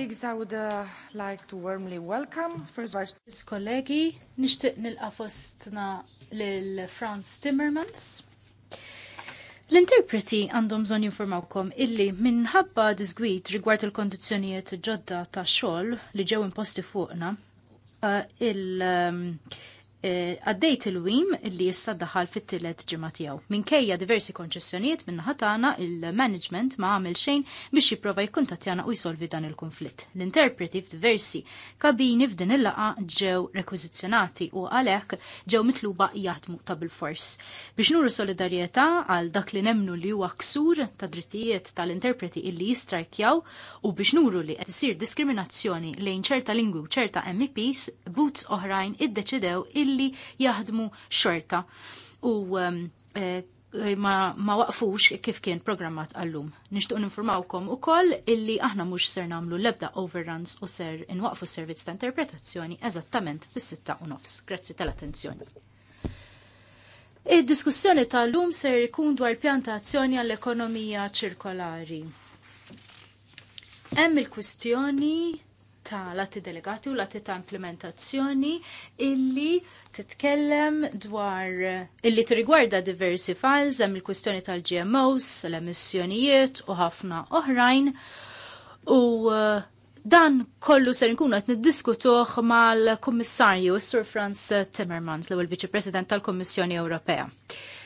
colleagues, I would uh, like to warmly welcome First Vice President. Kollegi, nishtiq nil-qafostna lil-Franz Timmermans. L-interpreti għandhom bżonn jinformawkom illi minħabba disgwit rigward il-kondizzjonijiet ġodda ta' xogħol li ġew imposti fuqna, uh, il- um, Eh, għaddejt il-wim li jissa daħal fit-tillet ġimatijaw. Minkejja diversi konċessjonijiet minna ħatana il-management ma għamil xejn biex jiprofa jkuntattjana u jisolvi dan il-konflitt. L-interpreti f'diversi kabini f'din il-laqa ġew rekwizizjonati u għalek ġew mitluba jaħdmu ta' bil-fors. Biex nuru solidarieta għal dak li nemnu li huwa ksur ta' drittijiet tal-interpreti illi jistrajkjaw u biex nuru li qed isir diskriminazzjoni lejn ċerta lingwi u ċerta MEPs, boots oħrajn iddeċidew il illi jaħdmu xorta u um, eh, eh, ma, ma waqfux kif kien programmat għallum. Nishtuq informawkom u koll illi aħna mux ser namlu lebda overruns u ser inwaqfu servizz ta' interpretazzjoni eżattament fis-sitta u nofs. Grazzi tal-attenzjoni. Id-diskussjoni tal-lum ser ikun dwar pjanta azzjoni għall-ekonomija ċirkolari. Hemm il-kwistjoni ta' lati delegati u lati ta' implementazzjoni illi titkellem dwar illi tirigwarda diversi files hemm il-kwistjoni tal-GMOs, l-emissjonijiet u ħafna oħrajn u eh, dan kollu ser nkunu qed niddiskutuh mal-Kummissarju Sir Franz Timmermans l-ewwel Viċi President tal-Kummissjoni Ewropea.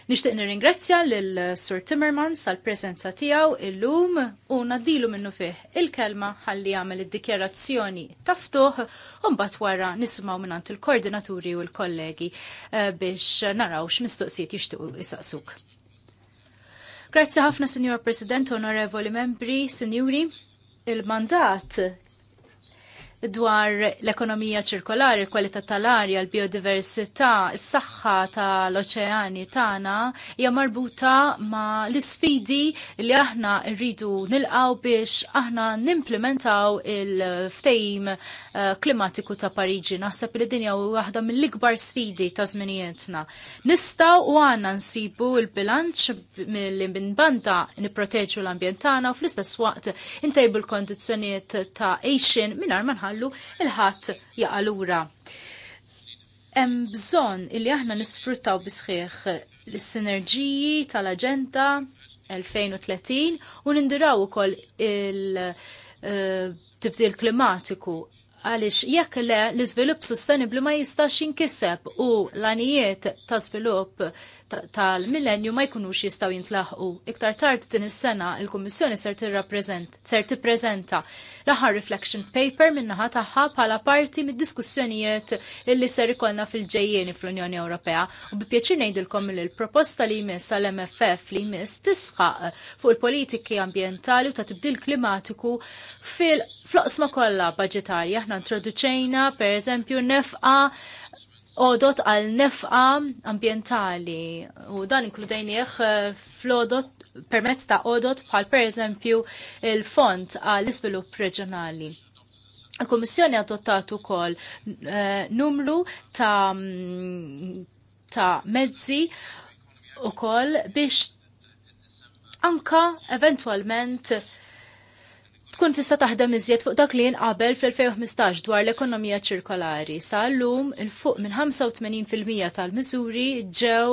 Nixtieq nirringrazzja l Sur Timmermans għal tijaw tiegħu illum u naddilu minnu fih il-kelma ħalli jagħmel id dikjerazzjoni taftuħ u mbagħad wara nisimgħu mingħand il-koordinaturi u l-kollegi eh, biex naraw x'mistoqsijiet jixtiequ isaqsuk. Grazzi ħafna, Signor President, Onorevoli Membri, Sinjuri, il-mandat dwar l-ekonomija ċirkolari, l-kwalità tal-arja, l-biodiversità, s-saħħa tal-oċeani tagħna hija marbuta ma' l-isfidi li aħna rridu nilqaw biex aħna nimplementaw il-ftejm eh, klimatiku ta' Pariġi. Naħseb li dinja u waħda mill-ikbar sfidi ta' żminijietna. Nistgħu u għandna nsibu l-bilanċ minn minbanda nipproteġu l-ambjent tagħna u fl-istess waqt intejbu l-kondizzjonijiet ta' għejxin mingħajr ma nħallu jaqallu il ħat jaqalura. Hemm bżonn illi aħna nisfruttaw bisħieħ l-sinerġiji tal-Aġenda 2030 u nindiraw ukoll il- eh, tibdil klimatiku għaliex jekk le l-iżvilupp sostenibli ma jistax jinkiseb u l-anijiet ta' żvilupp tal-millenju ma jkunux jistaw jintlaħqu. Iktar tard din is-sena il-Kummissjoni ser ser tippreżenta l-aħħar reflection paper minnaħa tagħha bħala parti mid-diskussjonijiet illi ser ikollna fil-ġejjieni fl-Unjoni Ewropea u bi ngħidilkom li l-proposta li jmiss għal mff li jmiss tisħaq fuq il-politiki ambjentali u ta' tibdil klimatiku fil-floqsma kollha budġetarja aħna introduċejna per eżempju nefqa odot għal nefqa ambientali u dan inkludejnieħ eh, flodot permezz ta' odot bħal per eżempju il-font għal iżvilupp reġjonali. Il-Kommissjoni adottat ukoll eh, numru ta' mm, ta' mezzi ukoll biex anka eventualment tkun tista' taħdem iżjed fuq dak li jinqabel fl-2015 dwar l-ekonomija ċirkolari. Sa llum il-fuq minn 85% tal-miżuri ġew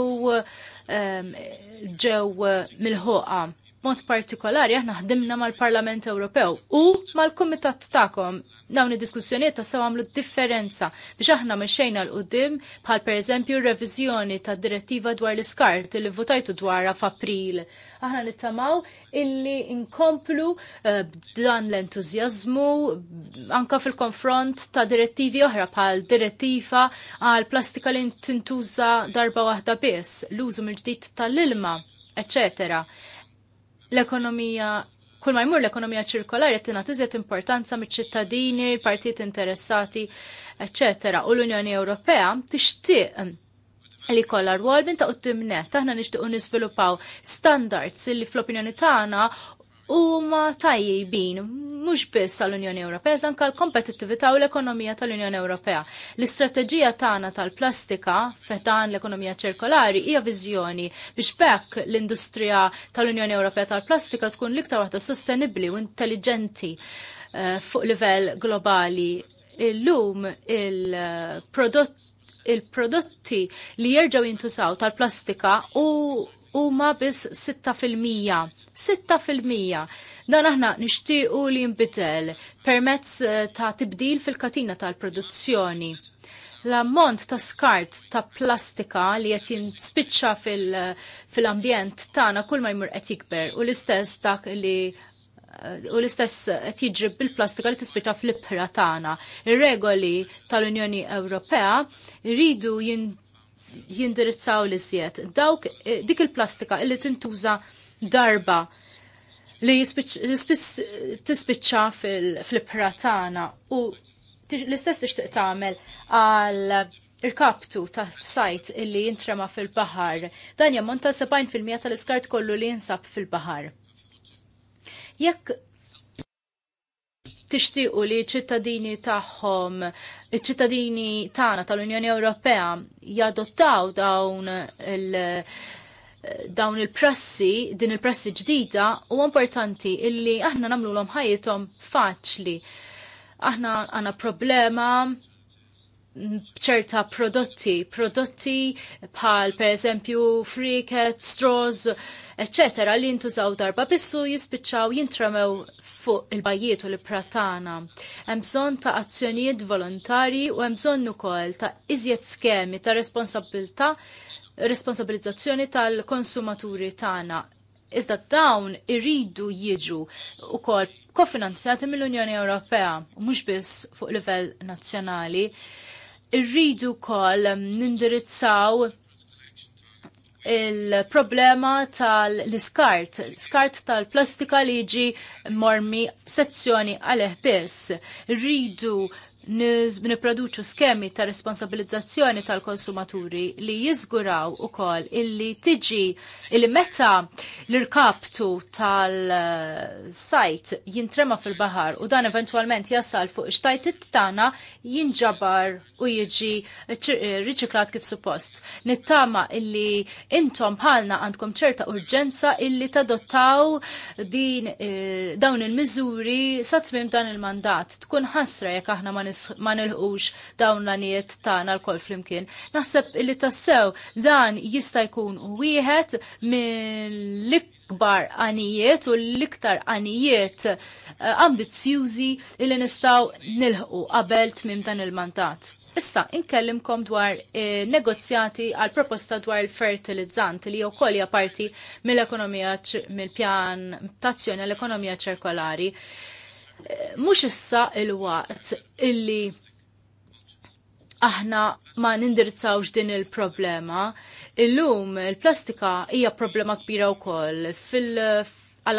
ġew eh, mill-ħoqa mod partikolari aħna ħdimna mal-Parlament Ewropew u mal-Kumitat tagħkom dawn id-diskussjonijiet ta' sew għamlu differenza biex aħna mexxejna l-qudiem bħal pereżempju reviżjoni ta' direttiva dwar l-iskart li votajtu dwarha f'April. Aħna nittamaw illi nkomplu eh, b'dan l-entużjażmu anka fil-konfront ta' direttivi oħra bħal direttiva għal plastika li tintuża darba waħda biss, l-użu mill-ġdid tal-ilma, eċċetera l-ekonomija kull ma jmur l-ekonomija ċirkolari qed tingħat iżjed importanza miċ-ċittadini, partijiet interessati, eċetera. U l-Unjoni Ewropea tixtieq li kollha rwol minn ta' qudiem net. Aħna nixtiequ niżviluppaw standards li fl-opinjoni tagħna huma tajjibin mhux biss għall-Unjoni Ewropea, iżda l-kompetittività u l-ekonomija tal-Unjoni Ewropea. L-istrateġija tagħna tal-plastika fetan l-ekonomija ċirkolari hija viżjoni biex bekk l-industrija tal-Unjoni Ewropea tal-plastika tkun l-iktar waħda sostenibbli u intelligenti eh, fuq livell globali. Illum il-prodotti il prodotti li jerġaw jintużaw tal-plastika u huma biss 6%. 6%. Dan aħna nixtiequ li jinbidel permezz eh, ta' tibdil fil-katina tal-produzzjoni. L-ammont ta' skart ta' plastika li qed jinspiċċa eh, fil-ambjent fil tagħna kull ma jmur qed jikber u l-istess dak li eh, u l-istess qed jiġri bil-plastika li tispiċċa fl-ibħra tagħna. Ir-regoli tal-Unjoni Ewropea jridu jinti jindirizzaw li siet. Dawk eh, dik il-plastika illi tintuża darba li tispiċċa fil-pratana u l-istess tixtieq tagħmel għal il-kaptu ta' sajt illi jintrema fil-bahar. Dan jammonta 70% tal-iskart kollu li jinsab fil-bahar. Jekk tixtiequ li ċittadini tagħhom, iċ-ċittadini tagħna tal-Unjoni Ewropea jadottaw dawn il- dawn il-prassi, din il-prassi ġdida, u importanti illi aħna namlu l-om faċli. Aħna għandna problema b'ċerta prodotti, prodotti bħal per eżempju friket, straws, Eċċetera, li jintużaw darba bissu jispiċċaw jintramew fuq il-bajiet u l-pratana. Hemm bżonn ta' azzjonijiet volontari u hemm bżonn ukoll ta' iżjed skemi ta' responsabilta' responsabilizzazzjoni tal-konsumaturi tagħna. Iżda dawn iridu jiġu ukoll kofinanzjati mill-Unjoni Ewropea, mhux biss fuq livell nazzjonali. Irridu wkoll mm, nindirizzaw il-problema tal-skart, skart tal-plastika liġi mormi sezzjoni għaleh biss. Rridu nipproduċu skemi ta' responsabilizzazzjoni tal-konsumaturi li jizguraw u kol illi tiġi illi meta l-irkaptu tal-sajt jintrema fil-bahar u dan eventualment jasal fuq it tana jinġabar u jiġi eh, riċiklat kif suppost. Nittama illi intom bħalna għandkom ċerta urġenza illi tadottaw din eh, dawn il-mizuri sa' tmim dan il-mandat. Tkun ħasra jekk aħna ma ma nilħux dawn l-anijiet tagħna l-kol flimkien. Naħseb li tassew dan jista' jkun wieħed mill-ikbar għanijiet u l-iktar għanijiet eh, ambizjużi li nistgħu nilħu qabel tmim dan il-mandat. Issa, inkellimkom dwar eh, negozjati għal proposta dwar il-fertilizzant li wkoll hija parti mill-ekonomija mill-pjan tazzjoni l-ekonomija ċirkolari mhux issa il-waqt illi aħna ma nindirizzawx din il-problema. Illum il-plastika hija problema kbira wkoll fil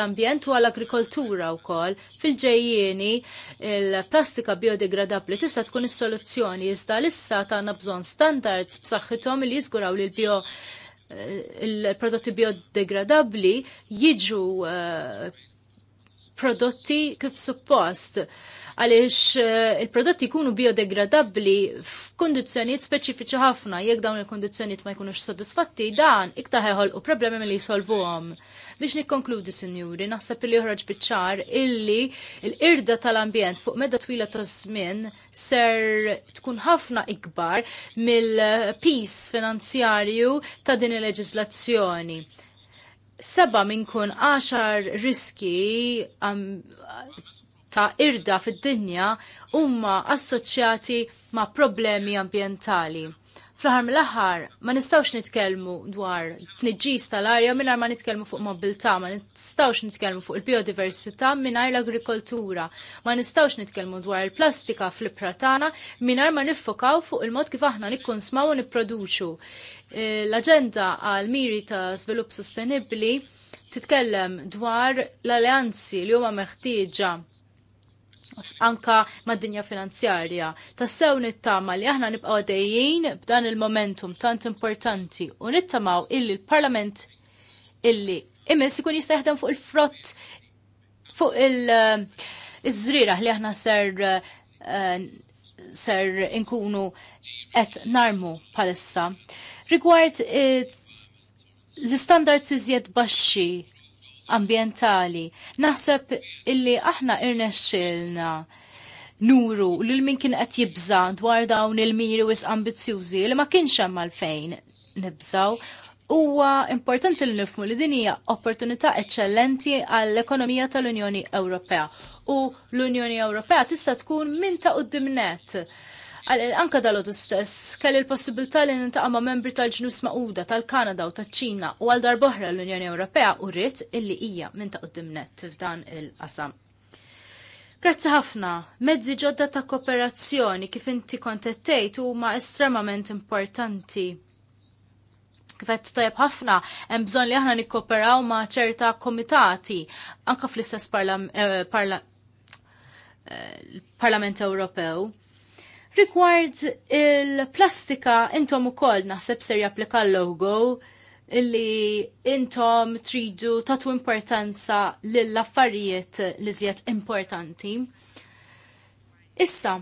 ambjent u għall-agrikoltura u koll fil ġejjeni il-plastika biodegradabli tista' tkun is-soluzzjoni iżda lissa ta' bżonn standards b'saħħithom li jiżguraw li l-bio il-prodotti biodegradabli jiġu uh, prodotti kif suppost għaliex eh, il-prodotti jkunu biodegradabbli f'kondizzjonijiet speċifiċi ħafna jekk dawn il-kondizzjonijiet ma jkunux sodisfatti dan iktar u problemi milli jsolvuhom. Biex nikkonkludi, sinjuri, naħseb li joħroġ biċ illi l-irda tal-ambjent fuq medda twila ta' żmien ser tkun ħafna ikbar mill-pis finanzjarju ta' din il-leġislazzjoni seba minn kun għaxar riski ta' irda fid-dinja huma assoċjati ma' problemi ambientali. Fl-ħar mill-aħħar ma nistgħux nitkellmu dwar tniġġis tal-arja mingħajr ma nitkellmu fuq mobilità, ma nistgħux nitkellmu fuq il-biodiversità mingħajr l-agrikoltura, ma nistgħux nitkellmu dwar il-plastika fl pratana minnar mingħajr ma niffokaw fuq il-mod kif aħna nikkonsmaw u nipproduċu. Eh, l-aġenda għal miri ta' svilupp sostenibbli titkellem dwar l-alleanzi li huma meħtieġa anka mad-dinja finanzjarja. Tassew nittama li aħna nibqaw dejjin b'dan il-momentum tant importanti u nittamaw illi l-Parlament illi imis ikun jista'ħdem fuq il-frott fuq il-żrira eh, li aħna ser eh, ser inkunu qed narmu palissa. Rigward eh, l-istandards iżjed baxxi ambientali. Naħseb illi aħna irnexxilna nuru lil min kien qed jibża dwar dawn il-miri wis ambizzjużi li ma kienx hemm għalfejn nibżaw. Huwa importanti li nifmu li din hija opportunità eċċellenti għall-ekonomija tal-Unjoni Ewropea u l-Unjoni Ewropea tista' tkun minn ta' qudimnet Anka dal-għodu stess, kelli l-possibilità li nintaqa ma' membri tal-ġnus maquda tal-Kanada u tal-ċina u għal darboħra l-Unjoni Ewropea u rrit illi hija minn ta' qoddimnet f'dan il-qasam. Grazzi ħafna, mezzi ġodda ta' kooperazzjoni kif inti kontettejt huma estremament importanti. Kifet tajb ħafna, hemm bżonn li aħna nikkooperaw ma' ċerta komitati, anka fl-istess eh, eh, parlament Ewropew Rigward il-plastika intom ukoll naħseb ser japplika l logo illi intom tridu tatu importanza lill-affarijiet li zjed importanti. Issa,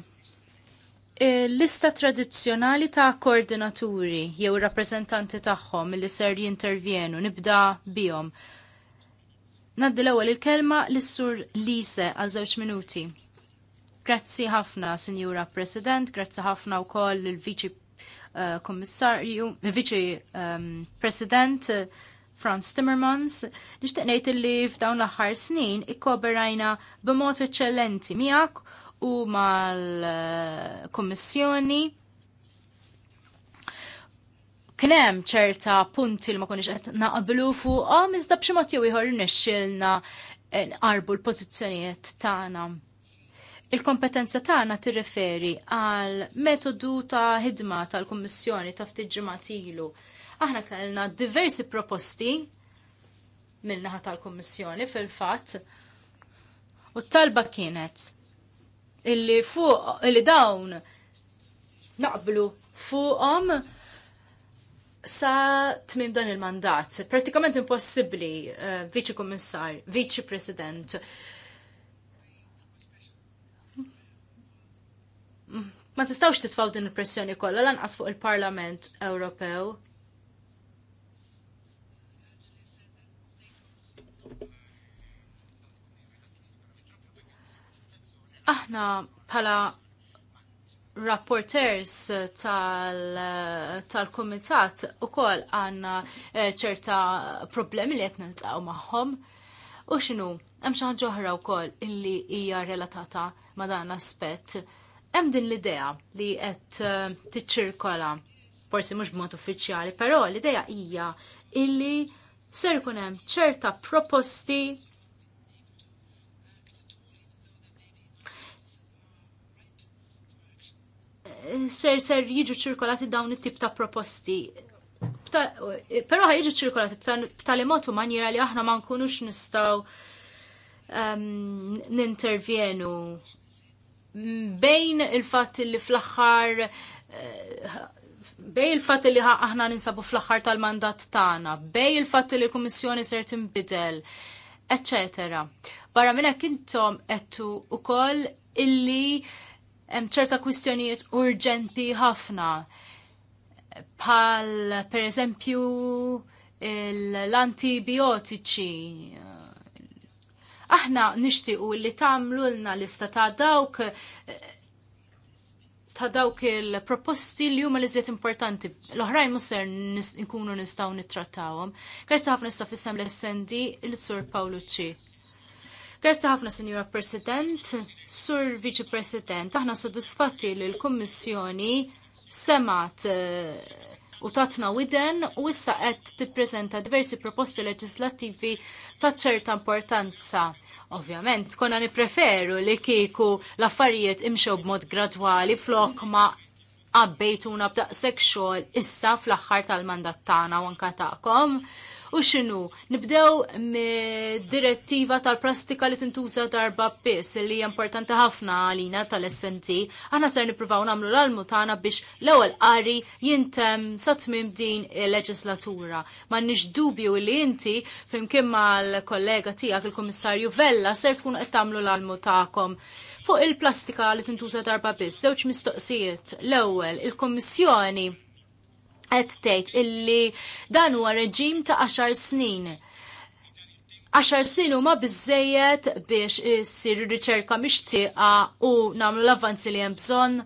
l lista tradizzjonali ta' koordinaturi jew rappresentanti tagħhom li ser jintervjenu nibda bihom. Naddi l-ewwel il-kelma lis sur Lise għal żewġ minuti. Grazzi ħafna, Sinjura President, grazzi ħafna wkoll il-Viċi eh, Kommissarju, il-Viċi ehm, President eh, Franz Timmermans, nixtieq ngħid li f'dawn l-aħħar snin ikkoberajna b'mod eċċellenti miegħek u mal-Kommissjoni kien hemm ċerta punti li ma konniex qed naqblu fuqhom iżda b'xi mod jew ieħor nixxilna eh, nqarbu l-pożizzjonijiet tagħna. Il-kompetenza tagħna tirreferi għal metodu ta' ħidma tal-Kummissjoni ta' ftit ġimgħat ilu. Aħna kellna diversi proposti mill-naħa tal-Kummissjoni fil-fatt u t-talba kienet illi fuq illi dawn naqblu fuqhom sa tmim dan il-mandat. Pratikament impossibbli, uh, viċi kummissar, viċi president. Ma tistawx titfaw din il-pressjoni kollha lanqas fuq il-Parlament Ewropew. Aħna bħala rapporters tal-komitat u kol għanna eh, ċerta problemi li jtna l-taqaw maħħom. U xinu, hemm xi ħaġa oħra wkoll illi hija relatata ma' dan aspett Hemm din l-idea li qed eh, tiċċirkola, forsi mhux b'mod uffiċjali, però l-idea hija illi ser ikun hemm ċerta proposti ser ser jiġu ċirkolati dawn it-tip ta' proposti. Però ħaj jiġu ċirkolati b'tali imot u manjera li aħna ma nkunux nistaw um, nintervjenu bejn il fat li fl-aħħar eh, bej il fat li aħna ninsabu fl-aħħar tal-mandat tagħna, bej il fat li l-Kummissjoni ser tinbidel, etc. Barra minn hekk intom qedtu wkoll illi hemm ċerta kwistjonijiet urġenti ħafna bħal pereżempju l-antibiotiċi Aħna nixtiequ li tagħmlu lna lista ta' dawk ta' dawk il-proposti li huma li importanti. L-oħrajn muser nkunu nistgħu nittrattawhom. Grazzi ħafna issa fissem l snd il-Sur Pawlucci. Grazzi ħafna Sinjura President, Sur Vice President, aħna soddisfatti li l-Kummissjoni semat eh, u tatna widen u issa qed tippreżenta diversi proposti leġislattivi ta' ċerta importanza. Ovvjament, konna nipreferu li kieku l-affarijiet imxew b'mod gradwali flok ma għabbejtuna b'daqsek xogħol issa fl-aħħar tal-mandat tagħna u anke U x'inhu? Nibdew mid-direttiva tal-plastika li tintuża darba biss li hija importanti ħafna għalina tal-essenzi. Aħna ser nippruvaw nagħmlu l-almu tagħna biex l-ewwel qari jintem sa din il-leġislatura. nix dubju li inti flimkien mal-kollega tiegħek il-Kummissarju Vella ser tkun qed tagħmlu l-almu tagħkom fuq il-plastika li tintuża darba biss, żewġ mistoqsijiet. L-ewwel, il komissjoni qed tgħid illi dan huwa reġim ta' 10 snin. 10 snin huma biżejjed biex issir riċerka mixtieqa u nagħmlu l-avvanzi li hemm bżonn.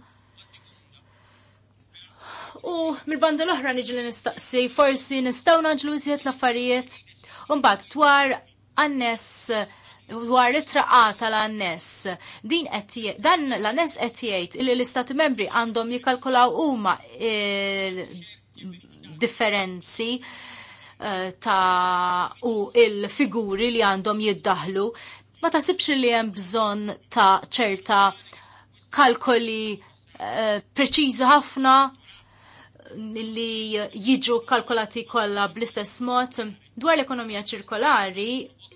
U mill-banda l-oħra niġi li nistaqsi, forsi nistgħu naġlu iżjed l-affarijiet. Mbagħad dwar għannes dwar it-traqqa tal-annes. Din qed dan l-annes qed jgħid li l-istati membri għandhom jikkalkulaw huma differenzi eh, ta' u il-figuri li għandhom jiddaħlu, ma tasibx li hemm bżonn ta' ċerta kalkoli eh, preċiżi ħafna li jiġu kalkolati kollha bl-istess mod. Dwar l-ekonomija ċirkolari,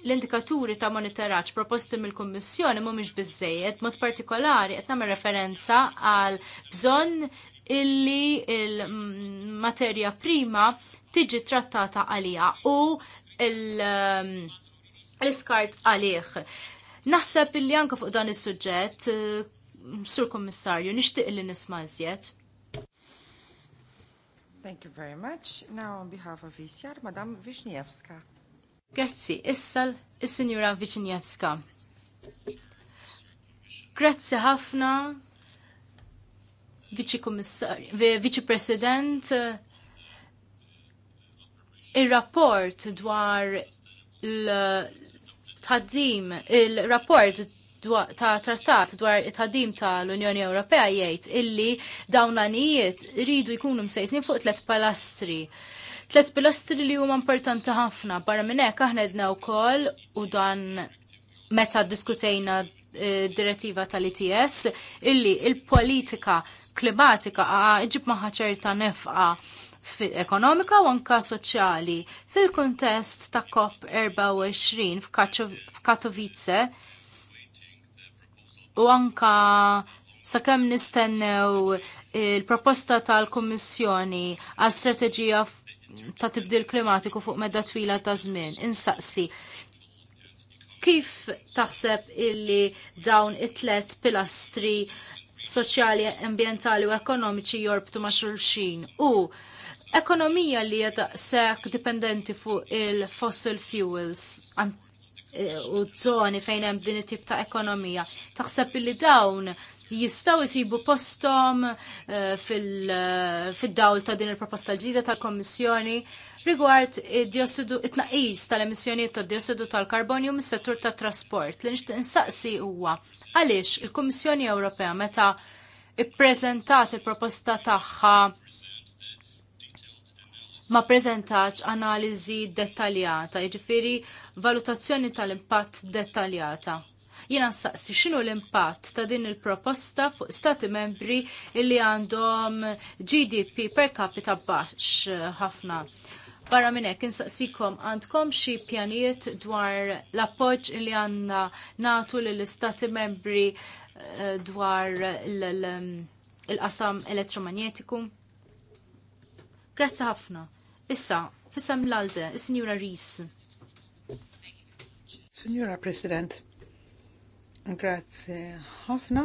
l-indikaturi ta' monitoraġġ proposti mill-Kummissjoni mhumiex biżejjed, mod partikolari qed nagħmel referenza għal bżonn illi il-materja prima tiġi trattata għalija u um, l-iskart għalih. Naħseb illi anka fuq dan is-suġġett, uh, Sur Kommissarju, nixtieq illi nisma' iżjed. Thank you very much. Now on behalf of ECR, Madam Wisniewska. Grazzi, issa is signora Wisniewska. Grazzi ħafna, Viċi President, eh, il-rapport dwar l-tħaddim, il-rapport ta' trattat dwar it ta' tal-Unjoni Ewropea jgħid illi dawn l-anijiet rridu jkunu msejsin fuq tlet palastri. Tlet pilastri li huma importanti ħafna barra minn hekk aħna edna wkoll u dan meta diskutejna direttiva tal-ITS illi il-politika klimatika ġib maħħa ċerta nefqa ekonomika u anka soċjali. Fil-kuntest ta' COP24 f'Katowice u anka sakemm nistennew il-proposta tal-Kummissjoni għal strateġija ta' tibdil klimatiku fuq medda twila ta' żmien. Insaqsi, Kif taħseb illi dawn it-tlet pilastri soċjali, ambientali u ekonomiċi jorbtu ma' xulxin u ekonomija li jeda sekk dipendenti fuq il-fossil fuels eh, u zoni fejn hemm din it-tip ta' ekonomija. Taħseb illi dawn jistaw jisibu postom eh, fil-dawl eh, ta' din il-proposta ġdida tal komissjoni rigward id it-naqis tal-emissjonijiet ta' diossidu tal-karbonju mis-settur ta' trasport. l nixtieq insaqsi huwa għaliex il-Kummissjoni Ewropea meta i-prezentat il-proposta tagħha ma preżentax analiżi dettaljata, jiġifieri valutazzjoni tal-impatt dettaljata jina saqsi x'inhu l-impatt ta' din il-proposta fuq stati membri li għandhom GDP per capita baxx eh, ħafna. Barra minn hekk insaqsikom għandkom xi pjanijiet dwar l-appoġġ li għandna nagħtu lill istati membri eh, dwar il-qasam elettromagnetiku. Grazzi ħafna. Issa, fissam l-alde, is-Sinjura Ris. Signora President, Grazzi ħafna,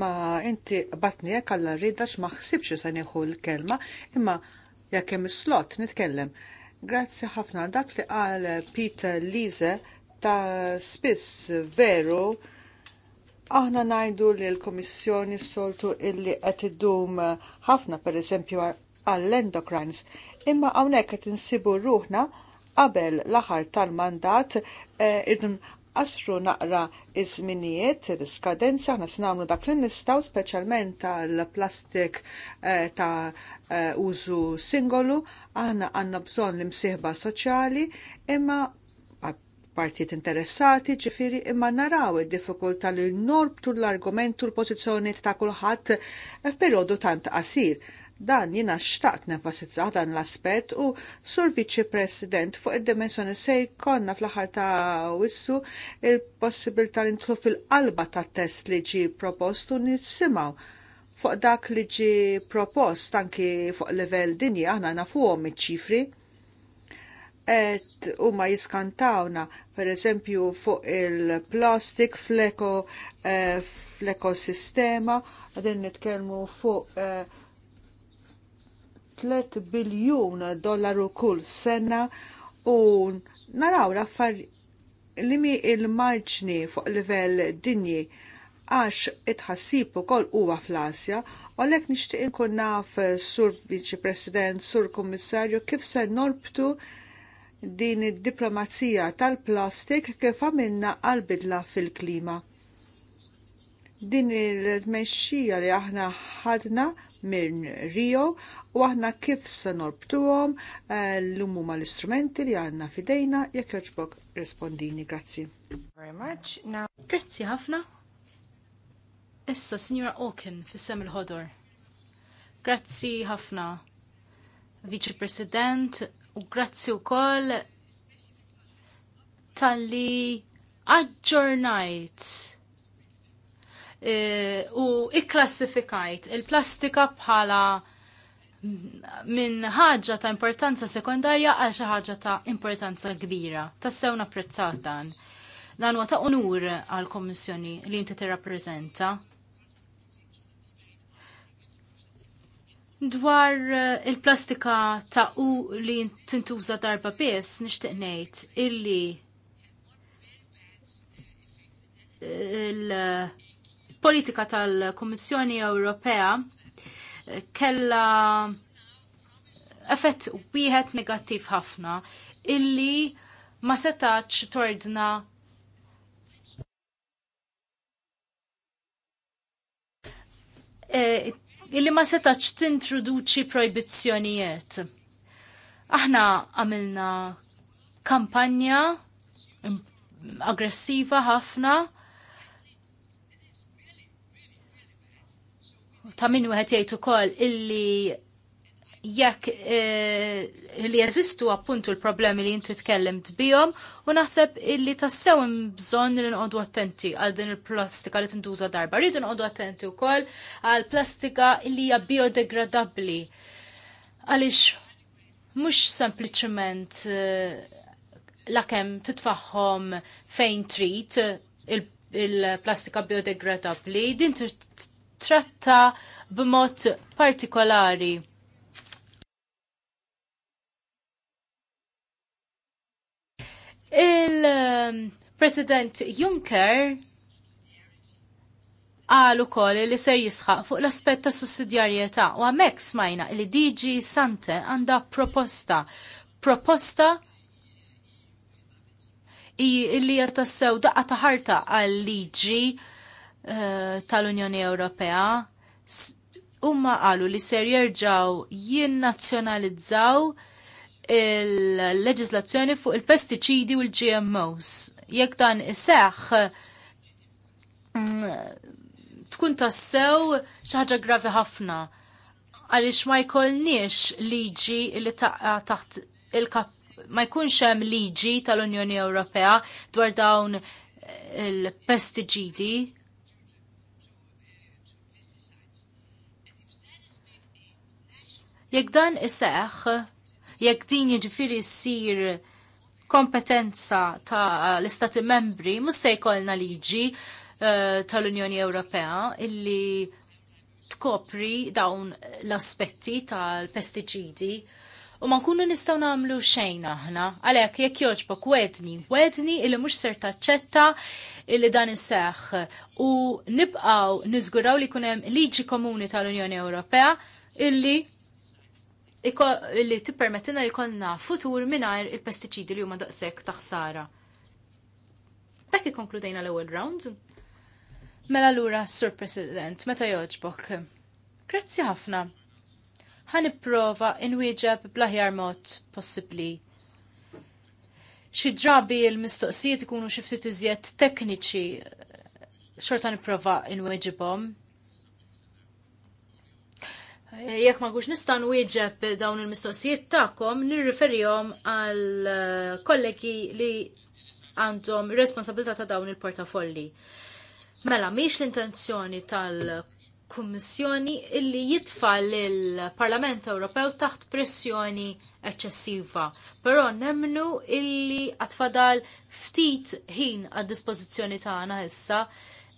ma inti batni jek għalla ridax ma xsibx se nieħu l-kelma, imma jekk hemm slot nitkellem. Grazzi ħafna dak li qal Peter Lise ta' spiss veru aħna najdu li l-Komissjoni soltu illi qed idum ħafna per eżempju għall-endocrines, imma hawnhekk qed insibu ruħna qabel l-aħar tal-mandat eh, asru naqra iż-żminijiet, l-iskadenza, aħna nagħmlu dak li nistaw, speċjalment tal-plastik eh, ta' eh, użu singolu, aħna għandna bżonn l imsihba soċjali, imma partijiet interessati ġifiri imma naraw id difikulta li norbtu l-argumentu l-pożizzjoniet ta' kulħadd f'perjodu tant qasir Dan jina xtaqt nefasizza dan l-aspet u sur viċi president fuq id-dimensjoni se jkonna fl-aħħar ta' wissu il-possibilità li ntlu fil-qalba ta' test li ġi u nisimaw fuq dak li ġi propost anki fuq level dinja aħna nafuhom iċ-ċifri et ma jiskantawna per eżempju fuq il-plastik fleko eh, għadin nitkellmu fuq eh, 3 biljun dollaru kull sena u naraw l li mi il-marġni fuq livell dinji għax itħassib ukoll huwa fl-Asja, u għalhekk nixtieq inkun naf sur Viċi President, sur Kummissarju kif se norbtu din id-diplomazija tal-plastik kif għamilna għal-bidla fil-klima. Din il-tmexxija li aħna ħadna minn Rio u aħna kif se norbtuhom eh, l ma mal-istrumenti li għandna fidejna jekk joġbok rispondini. Grazzi. Very much. Now... Grazzi ħafna. Issa, Signora Oken, fissem il-ħodor. Grazzi ħafna, Vice President, u grazzi u koll tal-li aġġornajt Eh, u ikklassifikajt il-plastika bħala minn ħaġa ta' importanza sekundarja għal xi ħaġa ta' importanza kbira. Tassew napprezzat dan. Dan huwa ta' unur għal kommissjoni li inti tirrappreżenta. Dwar eh, il-plastika ta' u li tintuża darba biss nixtieq ngħid illi eh, il- politika tal-Kummissjoni Ewropea eh, kella effett wieħed negattiv ħafna illi ma setax tordna eh, illi ma setax tintroduċi projbizzjonijiet. Aħna għamilna kampanja aggressiva ħafna ta' min wieħed jgħid ukoll illi jekk e, li jeżistu appuntu l-problemi li jinti tkellem bihom u naħseb illi tassew bżonn li nqodu attenti għal din il-plastika li tinduża darba. Rridu nqodu attenti wkoll għal plastika li hija biodegradabbli. Għaliex mhux sempliċement e, lakem titfaħħom fejn trid il-plastika biodegradabbli, din Tratta b'mod partikolari. Il-President Juncker għalu ukoll li ser jisħaq fuq l-aspett sussidjarieta sussidjarjetà u għamek smajna li DG Sante għandha proposta. Proposta li jattassew daqqa ta' ħarta għal liġi Eh, tal-Unjoni Ewropea huma qalu li ser jerġgħu jinnazzjonalizzaw il-leġislazzjoni fuq il-pestiċidi u l-GMOs. Jekk dan iseħħ mm, tkun tassew xi ħaġa gravi ħafna għaliex ma jkollniex liġi li taqqa taħt il-kap ma jkunx hemm liġi tal-Unjoni Ewropea dwar dawn il-pestiċidi Jekk dan iseħħ, jekk din jiġifieri ssir kompetenza ta' l-Istati membri, mhux se jkollna liġi eh, tal-Unjoni Ewropea illi tkopri dawn l-aspetti tal-pestiċidi u ma nkunu nistaw namlu xejn aħna. Għalhekk jekk jogħġbok wedni, wedni illi mhux ser taċċetta illi dan iseħħ u nibqgħu niżguraw li jkun hemm liġi komuni tal-Unjoni Ewropea illi li tippermettina li futur minar il-pestiċidi li huma daqsek taħsara. Bekk ikkonkludejna l-ewwel round. Mela lura, Sur President, meta joġbok. Grazzi ħafna. prova inwieġeb bl-aħjar mod possibbli xi drabi l-mistoqsijiet ikunu xi ftit iżjed tekniċi xorta nipprova inweġibhom. Jekk ma għux nistan wieġeb dawn il-mistoqsijiet ta'kom, nirriferjom għal eh, kollegi li għandhom responsabilità ta' dawn il-portafolli. Mela, miex l-intenzjoni tal-Kummissjoni illi jitfall il-Parlament Ewropew taħt pressjoni eċċessiva, però nemnu illi għatfadal ftit ħin għad-dispożizzjoni tagħna issa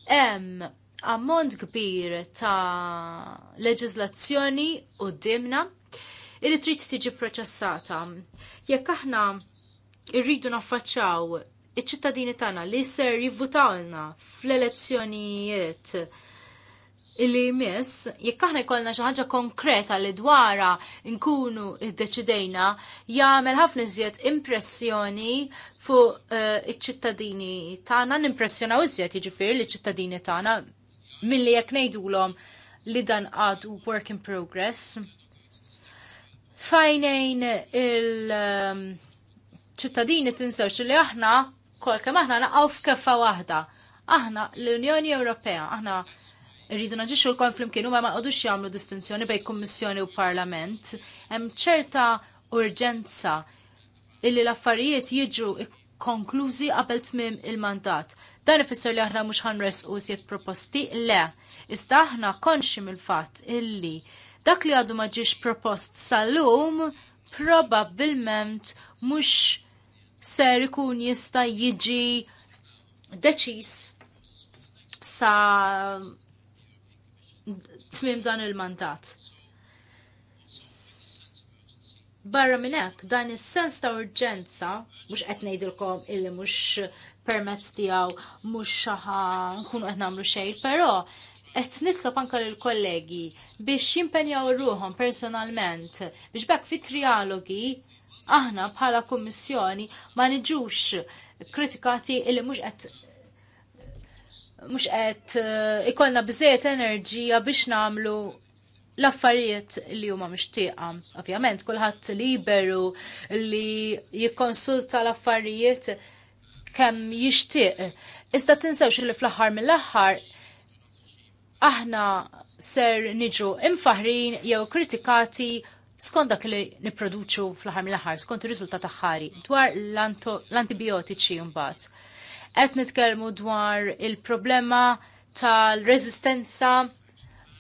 hemm ammont kbir ta' leġiżlazzjoni u dimna illi trid tiġi proċessata. Jekk aħna irridu naffaċċaw iċ-ċittadini tagħna li ser jivvutawna fl-elezzjonijiet illi jmiss, jekk aħna jkollna xi ħaġa konkreta li dwara nkunu iddeċidejna jagħmel ħafna iżjed impressjoni fuq eh, iċ-ċittadini tagħna, nimpressjonaw iżjed jiġifieri ċ ċittadini tagħna milli jekk ngħidulhom li dan għadu work in progress. Fajnejn il-ċittadini um, tinsew li aħna kol aħna naqgħu f'keffa waħda. Aħna l-Unjoni Ewropea, aħna rridu naġixxu l konflim flimkien ma ma jqogħdux jagħmlu distinzjoni bejn Kommissjoni u Parlament. Hemm ċerta urġenza illi l-affarijiet jiġu konklużi qabel tmim il-mandat. Dan ifisser li aħna mhux ħanres siet proposti, le. Iżda aħna konxi mill-fatt illi dak li għadu ma ġiex propost sal-lum probabbilment mhux ser ikun jista' jiġi deċis sa tmim dan il-mandat. Barra minn hekk dan is-sens ta' urġenza, mhux qed ngħidilkom illi mhux permezz tiegħu mhux xaħa nkunu qed nagħmlu xejn, però qed nitlob anka lill-kollegi biex jimpenjaw ruhom personalment biex bekk fit trialogi aħna bħala kummissjoni ma niġux kritikati illi mhux qed mhux qed eh, ikollna bżejt enerġija biex nagħmlu l-affarijiet li huma mixtieqa. Ovvjament, kulħadd liberu li jikkonsulta l-affarijiet kemm jixtieq. Iżda tinsewx li fl-aħħar mill-aħħar aħna ser niġu imfaħrin jew kritikati skont dak li nipproduċu fl-aħħar mill-aħħar, skont ir-riżultat aħħari dwar l-antibiotiċi mbagħad. Qed nitkellmu dwar il-problema tal-reżistenza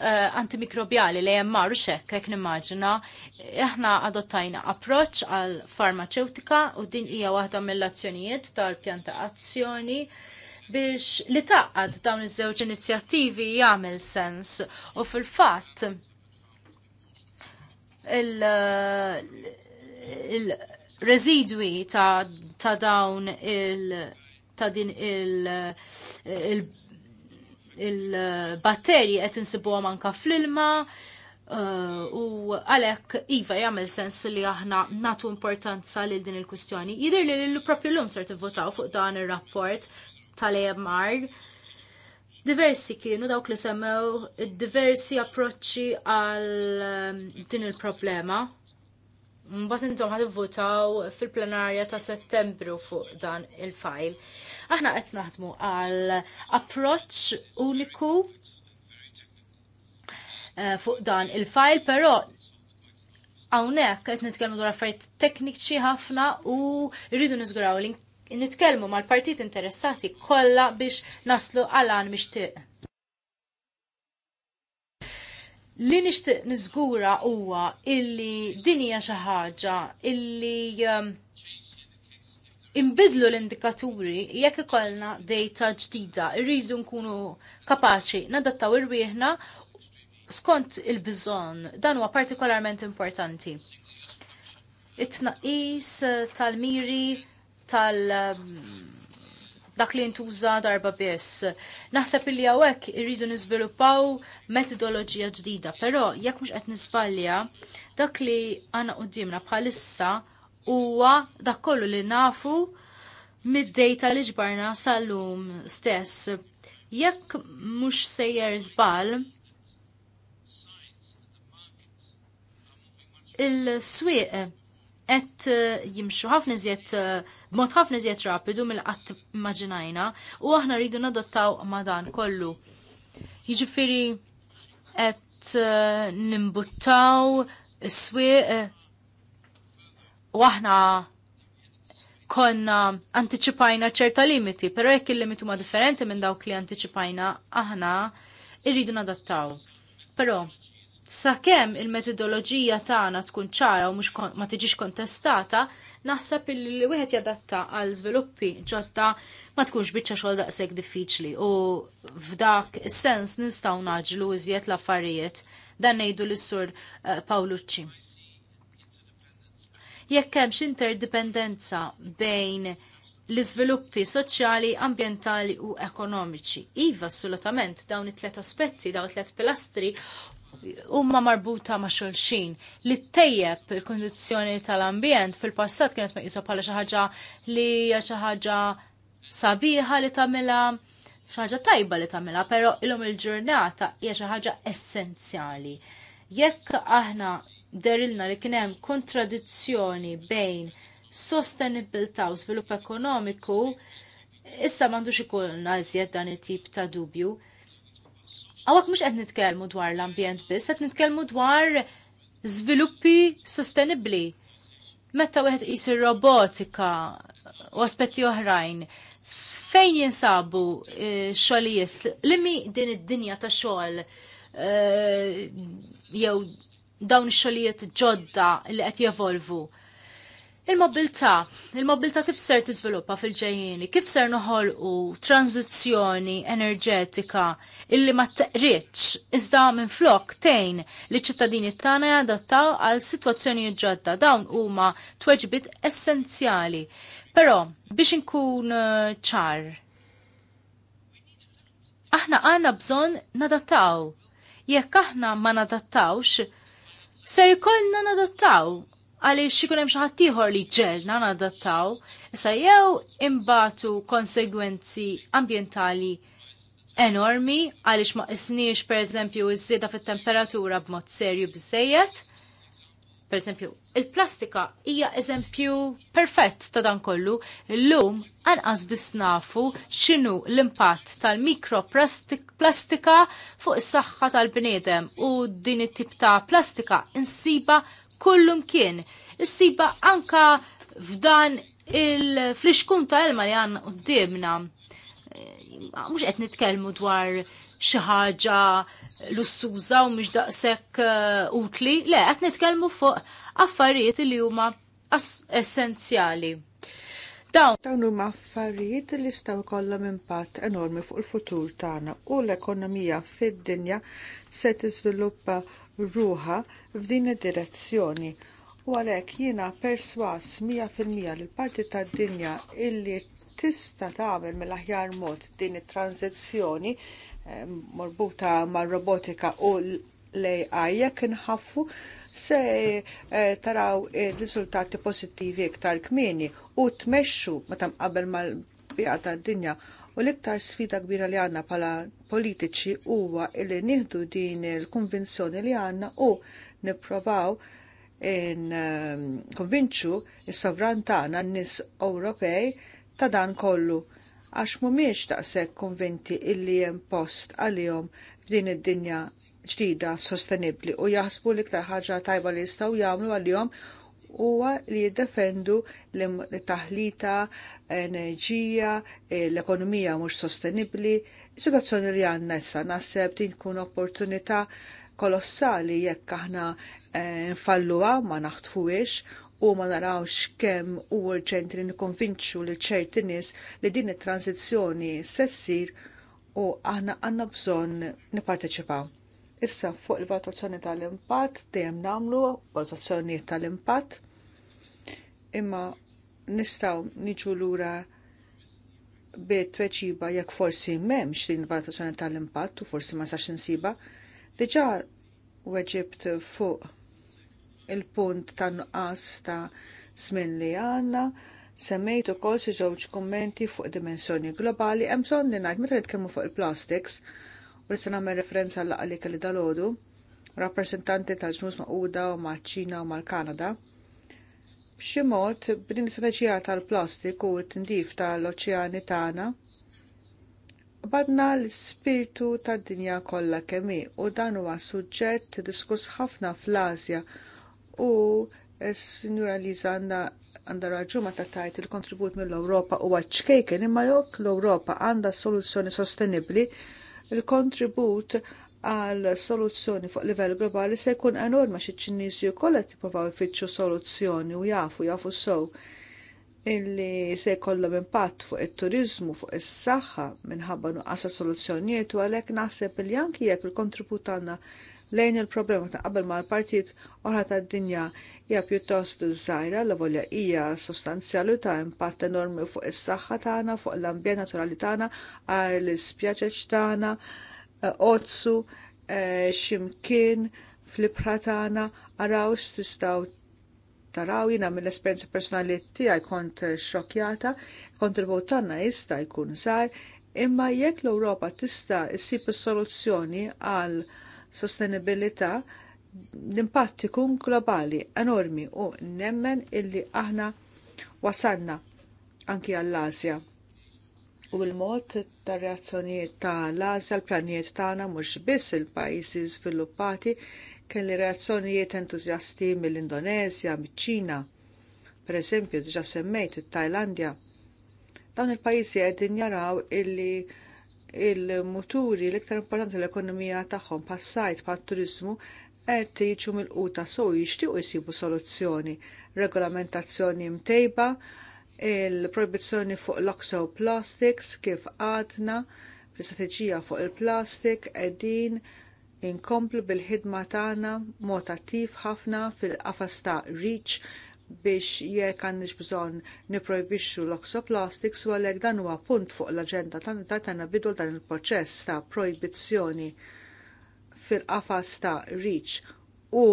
Eh, antimikrobjali li hemm u xekk, jekk nimmaġina, aħna adottajna approċ għal farmaceutika u din hija waħda mill-azzjonijiet tal-pjanta azzjoni biex li taqqad dawn iż-żewġ inizjattivi jagħmel sens u fil-fatt il-residwi ta', dawn il- ta' din il-, il il-batterji qed insibuhom anka fl-ilma uh, u għalhekk iva jagħmel sens li aħna natu importanza lil din il-kwistjoni. Jidher li l-propju lum ser tivvotaw fuq dan ir-rapport tal-EMR diversi kienu dawk li semmew diversi approċċi għal um, din il-problema. Mbagħad intom ħad votaw fil-plenarja ta' Settembru fuq dan il-fajl. Aħna qed naħdmu għal approċċ uniku eh, fuq dan il-fajl, però hawnhekk qed nitkellmu dwar affarijiet tekniċi ħafna u rridu niżguraw li nitkellmu mal-partit interessati kollha biex naslu għal għal-għan mixtieq. Li nixtieq niżgura huwa illi din hija xi ħaġa illi um, imbidlu l-indikaturi jekk ikollna data ġdida, irridu nkunu kapaċi nadattaw irwieħna skont il-bżonn. Dan huwa partikolarment importanti. It-tnaqis tal-miri tal- um, dak li ntuża darba biss. Naħseb li hawnhekk irridu niżviluppaw metodoloġija ġdida, però jekk mhux qed nisbalja dak li għandna qudiemna bħalissa huwa dak kollu li nafu mid-dejta li ġbarna sal-lum stess. Jekk mhux sejjer żball, il-swieq qed jimxu ħafna iżjed b'mod ħafna iżjed rapidu mill-qatt immaġinajna u aħna rridu nadottaw ma' dan kollu. Jiġifieri qed nimbuttaw is-swieq u aħna konna anticipajna ċerta limiti, pero jekk il-limiti ma differenti minn dawk li anticipajna aħna irridu nadattaw. Pero sakemm il-metodoloġija tagħna tkun ċara u mhux ma tiġix kontestata, naħseb li wieħed jadatta għal żviluppi ġodda ma tkunx biċċa xogħol daqshekk diffiċli u f'dak is-sens nistgħu naġlu iżjed l-affarijiet dan ngħidu lis sur eh, Pawlucci jekk hemmx interdipendenza bejn l-iżviluppi soċjali, ambjentali u ekonomiċi. Iva, assolutament, dawn it-tlet aspetti, dawn it-tlet pilastri umma marbuta ma' xulxin. Li tejjeb il-kondizjoni tal-ambjent fil-passat kienet meqjusa bħala xi ħaġa li xi ħaġa sabiħa li tagħmilha xi ħaġa tajba li tagħmilha, però ilhom il-ġurnata hija xi ħaġa essenzjali. Jekk aħna derilna li kien hemm kontradizzjoni bejn sostenibilità u svilup ekonomiku, issa m'għandux xikolna iżjed dan it-tip ta' dubju. Għawak mux għed nitkelmu dwar l-ambjent biss, għed nitkelmu dwar sviluppi sostenibli. Meta għed jis robotika u aspetti oħrajn, fejn jinsabu eh, xolijiet, l-mi din id-dinja ta' xol, eh, jew dawn xolijiet xogħlijiet ġodda li qed jevolvu. Il-mobilità, il-mobilità kif ser tiżviluppa fil ġejjini kif ser noħolqu tranzizzjoni enerġetika illi ma teqriċ iżda minn flok tejn li ċittadini tagħna jadattaw għal sitwazzjonijiet ġodda dawn huma tweġbit essenzjali. Però biex inkun eh, ċar, aħna għandna bżonn nadattaw jekk aħna ma nadattawx, ser ikollna nadattaw għaliex ikun hemm xi ħadd ieħor li ġelna nadattaw, issa jew imbatu konsegwenzi ambjentali enormi għaliex ma qisniex pereżempju iż-żieda fit-temperatura b'mod serju biżejjed, Per esempio, il-plastika hija eżempju perfett ta' dan kollu. l-lum anqas biss nafu x'inhu l-impatt tal-mikroplastika fuq is-saħħa tal-bniedem u din it-tip ta' plastika insiba kullum kien. Issiba anka f'dan il-fliskun ta' elma li għanna qoddimna. Eh, Mux qed nitkellmu dwar xi ħaġa lussuża u mhux daqshekk uh, utli, le qed nitkellmu fuq affarijiet li huma essenzjali. Dawn Dawn huma affarijiet li jistgħu jkollhom impatt enormi fuq il-futur tagħna u l-ekonomija fid-dinja se tiżviluppa ruha f'din id-direzzjoni. U għalhekk jiena perswas 100% li parti tad-dinja illi tista' tagħmel mill-aħjar mod din it-tranzizzjoni morbuta ma' robotika u l-AI jekk inħaffu se eh, taraw riżultati pożittivi iktar kmieni u tmexxu meta qabel mal-biqa tad-dinja u l-iktar sfida kbira li għanna pala politiċi huwa li nieħdu din il-konvinzjoni li għanna u nipprovaw in eh, konvinċu il-sovran tagħna n-nies Ewropej ta' dan kollu għax mhumiex daqshekk konvinti illi hemm post għalihom f'din id-dinja ġdida sostenibbli u jaħsbu li ktar ħaġa tajba li jistgħu jagħmlu għalihom huwa li jiddefendu l-taħlita, enerġija, eh, l-ekonomija mhux sostenibbli, situazzjoni li għandna issa naħseb tinkun opportunità kolossali jekk aħna eh, nfalluha ma naħtfuhiex u ma narawx kemm u urġenti li nikkonvinċu li ċerti nies li din it-tranzizzjoni se ssir u aħna għandna bżonn nipparteċipaw. Issa fuq il-valutazzjoni tal-impatt dejjem nagħmlu valutazzjoni tal-impatt imma nistgħu niġu lura bit tweġiba jekk forsi m'hemmx din valutazzjoni tal-impatt u forsi ma sax insiba, diġà weġibt fuq il-punt ta' nuqqas ta' smin li għanna, semmejt ukoll xi żewġ kummenti fuq dimensjoni globali hemm bżonn li ngħid meta nitkellmu fuq il-plastics u li se nagħmel referenza għal laqgħa li kelli dalodu rappreżentanti tal-ġnus maquda u maċ-Ċina u mal-Kanada. B'xi mod b'din l-istrateġija tal-plastik u t-tindif tal oċeani tagħna badna l-spirtu tad-dinja kollha kemm u dan huwa suġġett diskuss ħafna fl-Asja u s sinjur Aliza għanda għandha raġu ma ta' tajt il-kontribut mill europa u għadċkejken imma jok l-Ewropa għandha soluzzjoni sostenibli, il-kontribut għal soluzzjoni fuq livell globali se jkun enorma xi ċiniżi wkoll kollet jipovaw ifittxu soluzzjoni u jafu jafu sow. illi se jkollhom impatt fuq it-turiżmu fuq is-saħħa minħabba nuqqasa soluzzjonijiet u għalhekk naħseb li anki jekk il-kontribut għandna lejn il-problema ta' qabel ma' l-partit oħra ta' dinja hija pjuttost żgħira l volja hija sostanzjali ta' impatt enormi fuq is-saħħa tagħna, fuq l-ambjent naturali tagħna, għar l-ispjaċeċ tagħna, eh, ozzu, eh, ximkien, fl-ibħra tagħna, araw tistgħu taraw jina mill esperjenza personali tiegħi kont xokjata, kontribut tagħna jista' jkun żgħar, imma jekk l-Ewropa tista' issib is-soluzzjoni għal sostenibilità l-impatt ikun globali enormi u nemmen illi aħna wasanna anki għall-Asja. U l-mod ta' reazzjonijiet ta' l-Asja l-pjanijiet tagħna mhux biss il-pajjiżi żviluppati kelli reazzjonijiet entużjasti mill-Indonezja, miċ-Ċina, per eżempju, diġa semmejt it-Tajlandja. Dawn il-pajjiżi qegħdin jaraw illi il-muturi l-iktar importanti l-ekonomija tagħhom pas-sajt pat-turizmu qed jiġu mill-quta so jixtiequ jsibu soluzzjoni, regolamentazzjoni mtejba, il-proibizzjoni fuq l-oxo plastics kif għadna, l-istrateġija fuq il-plastik qegħdin inkomplu bil-ħidma tagħna mod attiv ħafna fil-qafas ta' REACH biex jekk għandix bżonn niprojbixxu l-oxoplastics u għalhekk dan huwa punt fuq l-aġenda tagħna tagħna bidu dan il-proċess ta' projbizzjoni fil-qafas ta' reach u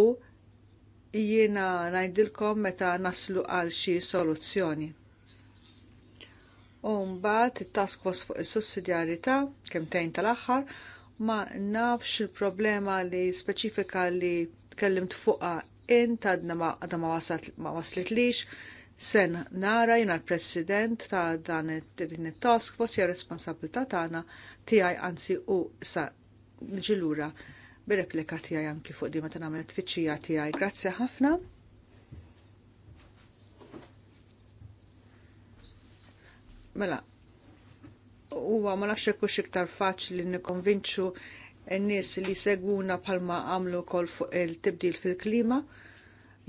jiena ngħidilkom meta naslu għal xi soluzzjoni. U mbagħad it-task force fuq is-sussidjarjetà kemmtejn tal-aħħar ma nafx il-problema li speċifika li tkellimt fuqha In għadna ma waslet lix, sen nara jina l-president ta' dan din it-task force ta' responsabilità tagħna tiegħi anzi u sa ġilura bir-replika tiegħi anki fuq di meta nagħmel tfittxija tiegħi. Grazie ħafna. Mela, huwa ma nafx hekk iktar faċli nikkonvinċu n-nies li segwuna bħalma għamlu kol fuq il-tibdil fil-klima,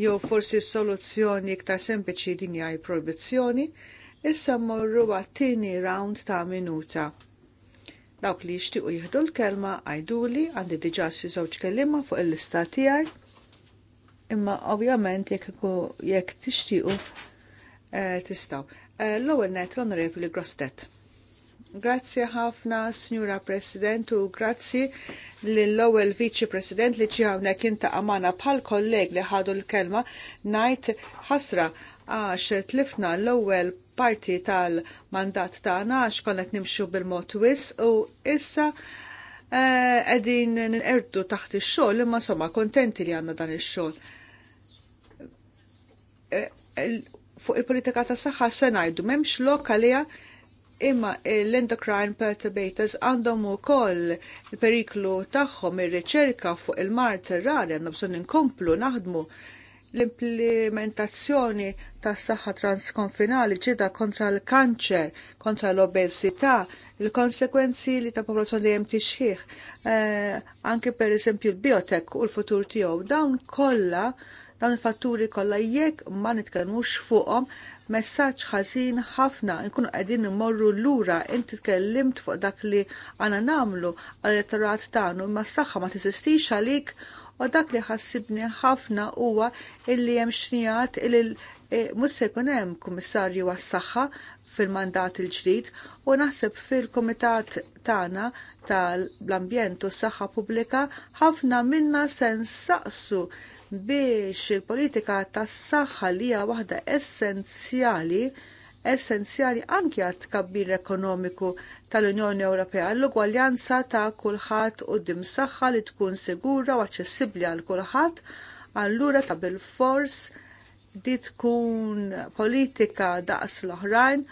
jew forsi soluzzjoni iktar sempliċi din hija proibizzjoni, issa morru għat-tieni round ta' minuta. Dawk li jixtiequ jieħdu l-kelma għajduli għandi diġà si żewġ kelliema fuq il-lista tiegħi. Imma ovvjament jekk jekk tixtiequ eh, tistgħu. Eh, l-ewwel net l-Onorevoli Grostet. Grazzi ħafna, Signora President, u grazzi l-ewwel Viċi President li ġi hawnhekk inta għamana bħal kolleg li ħadu l-kelma ngħid ħasra għax tlifna l-ewwel parti tal-mandat tagħna għax qed nimxu bil-mod u issa eh, qegħdin uh, nirdu taħt ix-xogħol, imma somma kontenti li għandna dan ix-xogħol. Uh, fuq il-politika ta' saħħa se ngħidu m'hemmx lok għalija imma l-endocrine perturbators għandhom ukoll koll periklu tagħhom ir-riċerka fuq il-mart rari għandna bżonn inkomplu naħdmu l-implementazzjoni tas saħħa transkonfinali ġida kontra l-kanċer, kontra l-obesità, l konsekwenzi li ta' popolazzjoni jem tixħiħ, eh, anke per esempio l-biotek u l-futur tiegħu, dawn kollha dawn il-fatturi kollha jekk ma nitkellmux fuqhom messaġġ ħażin ħafna nkunu qegħdin immorru lura inti tkellimt fuq dak li għana nagħmlu għal-elettorat tagħnu imma s-saħħa ma tiżistix għalik u dak li ħassibni ħafna huwa illi hemm xnijat il e, mhux se jkun hemm kummissarju għas-saħħa fil-mandat il-ġdid u naħseb fil-komitat tagħna tal-ambjent u s-saħħa pubblika ħafna minna saqsu biex il-politika tas-saħħa li hija waħda essenzjali essenzjali anki għat kabbir ekonomiku tal-Unjoni Ewropea l-ugwaljanza ta' kulħadd u dim saħħa li tkun sigura u aċċessibbli għal kulħadd allura ta' bil-fors di tkun politika daqs l-oħrajn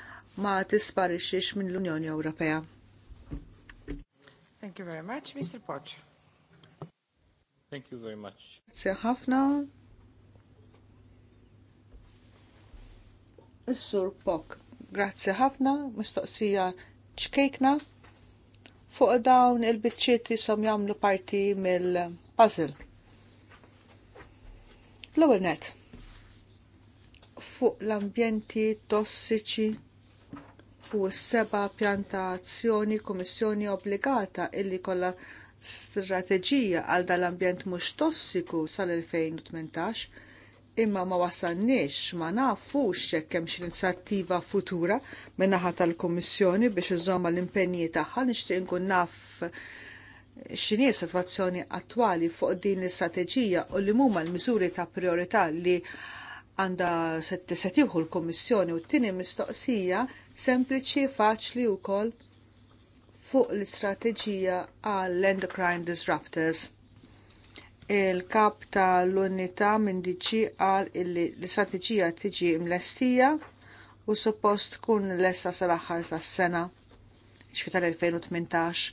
ma tisparixxix minn l-Unjoni Ewropea. Thank you very much, Mr. Poch. Thank you very much. Sir ħafna. Sir Pok. Grazzi ħafna, mistoqsija ċkejkna fuq dawn il bicċieti som jagħmlu parti mill-puzzle. L-ewwel net fuq l-ambjenti tossiċi u s-seba pjantazzjoni kummissjoni obbligata illi kollha strateġija għal dal-ambjent mhux tossiku sal-2018 imma ma wasalniex ma nafux jekk hemm xi inizjattiva futura min-naħa tal-Kummissjoni biex iżomma l-impenji tagħha nixtieq inkun naf s sitwazzjoni attwali fuq din l-istrateġija u li huma l-miżuri ta' priorità li għandha se tieħu l-Kummissjoni u t-tieni mistoqsija sempliċi faċli wkoll fuq l-istrateġija għall-endocrine disruptors. Il-kap tal-unità minn diġi għal l-istrateġija tiġi mlestija u suppost tkun lesta sal-aħħar tas-sena, ċfi tal-2018,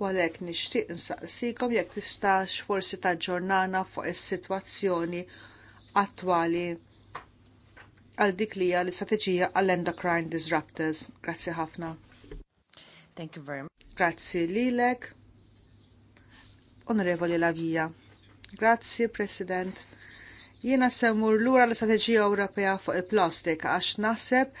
u għalhekk nixtieq nsaqsikom jekk tistax forsi taġġornana fuq is-sitwazzjoni attwali għal dik li hija l-istrateġija għall endocrine disruptors. Grazzi ħafna. Thank you very much. Grazzi lilek. Onorevoli Lavija. Grazzi, President. Jiena semmur lura l strategija Ewropea fuq il-plastik għax naħseb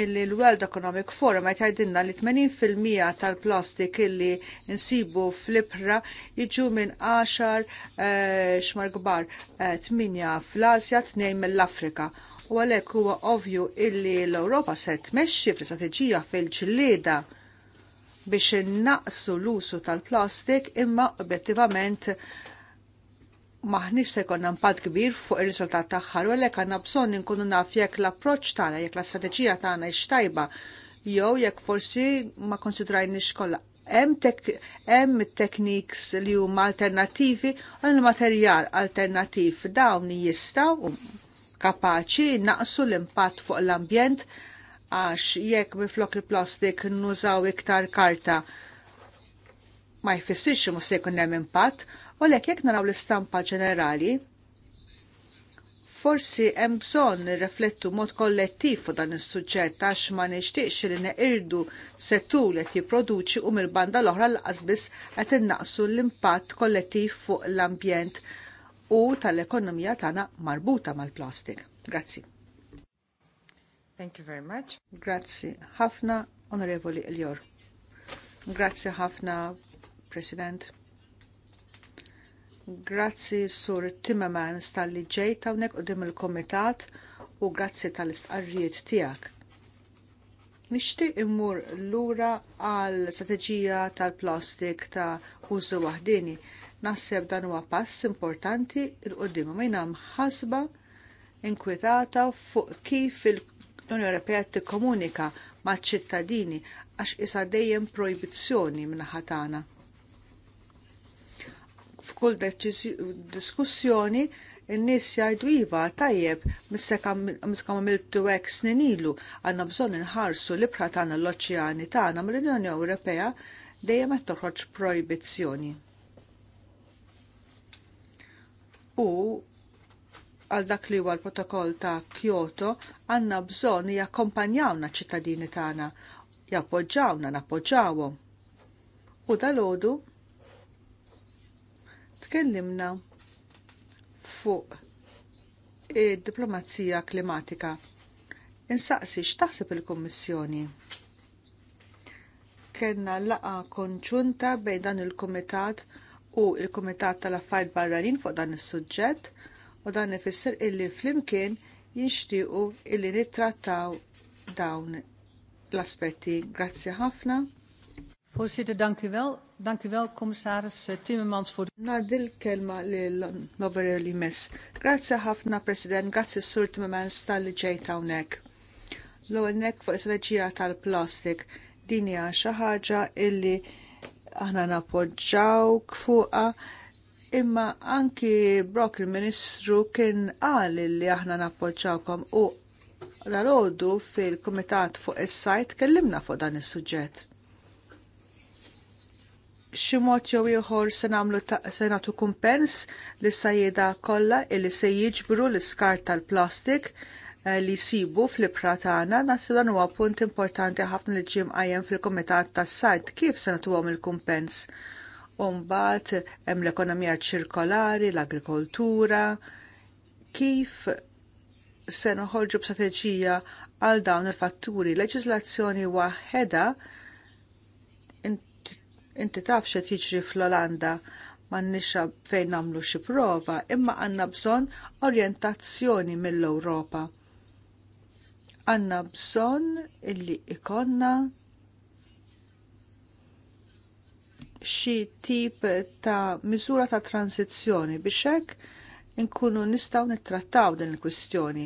illi l-World Economic Forum għet jgħidinna li 80% tal-plastik illi nsibu fl-ibra jiġu minn 10 eh, xmar gbar 8 eh, fl-Asja, 2 mill-Afrika. U għalek huwa ovvju illi l ewropa se tmexxi fl-istrateġija fil-ġlieda fil ġlieda biex innaqsu l-usu tal-plastik imma obiettivament maħniċ se jkollna impatt kbir fuq ir-riżultat tagħha u għalhekk għandna bżonn inkunu naf jekk l-approċċ tagħna, jekk l-istrateġija tagħna hix tajba, jew jekk forsi ma konsidrajniex kollha hemm hemm techniques li huma alternattivi għal materjal alternattiv dawn jistgħu kapaċi naqsu l-impatt fuq l-ambjent għax jekk miflok il-plastik nużaw iktar karta ma jfissirx mu se jkun hemm impatt, u lek jekk naraw l-istampa ġenerali, forsi hemm bżonn nirriflettu mod kollettiv fuq dan is-suġġett għax ma nixtieqx li neqirdu settur qed jipproduċi u mill-banda l-oħra laqas biss qed innaqsu l-impatt kollettiv fuq l-ambjent u tal-ekonomija tagħna marbuta mal-plastik. Grazzi. Thank you very much. Grazzi ħafna, Onorevoli Elior. Grazzi ħafna, President. Grazzi Sur Timmermans stalli ġejta unek u dim il-komitat u grazzi tal-istqarrijiet tijak. Nishti immur l-ura għal strategija tal-plastik ta' użu wahdini. Nasseb dan huwa pass importanti il-qoddim ma jnam ħasba inkwetata fuq kif il l-Unjoni Ewropea tikkomunika maċ-ċittadini għax isa dejjem projbizzjoni minnaħa tagħna. F'kull diskussjoni n-nis jajdu iva tajjeb miskam għamiltu għek sninilu għanna bżon nħarsu li pratana l-oċjani tagħna mill-Unjoni Ewropea dejjem qed toħroġ projbizzjoni. U għal dak li huwa l-protokoll ta' Kyoto għandna bżonn jakkompanjawna ċittadini tagħna, jappoġġawna, nappoġġawhom. U dalodu tkellimna fuq id-diplomazija klimatika. Insaqsi x'taħseb il-Kummissjoni? Kenna laqa konġunta bejn dan il-Kumitat u il-Kumitat tal-Affarijiet Barranin fuq dan is-suġġett u dan ifisser illi flimkien jixtiequ illi nittrattaw dawn l-aspetti. Grazzi ħafna. Voorzitter, danki vel. Danki vel, komissaris Timmermans, Nadil kelma l li Mess. Grazzi ħafna, President. Grazzi Sur Timmermans tal-li ġejt hawnhekk. L-ewwel nek fuq strateġija tal-plastik. Din hija xi ħaġa illi aħna napoġġaw kfuqa. Imma anki brokk il-Ministru kien qal li aħna nappoġġawkom u l-rodu fil-Kumitat fuq is-sajt kellimna fuq dan is-suġġett. Xi mod jew ieħor se nagħmlu se nagħtu kumpens li sajjeda kollha illi se jiġbru l-iskar tal-plastik eh, li jsibu fl ibħra tagħna nasu dan huwa punt importanti ħafna li ġim qajjem fil-Kumitat tas-Sajt kif se nagħtuhom il-kumpens u mbagħad hemm l-ekonomija ċirkolari, l-agrikoltura, kif se noħorġu b'strateġija għal dawn il-fatturi. Leġislazzjoni waħeda, inti taf xe tiġri fl-Olanda m'għandniex fejn nagħmlu xi prova, imma għandna bżonn orjentazzjoni mill-Ewropa. Għandna bżonn illi ikonna xi tip ta' miżura ta' transizzjoni biex hekk inkunu nistgħu nittrattaw din il-kwistjoni.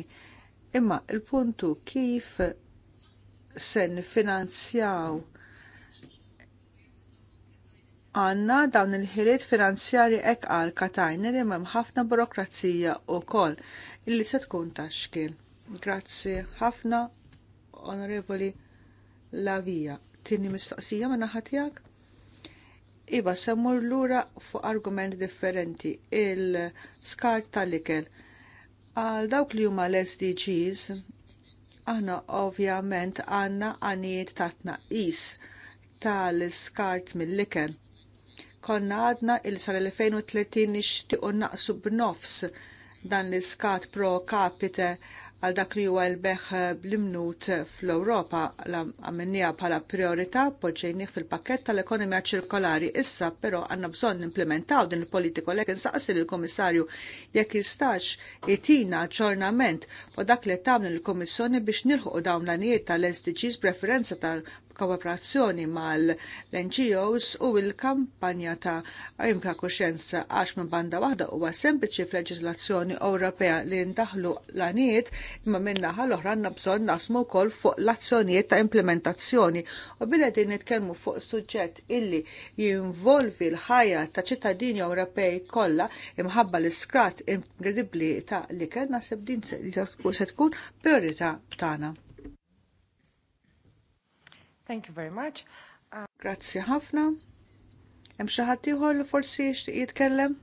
Imma il-puntu kif se nifinanzjaw għanna dawn il-ħiliet finanzjarji hekk għal katajner imma ħafna burokrazija wkoll illi se tkun taxkil. Grazzi ħafna onorevoli Lavija. Tinni mistoqsija ma naħatijak? Iba semmur lura fuq argument differenti, il-skart tal-ikel. Għal dawk li huma l-SDGs, aħna ovvjament għanna għanijiet ta' tnaqis tal-skart mill-ikel. Konna għadna il sal-2030 nixtiqu naqsu b'nofs dan l-skart pro capite għal dak li huwa l-beħ bl-imnut fl-Ewropa għamennija bħala priorità poġġejnih fil-pakket tal-ekonomija ċirkolari. Issa però għandna bżon implementaw din il-politiko lek insaqsi il komissarju jekk jistax jitina ċornament po dak li tagħmel il-Kommissjoni biex nilħu dawn l-anijiet tal-SDGs preferenza tal kooperazzjoni mal-NGOs u l-kampanja ta' imka kuxjenza għax minn banda waħda huwa sempliċi fl leġizlazzjoni Ewropea li ndaħlu l-għaniet imma minna ħal-oħra għandna bżonn nasmu wkoll fuq l-azzjonijiet ta' implementazzjoni u bila din nitkellmu fuq suġġett illi jinvolvi l-ħajja ta' ċittadini Ewropej kollha imħabba l-iskrat inkredibbli ta' li kellna sebdin se tkun priorità tagħna. Thank you very much. Grazie ħafna. Hemm xi ħadd ieħor li forsi jixtieq jitkellem?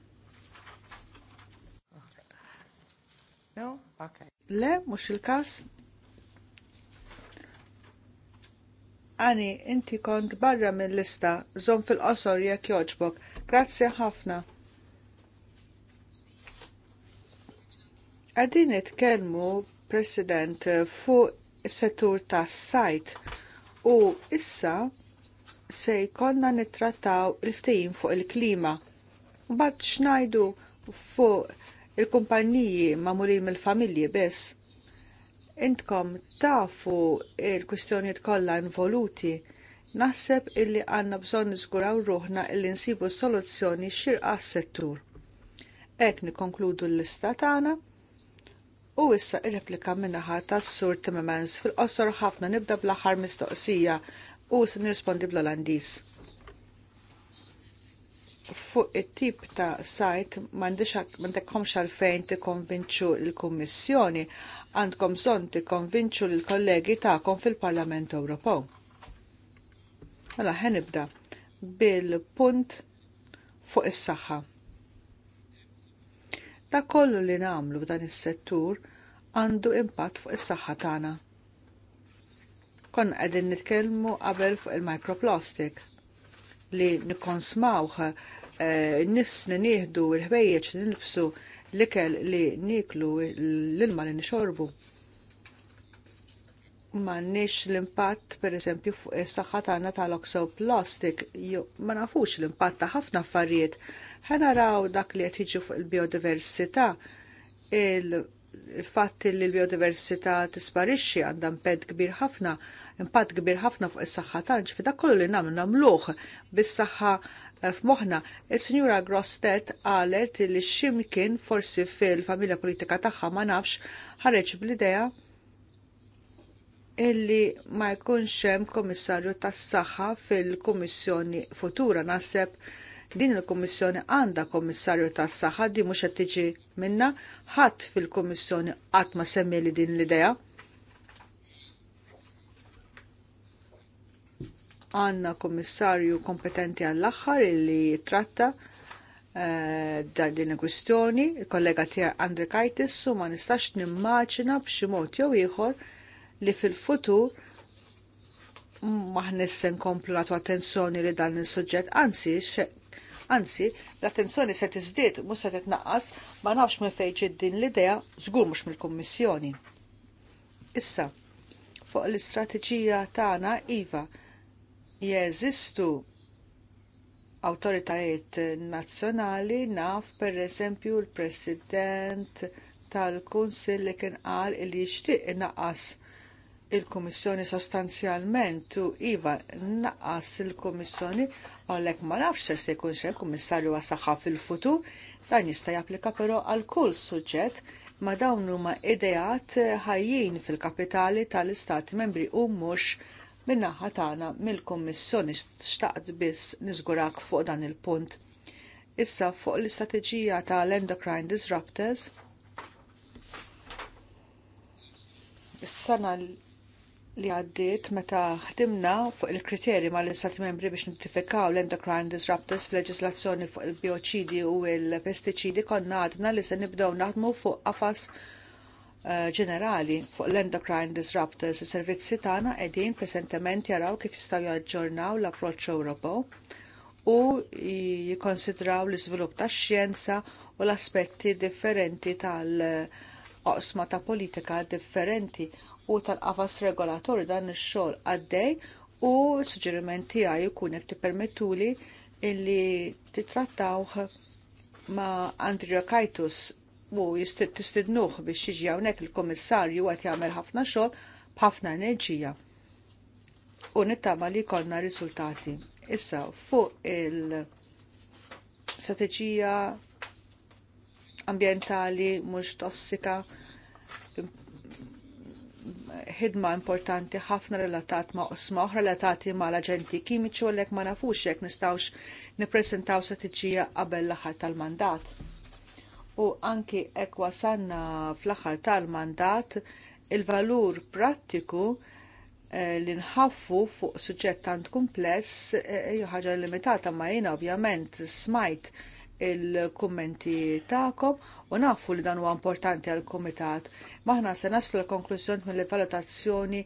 No? Okay. Le, mhux il-każ. Ani, inti kont barra mill-lista, żomm fil-qosor jekk jogħġbok. Grazzi ħafna. Għadin nitkellmu, President, fuq is-settur tas-sajt U issa se jkollna nittrattaw il-ftehim fuq il-klima. Mbagħad x'ngħidu fuq il-kumpanniji magħmulin mill-familji biss. Intkom tafu il-kwistjonijiet kollha involuti naħseb illi għanna bżon niżguraw ruħna illi nsibu soluzzjoni xirqa s-settur. Ek nikonkludu l-lista tagħna U issa ir-replika minnaħa tas sur Timmermans fil-qosor ħafna nibda bl-aħħar mistoqsija u se nirrispondi bl-Olandiż. Fuq it-tip ta' sajt m'għandekkomx għalfejn tikkonvinċu l-Kummissjoni, għandkom bżonn tikkonvinċu l-kollegi tagħkom fil-Parlament Ewropew. Mela ħen nibda bil-punt fuq is-saħħa Da kollu li namlu f'dan is-settur għandu impatt fuq is-saħħa tagħna. Konna qegħdin nitkellmu qabel fuq il-microplastic li nikkonsmawh eh, nisni nieħdu l-ħwejjeġ nilbsu l-ikel li niklu l-ilma li nixorbu nix l-impatt pereżempju fuq is-saħħa tagħna tal-oxoplastic, ma nafux l-impatt ta' ħafna affarijiet. raw dak li qed jiġi fuq il-biodiversità, il-fatt li l-biodiversità tisparixxi għandha impatt kbir ħafna, impatt kbir ħafna fuq is-saħħa tagħna, ġifi dak kollu li nagħmlu nagħmluh bis-saħħa eh, f'moħħna. Is-Sinjura Grostet qalet li x'imkien forsi fil-familja politika tagħha ma nafx ħareġ bl-idea illi ma jkunx hemm komissarju tas-saħħa fil-kummissjoni futura naħseb din il-kummissjoni għandha komissarju tas-saħħa di mhux qed tiġi minna ħadd fil-kummissjoni qatt ma semmili din l-idea. Għanna kummissarju kompetenti għall-aħħar illi tratta eh, da din kwistjoni, il-kollega tiegħi Andre Kajtis, u ma nistax nimmaġina b'xi mod jew ieħor li fil-futur maħnissen komplu natu attenzjoni li dan il-sujġet, anzi, anzi, l-attenzjoni se tiżdied mhux se titnaqqas ma nafx minn fejn din l-idea żgur mhux mill-Kummissjoni. Issa, fuq l-istrateġija tagħna iva jeżistu awtoritajiet nazzjonali naf pereżempju l-President tal-Kunsill li kien qal li jixtieq inaqqas il-Kummissjoni sostanzjalment u iva naqas il-Kummissjoni għalhekk ma nafx se jkun xejn kummissarju għas fil-futur, dan jista' japplika però għal kull suġġett ma dawn huma ideat ħajjin fil-kapitali tal-Istati membri u mhux min-naħa tagħna mill-Kummissjoni xtaqt biss niżgurak fuq dan il-punt. Issa fuq l-istrateġija tal-endocrine disruptors, is-sena li għaddiet meta ħdimna fuq il-kriterji mal l-istati membri biex notifikaw l-endocrine disruptors fil-leġislazzjoni fuq il-bioċidi u il-pestiċidi konna għadna li se nibdew naħdmu fuq qafas eh, ġenerali fuq l-endocrine disruptors. Is-servizzi tagħna qegħdin preżentement jaraw kif jistgħu jaġġornaw l-approċċ Ewropew u jikkonsidraw l-iżvilupp tax-xjenza u l-aspetti differenti tal- uh, oqsma ta' politika differenti u tal-qafas regolatori dan ix-xogħol għaddej u s-suġġeriment tiegħi jkun qed tippermettuli illi titrattawh ma' Andrea Kajtus u tistidnuh biex jiġi hawnhekk il-Kummissarju qed jagħmel ħafna xogħol b'ħafna enerġija. U nittama li jkollna riżultati. Issa fuq il-strateġija ambientali mhux tossika ħidma importanti ħafna relatat ma' osma oħra relatati ma' l-aġenti kimiċi u għalek ma' nafux jek nistawx nipresentaw strategija qabel l-aħħar tal-mandat. U anki ek wasanna fl-aħħar tal-mandat il-valur prattiku eh, li nħaffu fuq suġġett tant kumpless eh, ħaġa limitata ma' jina ovvjament smajt il-kummenti tagħkom u nafu li dan huwa importanti għal kumitat Maħna se naslu l-konklużjoni mill valutazzjoni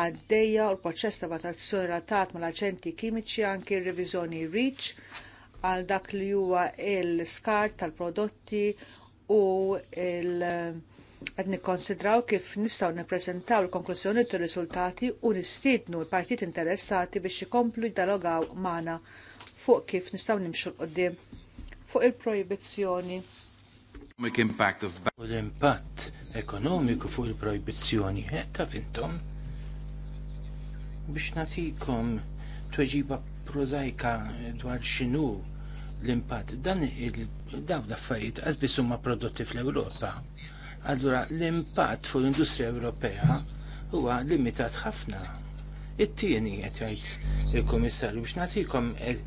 għaddejja u l-proċess ta' valutazzjoni ratat mal-aġenti kimiċi anki r revizjoni REACH għal dak li huwa il-skart tal-prodotti u il- għed nikkonsidraw kif nistaw nippreżentaw l-konklużjoni u riżultati u nistiednu l-partit interessati biex ikomplu jdalogaw magħna fuq kif nistaw nimxu l-qoddim fuq il-projbizzjoni. U l-impatt ekonomiku fuq il-projbizzjoni, eh, ta' fintom biex natikom tweġiba prozaika dwar xinu l-impatt. Dan il-daw l-affarijiet għazbis huma prodotti fl-Ewropa. Allura l-impatt fuq l-industrija Ewropea huwa limitat ħafna. It-tieni qed jgħid il-Kummissarju biex nagħtikom eh,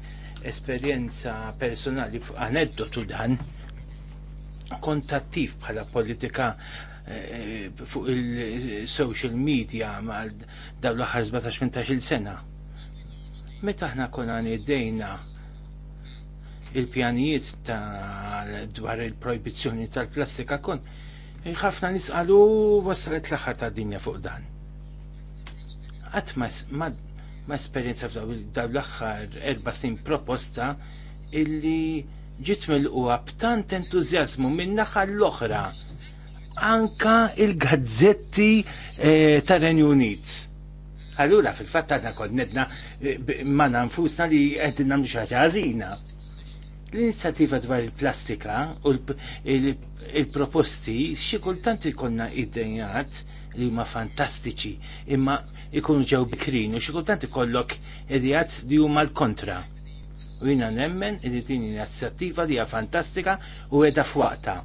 esperjenza personali aneddotu dan kontattiv bħala politika eh, fuq il-social media ma' dawn l-aħħar 17 il sena. Meta aħna konna nidejna il-pjanijiet ta' dwar il-projbizzjoni tal-plastika kon ħafna nisqalu waslet l-aħħar ta' dinja fuq dan. Għatmas ma' ma' esperienza f'daw l-axħar erba sin proposta illi ġit mill-qwa b'tant entużjażmu minn naħa l-oħra anka il-gazzetti eh, tar-Renju Unit. Allura fil-fatt għadna konnedna eh, ma' nfusna li għedin namlu għazina. L-inizjattiva dwar il-plastika u il-proposti xikultant ikonna id-denjat li huma fantastiċi, imma ikunu ġew bikrin u xikultant ikollok idijat li huma l-kontra. U jina nemmen li din inizjattiva li hija fantastika u edha f'waqta.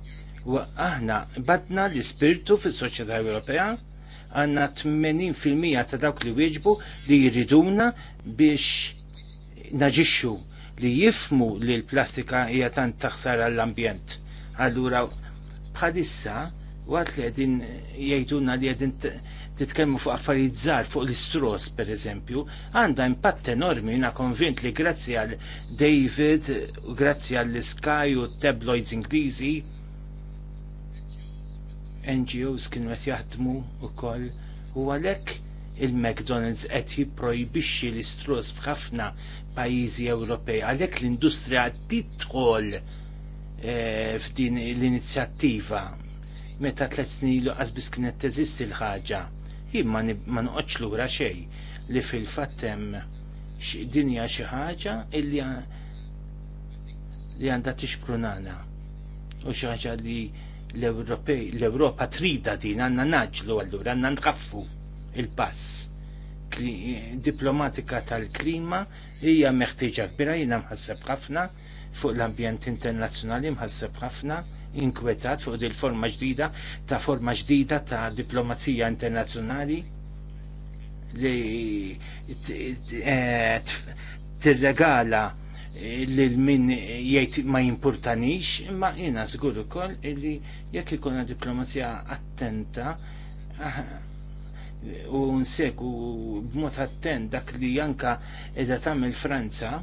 U aħna badna l-ispirtu fis-soċjetà Ewropea għandna 80% ta' dawk li wieġbu li jriduna biex naġixxu li jifmu li l-plastika hija tant taħsar għall-ambjent. Allura bħalissa Waqt li għedin jgħidulna li għedin titkellmu fuq affarijiet żgħar fuq l-istros pereżempju, għandha impatt enormi na konvint li grazzi għal David, grazzi għall Sky u tabloids Ingliżi, NGOs kienu qed jaħdmu wkoll u għalhekk il-McDonald's qed jipprojbixxi l-istros f'ħafna pajjiżi Ewropej għalhekk l-industrija titħol eh, f'din l-inizjattiva meta tliet snin ilu biss kienet teżisti l-ħaġa. Jien ma noqgħodx lura xejn li fil-fatt hemm dinja xi ħaġa illi li għandha tixprunana. U xi ħaġa li l-Ewropa trida din għandna naġlu allura għandna nħaffu il-pass. Diplomatika tal-klima hija meħtieġa kbira jiena mħasseb ħafna fuq l-ambjent internazzjonali mħasseb ħafna inkwetat fuq il forma ġdida ta' forma ġdida ta' diplomazija internazzjonali li tirregala e, lil min jgħid ma jimpurtanix, imma jiena żgur ukoll li jekk ikolna diplomazija attenta u nsegu b'mod attent dak li edha qiegħda tagħmel Franza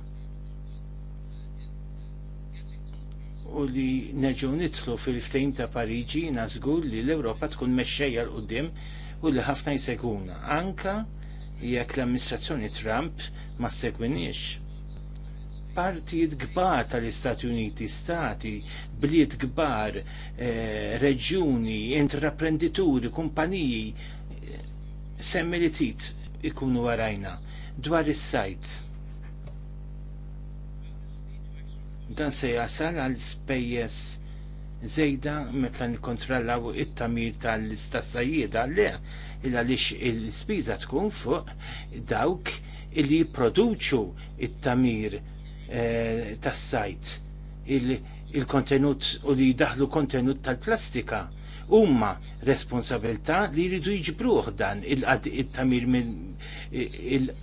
u li nerġgħu nitlu fil-ftehim ta' Pariġi nażgur li l-Ewropa tkun mexxejja l qudiem u li ħafna jseguna. Anka jekk l-amministrazzjoni Trump ma segwinix. Partijiet kbar tal-Istati Uniti, stati, bliet kbar, eh, reġjuni, intraprendituri, kumpaniji, eh, semmi li tit ikunu warajna dwar is-sajt Dan se jasal għal spejjes żejda meta nikkontrollaw it-tamir tal-istazzajjieda le il għaliex il-spiża tkun fuq dawk illi jipproduċu it-tamir eh, tas-sajt il-kontenut u li daħlu kontenut tal-plastika umma responsabilta li jridu jġbruħ dan il-tamir minn il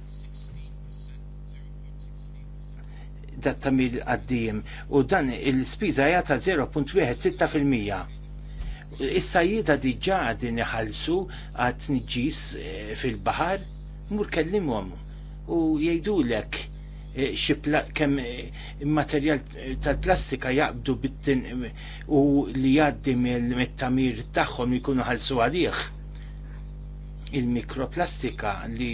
dat tamil għaddim u dan il-spiża hija ta' 0.16%. Issa jieda diġà din iħallsu għat nġis eh, fil-baħar, mur kellimhom u jgħidulek eh, xi kemm eh, materjal tal-plastika jaqbdu bit-tin u li jgħaddi mit-tamir tagħhom jkunu ħallsu għalih il-mikroplastika li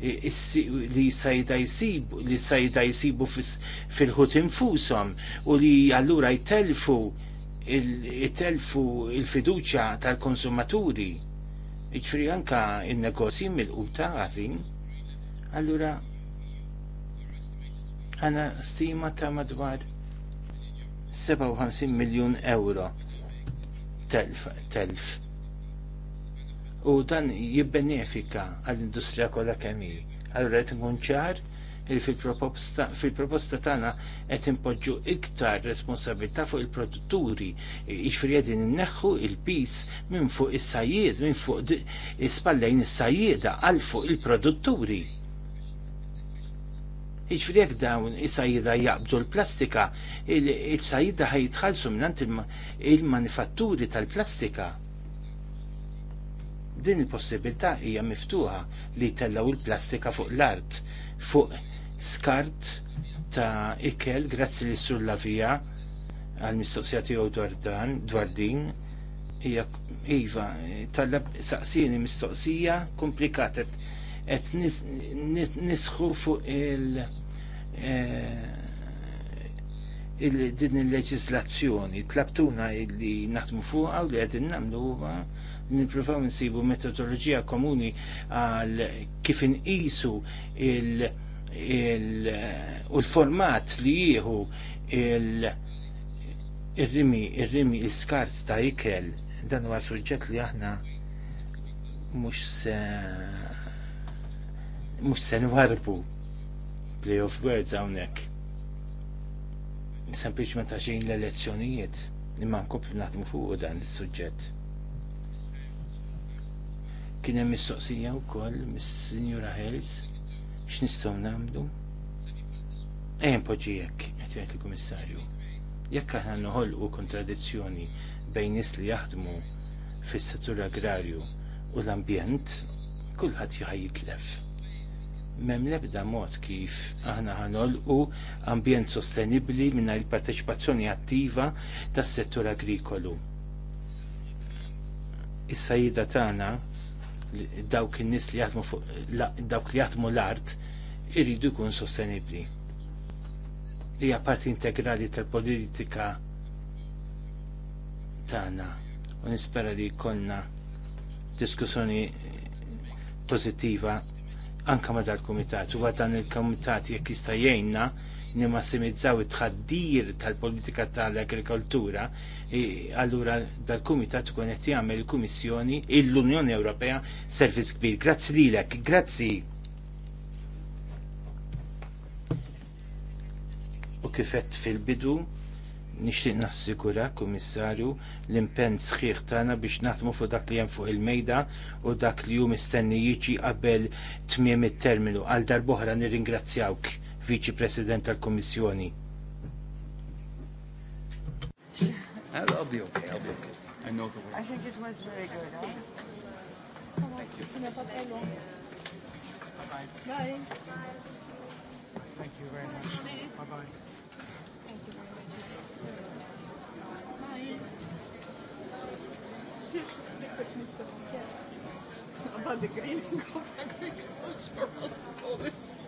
li sajda jisibu li sajda jisibu fil-ħut infushom u li allura jtelfu jtelfu il-fiduċja tal-konsumaturi. Iġfri anka il-negozji mil quta għazin, allura għana stima ta' madwar 57 miljon euro telf, telf u dan jibbenefika għall-industrija kollha kemm hi. Allura qed nkun ċar li fil-proposta tagħna qed impoġġu iktar responsabilità fuq il-produtturi, jiġifieri qegħdin inneħħu il-pis minn fuq is-sajjied, minn fuq ispallejn is-sajjieda għal fuq il-produtturi. Jiġifieri jekk dawn is-sajjieda jaqbdu l-plastika, il-sajjieda ħajtħallsu minn il-manifatturi tal-plastika. il manifatturi tal plastika Din il-possibilità hija miftuħa li tellaw il-plastika fuq l-art, fuq skart ta' ikel grazzi li sur via għal-mistoqsija tiegħu dwar dan, dwar din, hija iva talab saqsini mistoqsija komplikata qed nisħu fuq eh, il- din il-leġislazzjoni tlabtuna li naħdmu fuqha u li qegħdin nagħmlu huwa nippruvaw insibu metodoloġija komuni għal kif inqisu il- u l-format li jieħu il-rimi, il-rimi, il-skart ta' ikel, dan huwa suġġett li aħna mhux se mhux se nwarbu play of words hawnhekk. Sempliċement għaxin l-elezzjonijiet imma nkomplu naħdmu fuq dan is-suġġett. Kien hemm mistoqsija wkoll mis-Sinjura Hells x'nistgħu nagħmlu. Ejn poġġi hekk qed jgħid il-Kummissarju. Jekk aħna noħolqu kontradizzjoni bejn nies li jaħdmu fis-settur agrarju u l-ambjent, kulħadd jitlef. Mem lebda mod kif aħna ħanolqu ambjent sostenibbli mingħajr il-parteċipazzjoni attiva tas-settur agrikolu. Is-sajida tagħna dawk in-nies li jaħdmu dawk li jaħdmu l-art iridu jkun sostenibbli. Li hija parti integrali tal-politika tagħna u nispera li jkollna diskussjoni pożittiva anka ma dal-komitat u dan il-komitat jekk jista' jgħinna nimmassimizzaw it-tħaddir tal-politika tal-agrikoltura E allura dal-Kumitat tkun qed jagħmel il-Kummissjoni l-Unjoni Ewropea servizz kbir. Grazzi lilek, grazzi. U kifett fil-bidu nixtieq nassikura, kummissarju, l-impenn sħiħ tagħna biex naħdmu fuq dak li hemm fuq il-mejda u dak li hu mistenni jiġi qabel tmiem it-terminu. Għal darb'oħra nirringrazzjawk, Viċi President tal-Kummissjoni. I'll, I'll be okay. I'll be okay. I know the way. I think it was very good. Huh? Thank you. Bye. Bye. Thank you very much. Bye bye. Thank you very much. Bye. Bye. Bye. About the greening of agricultural forests.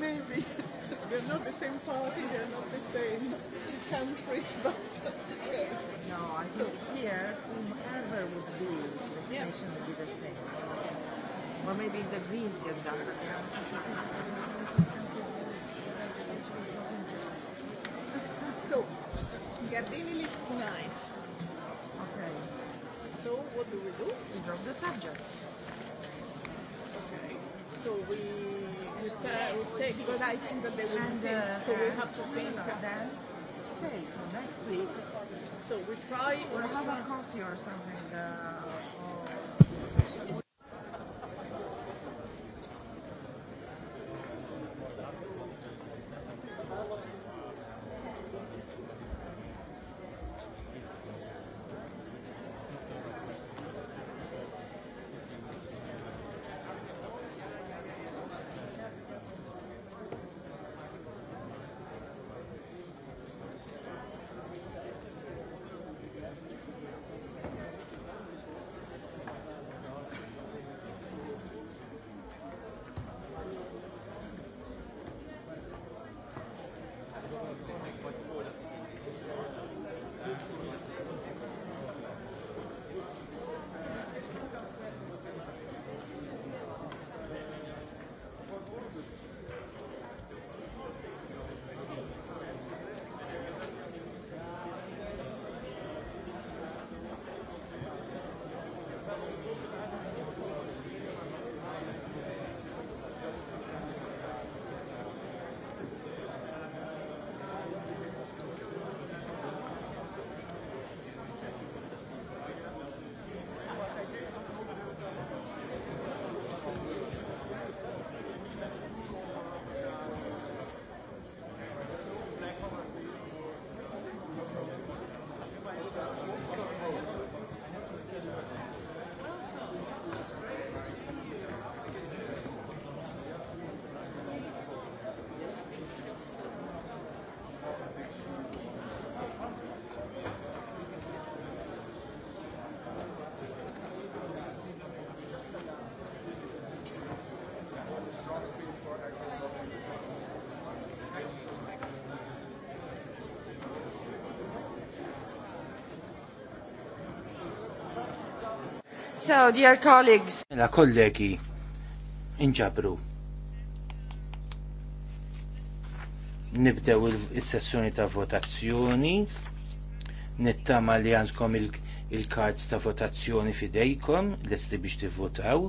Maybe. We're not the same party, they're not the same country, but okay. No, I think so, here, whomever would be, the destination yeah. would be the same. Or maybe the Greece get done. So, Gardini leaves tonight. Okay. So, what do we do? We drop the subject. Okay. So, we would, uh, because I think that they will and, uh, so we have to uh, think. Then, okay, so next week. So we try. We'll have a coffee or something. Uh, or So, dear colleagues. La mela, kollegi, inġabru. Nibdew il-sessjoni ta' votazzjoni. Nittama li għandkom il-kards ta' votazzjoni fidejkom, l-esti biex tivvotaw.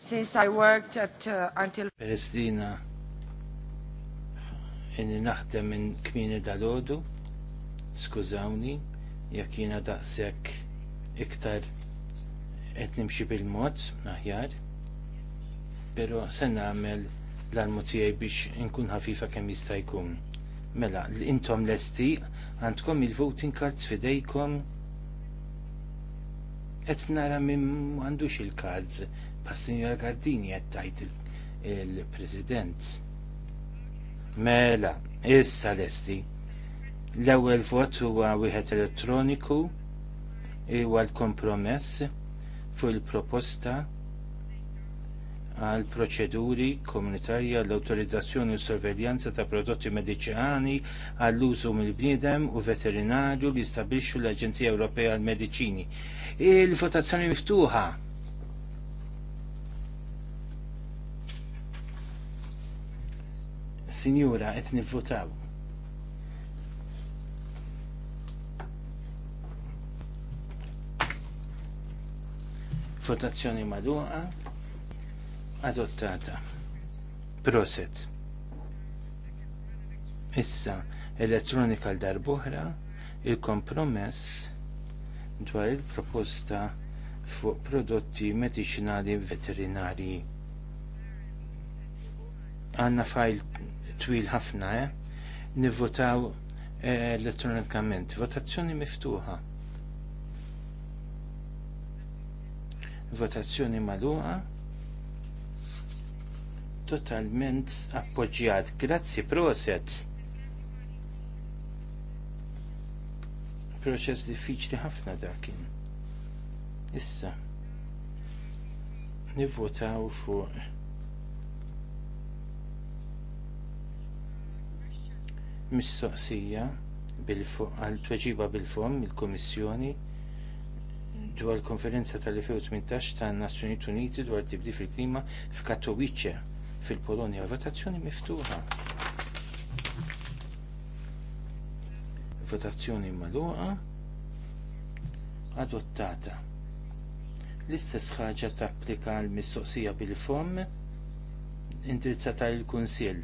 since I worked at uh, until Palestina inni naħdem minn kmini dal-ħodu, skużawni, jekk jiena daqshekk iktar qed nimxi bil-mod aħjar, però se għamel l-almu tiegħi biex inkun ħafifa kemm jista' jkun. Mela, intom lesti għandkom il-voting cards fidejkom qed nara minn għandux il-cards, pa' Signora Gardini qed il president Mela, issa lesti. L-ewwel vot huwa wieħed elettroniku huwa l-kompromess fuq il-proposta għal proċeduri komunitarja l-autorizzazzjoni u sorveljanza ta' prodotti mediċinali għall-użu mill-bniedem u veterinarju li stabilxu l-Aġenzija Ewropea għal mediċini Il-votazzjoni miftuħa. Sinjura, qed nivvutaw. Votazzjoni magħluqa adottata. Proset. Issa, elettronika l-darbohra, il-kompromess dwar il-proposta fuq prodotti medicinali veterinari. Għanna fajl twil ħafna, eh? Nivvotaw eh, elettronikament. Votazzjoni miftuħa. Votazzjoni magħluqa. Totalment appoġġjat. Grazzi, proset. Proċess diffiċli ħafna dakin. Issa. Nivvotaw fuq mistoqsija għal tweġiba bil-fom il-Komissjoni dwar konferenza tal-2018 tan nazzjonijiet Uniti dwar tibdi fil-klima f'Katowice fil-Polonja votazzjoni miftuħa. Votazzjoni magħluqa adottata. L-istess ħaġa tapplika għall mistoqsija bil-fom indirizzata il-Kunsil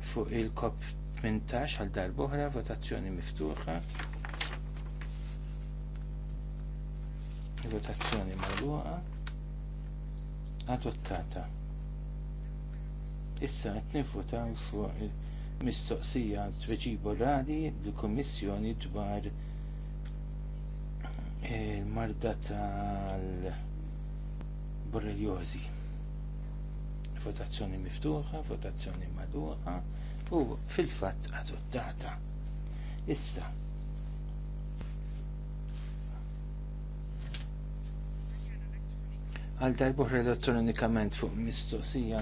fuq il-kop 18 għal darbohra votazzjoni miftuħa votazzjoni magħluqa adottata issa qed nifuta fuq il-mistoqsija tweġib orali l-Kummissjoni dwar il-marda tal-borreljosi votazzjoni miftuħa, votazzjoni magħluqa u fil-fatt adottata. Issa. Għal darbuħ elettronikament fuq mistoqsija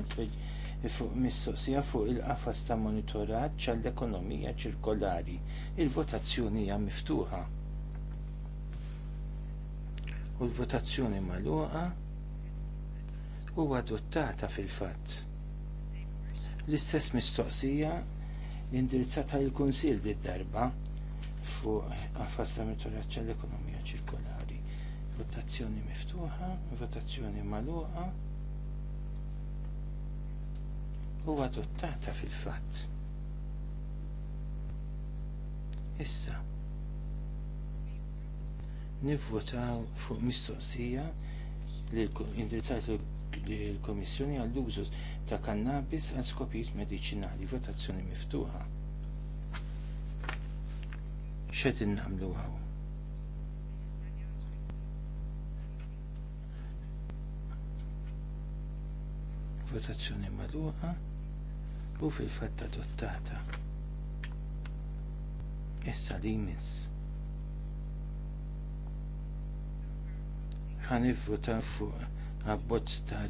fuq mistoqsija fuq il-qafas ta' monitoraġġ għall-ekonomija ċirkolari. Il-votazzjoni hija miftuħa. U l-votazzjoni magħluqa u adottata fil-fatt. L-istess mistoqsija indirizzata lill kunsil di darba fuq għafas ta' l-ekonomija ċirkolari. Votazzjoni miftuħa, votazzjoni magħluqa u adottata fil-fatt. Issa, nivvotaw fuq mistoqsija li indirizzata il komissjoni għall-użu ta' kannabis għal skopijiet mediċinali votazzjoni miftuħa. Xed innamlu għaw? Votazzjoni madwuqa u fil fatta adottata. Issa li jmiss. votan fuq abbozz ta'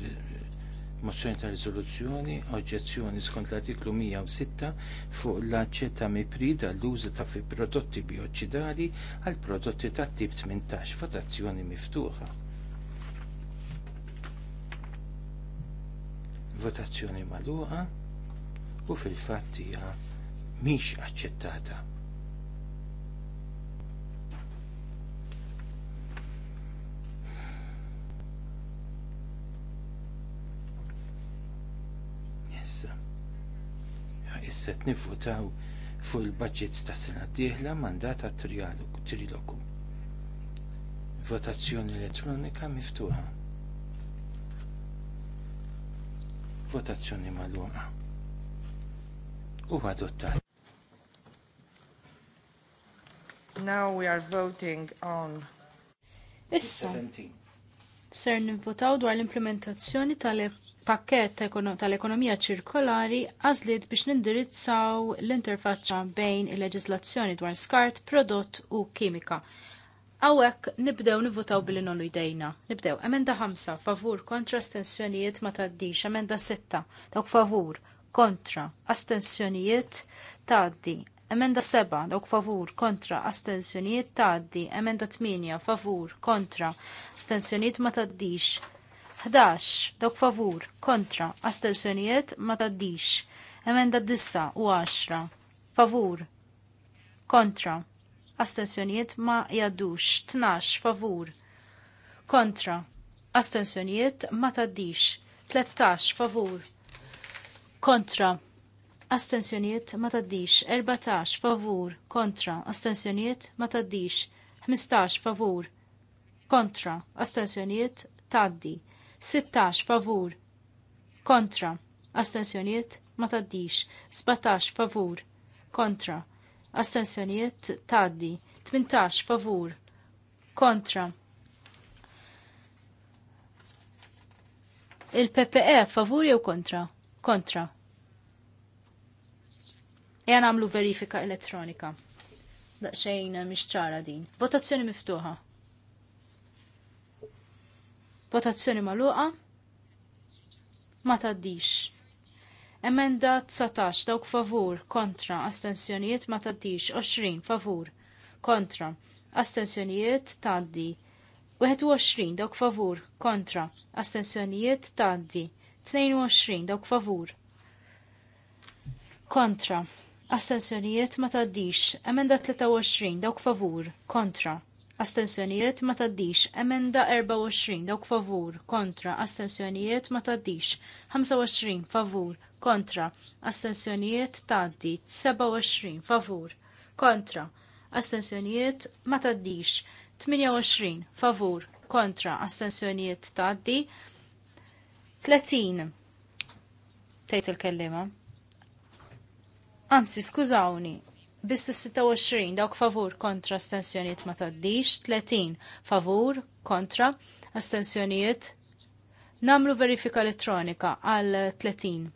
mozzjoni ta' rizoluzzjoni, oġġezzjoni skont l-artiklu 106 fuq l aċċetta ta' miprida l-użu ta' fi prodotti bioċidali għal prodotti ta' tip 18 votazzjoni miftuħa. Votazzjoni magħluqa u fil-fatt hija mhix aċċettata. isset nivvotaw fuq il-budget ta' sena d-dieħla mandat ta' trilogu. Votazzjoni elettronika miftuħa. Votazzjoni maluma. U adottat. Now we are voting on Issa, ser nivvotaw dwar l-implementazzjoni tal-ek pakket tal-ekonomija ċirkolari għażliet biex nindirizzaw l-interfaċċa bejn il-leġislazzjoni dwar skart, prodott u kimika. Għawek nibdew nivutaw billi nollu jdejna. Nibdew emenda 5 favur kontra astensjonijiet ma taddix, emenda 6 dawk favur kontra astensjonijiet taddi. Emenda 7 dawk favur kontra astensjonijiet taddi. Emenda 8 favur kontra astensjonijiet ma taddix. 11. dok favur, kontra, astensjonijiet ma taddix. Emenda dissa u 10. Favur, kontra, astensjonijiet ma jaddux. 12. Favur, kontra, astensjonijiet ma taddix. 13. Favur, kontra, astensjonijiet ma taddix. 14. Favur, kontra, astensjonijiet ma taddix. 15. Favur, kontra, astensjonijiet taddi. 16 favur kontra astensjoniet ma taddix 17 favur kontra astensjoniet taddi 18 favur kontra il-PPE favur jew kontra? Kontra. Jan e għamlu verifika elettronika. Daqxejn miex ċara din. Votazzjoni miftuħa. Votazzjoni maluqa. Ma taddix. Emenda 19 dawk favur kontra astensjonijiet ma taddix 20 favur kontra astensjonijiet taddi 21 dawk favur kontra astensjonijiet taddi 22 dawk favur kontra astensjonijiet ma taddix emenda 23 dawk favur kontra astensjonijiet ma taddix, emenda 24 dawk favur, kontra, astensjonijiet ma taddix, 25 favur, kontra, astensjonijiet taddi, 27 favur, kontra, astensjonijiet ma taddix, 28 favur, kontra, astensjonijiet taddi, 30 tejt il-kellima. Anzi, skużawni, Bis 26 dawk favur kontra astensjonijiet ma taddix, 30 favur kontra astensjonijiet namlu verifika elettronika għal 30.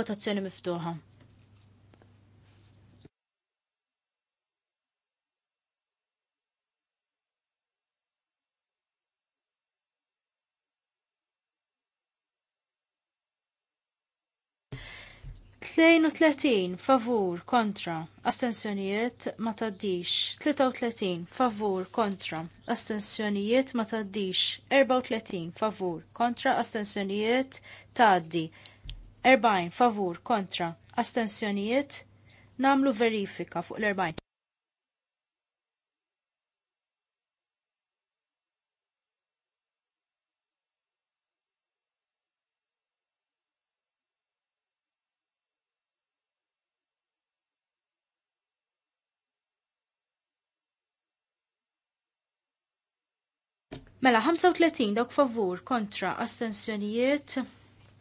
Votazzjoni miftuħa. 32 favur kontra astensjonijiet ma taddix 33 favur kontra astensjonijiet ma taddix 34 favur kontra astensjonijiet taddi 40 favur kontra astensjonijiet namlu verifika fuq l-40 Mela 35 dawk favur kontra astensjonijiet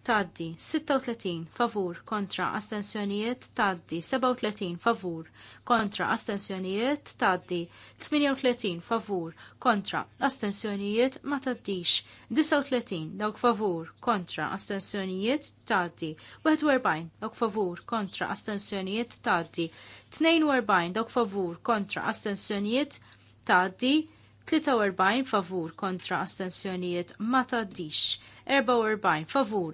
taddi, 36 favur kontra astensjonijiet taddi, 37 favur kontra astensjonijiet taddi, 38 favur kontra astensjonijiet ma taddix, 39 dawk favur kontra astensjonijiet taddi, 41 dawk favur kontra astensjonijiet taddi, 42 dawk favur kontra astensjonijiet taddi, 43 favur kontra astensjonijiet ma taddix. 44 favur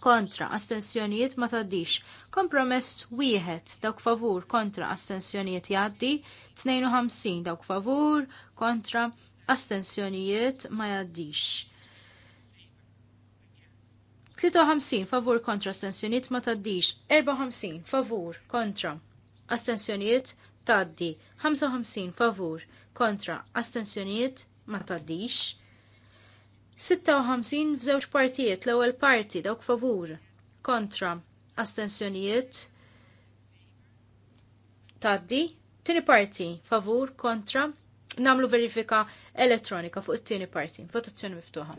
kontra astensjonijiet ma taddix. Kompromess wieħed dawk favur kontra astensjonijiet jaddi, 52 dawk favur kontra astensjonijiet ma jaddix. 53 favur kontra astensjonijiet ma taddix, 54 favur kontra astensjonijiet taddi, 55 favur kontra astensjonijiet ma taddix. 56 f'żewġ partijiet l-ewwel parti dawk favur kontra astensjonijiet taddi, tieni parti favur kontra namlu verifika elettronika fuq it-tieni parti, votazzjoni miftuħa.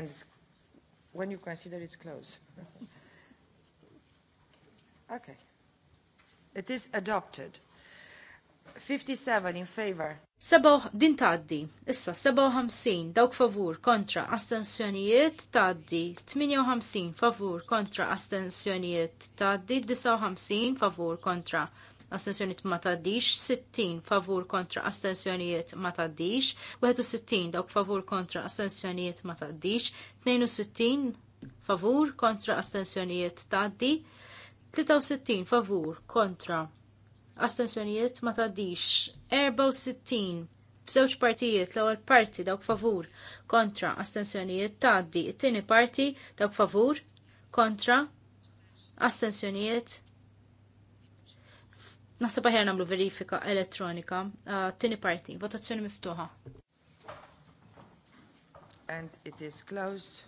And when you consider it's close. okay. It is adopted. 57 in favor. Seba din taddi. Issa 57 dawk favur kontra astensjonijiet taddi. 58 favur kontra astensjonijiet taddi. 59 favur kontra astensjonijiet ma taddix. 60 favur kontra astensjonijiet ma taddix. 61 dawk favur kontra astensjonijiet ma taddix. 62 favur kontra astensjonijiet taddi. 63 favur kontra astensjonijiet ma taddix. 64 f'żewġ partijiet l-ewwel parti dawk favur kontra astensjonijiet tgħaddi, it-tieni parti dawk favur kontra astensjonijiet Nasa paħjar nagħmlu verifika elettronika ah, tieni parti, votazzjoni miftuħa. And it is closed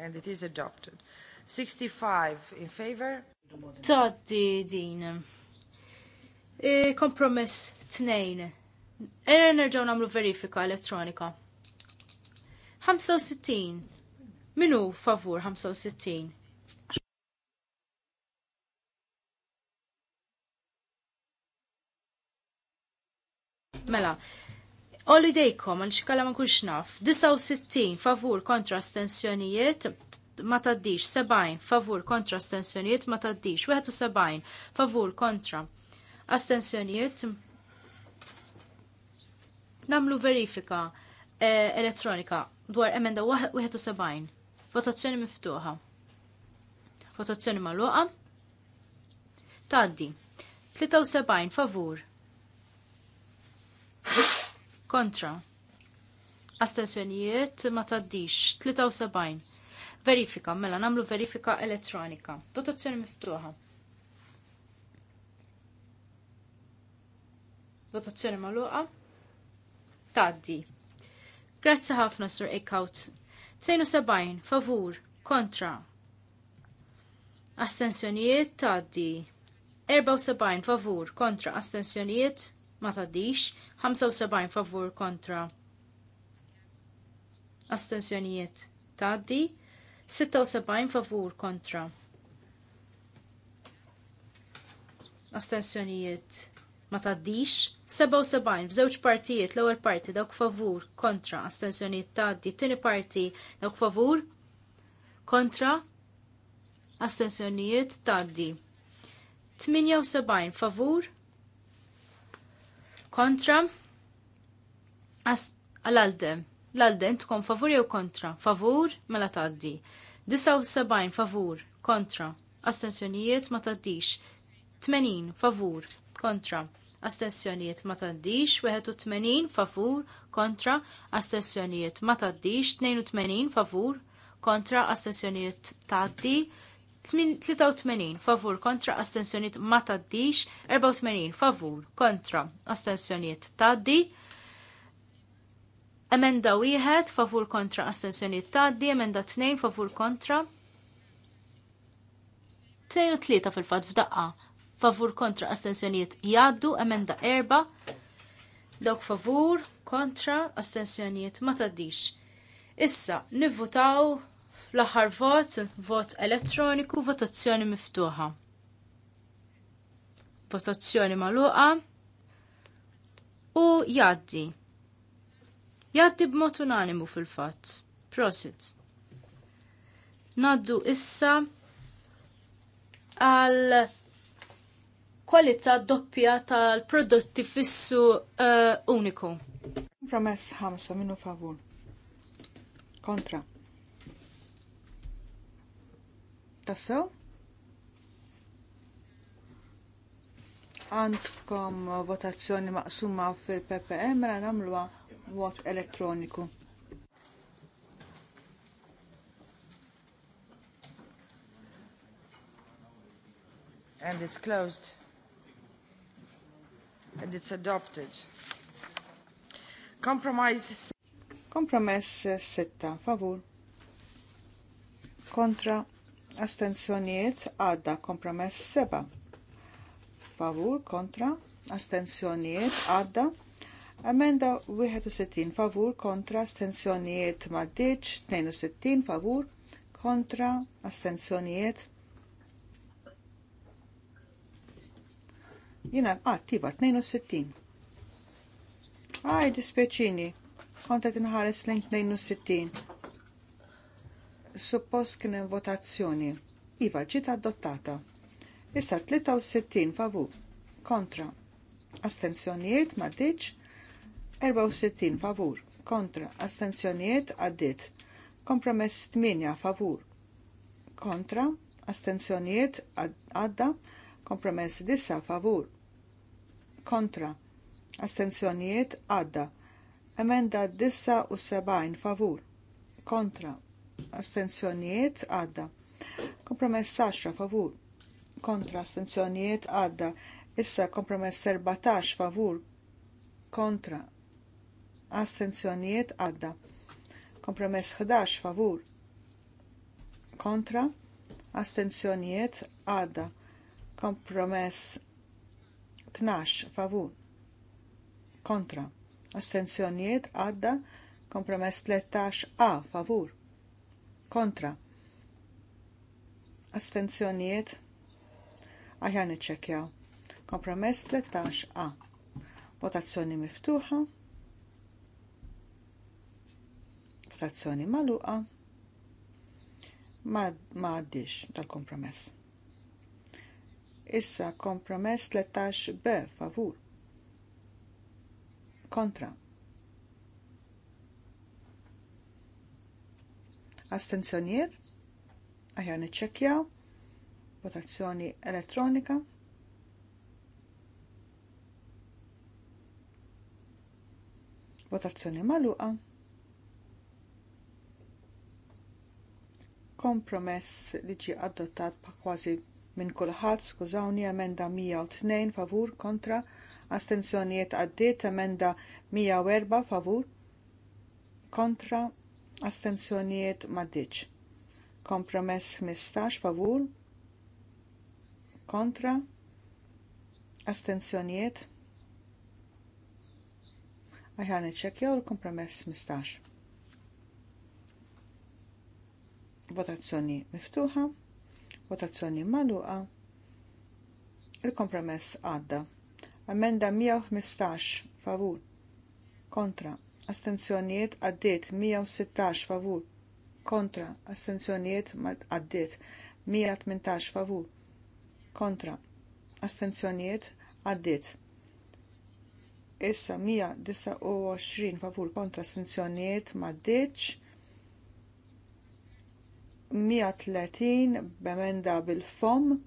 and it is adopted. 65 in favor. Taddi din. Kompromess tnejn. Era nerġaw namlu verifika elettronika. 65. Minu favur 65. Mela, Olli dejkom, għan xikalla ma kux naf. 69 favur kontra stensjonijiet ma taddix, 70 favur kontra stensjonijiet ma taddix, 71 favur kontra astensjonijiet namlu verifika eh, elettronika dwar emenda 71 votazzjoni miftuħa votazzjoni magħluqa Taddi. 73 favur kontra astensjonijiet ma taddix 73 verifika mela namlu verifika elettronika votazzjoni miftuħa Votazzjoni magħluqa. Taddi. Grazzi ħafna Sur Eckhout. 72 favur kontra. Astensjonijiet taddi. 74 favur kontra astensjonijiet ma taddix. 75 favur kontra astensjonijiet taddi. 76 favur kontra. Astensjonijiet ma taddix. 77 f'żewġ partijiet l-ewwel parti dawk favur kontra astensjonijiet tgħaddi, tieni parti dawk favur kontra astensjonijiet tgħaddi. 78 favur kontra għal-alde. L-alde tkun favur jew kontra? Favur mela tgħaddi. 79 favur kontra astensjonijiet ma tgħaddix. 80 favur kontra astensjonijiet ma taddix, 81 favur kontra astensjonijiet ma taddix, 82 favur kontra astensjonijiet taddi, 83 favur kontra astensjonijiet ma taddix, 84 favur kontra astensjonijiet taddi, Emenda wieħed favur kontra astensjonijiet taddi, emenda 2 favur kontra 2 u 3 fil-fat f'daqqa favur kontra astensjonijiet jaddu, emenda erba, dawk favur kontra astensjonijiet ma taddix. Issa, nivvotaw fl-aħħar vot, vot elettroniku, votazzjoni miftuħa. Votazzjoni maluqa u jaddi. Jaddi b'mod unanimu fil-fatt. Prosit. Naddu issa għal kwalità doppja tal-prodotti fissu uh, uniku. Promess ħamsa minnu favur. Kontra. Tassew? Għandkom votazzjoni maqsuma fil-PPM e, mela namluha vot elettroniku. And it's closed and it's adopted. Compromise Kompromess setta, favur. Kontra astensjonijiet għadda kompromess seba. Favur, kontra, astensjonijiet għadda. Amenda 61 favur kontra astensjonijiet maddiċ, 62 favur kontra astensjonijiet Jina għattiva ah, 62. Aj, dispieċini, kontet inħares lejn 62. Suppost kien hemm votazzjoni. Iva ġiet adottata. Issa 63 favur kontra. Astenzjonijiet ma diċ, 64 favur kontra. Astenzjonijiet għaddit. Kompromess 8 favur kontra. Astenzjonijiet għadda. Ad Kompromess disa favur. Kontra. Astenzjonijiet għadda. Emenda disa u sebajn favur. Kontra. Astenzjonijiet għadda. Kompromess 10 favur. Kontra. Astenzjonijiet għadda. Issa kompromess 14 favur. Kontra. Astenzjonijiet għadda. Kompromess 11 favur. Kontra. Astenzjonijiet għadda Kompromess 12 favur kontra. Astenzjonijiet għadda kompromess 13 a favur kontra. Astenzjonijiet aħjar niċċekjaw. Kompromess 13 a. Votazzjoni miftuħa. Votazzjoni maluqa. Ma għaddix dal-kompromess. Issa kompromess 13 b favur. Kontra. Astenzjonijiet? Aħjar niċċekkjaw. Votazzjoni elettronika. Votazzjoni maluqa. kompromess li ġie adottat pa' kważi minn kulħadd skużawni emenda 102 favur kontra astenzjonijiet għaddiet emenda 104 favur kontra astenzjonijiet maddiċ. Kompromess 15 favur kontra astenzjonijiet Aħjar niċċekkjaw l kompromess 15. Votazzjoni miftuħa votazzjoni maluqa, il-kompromess għadda. Amenda 115 favur kontra astenzjonijiet għaddiet 116 favur kontra astenzjonijiet għaddiet 118 favur kontra astenzjonijiet għaddiet issa 129 favur kontra astenzjonijiet maddiċ 130 b'emenda bil-fom.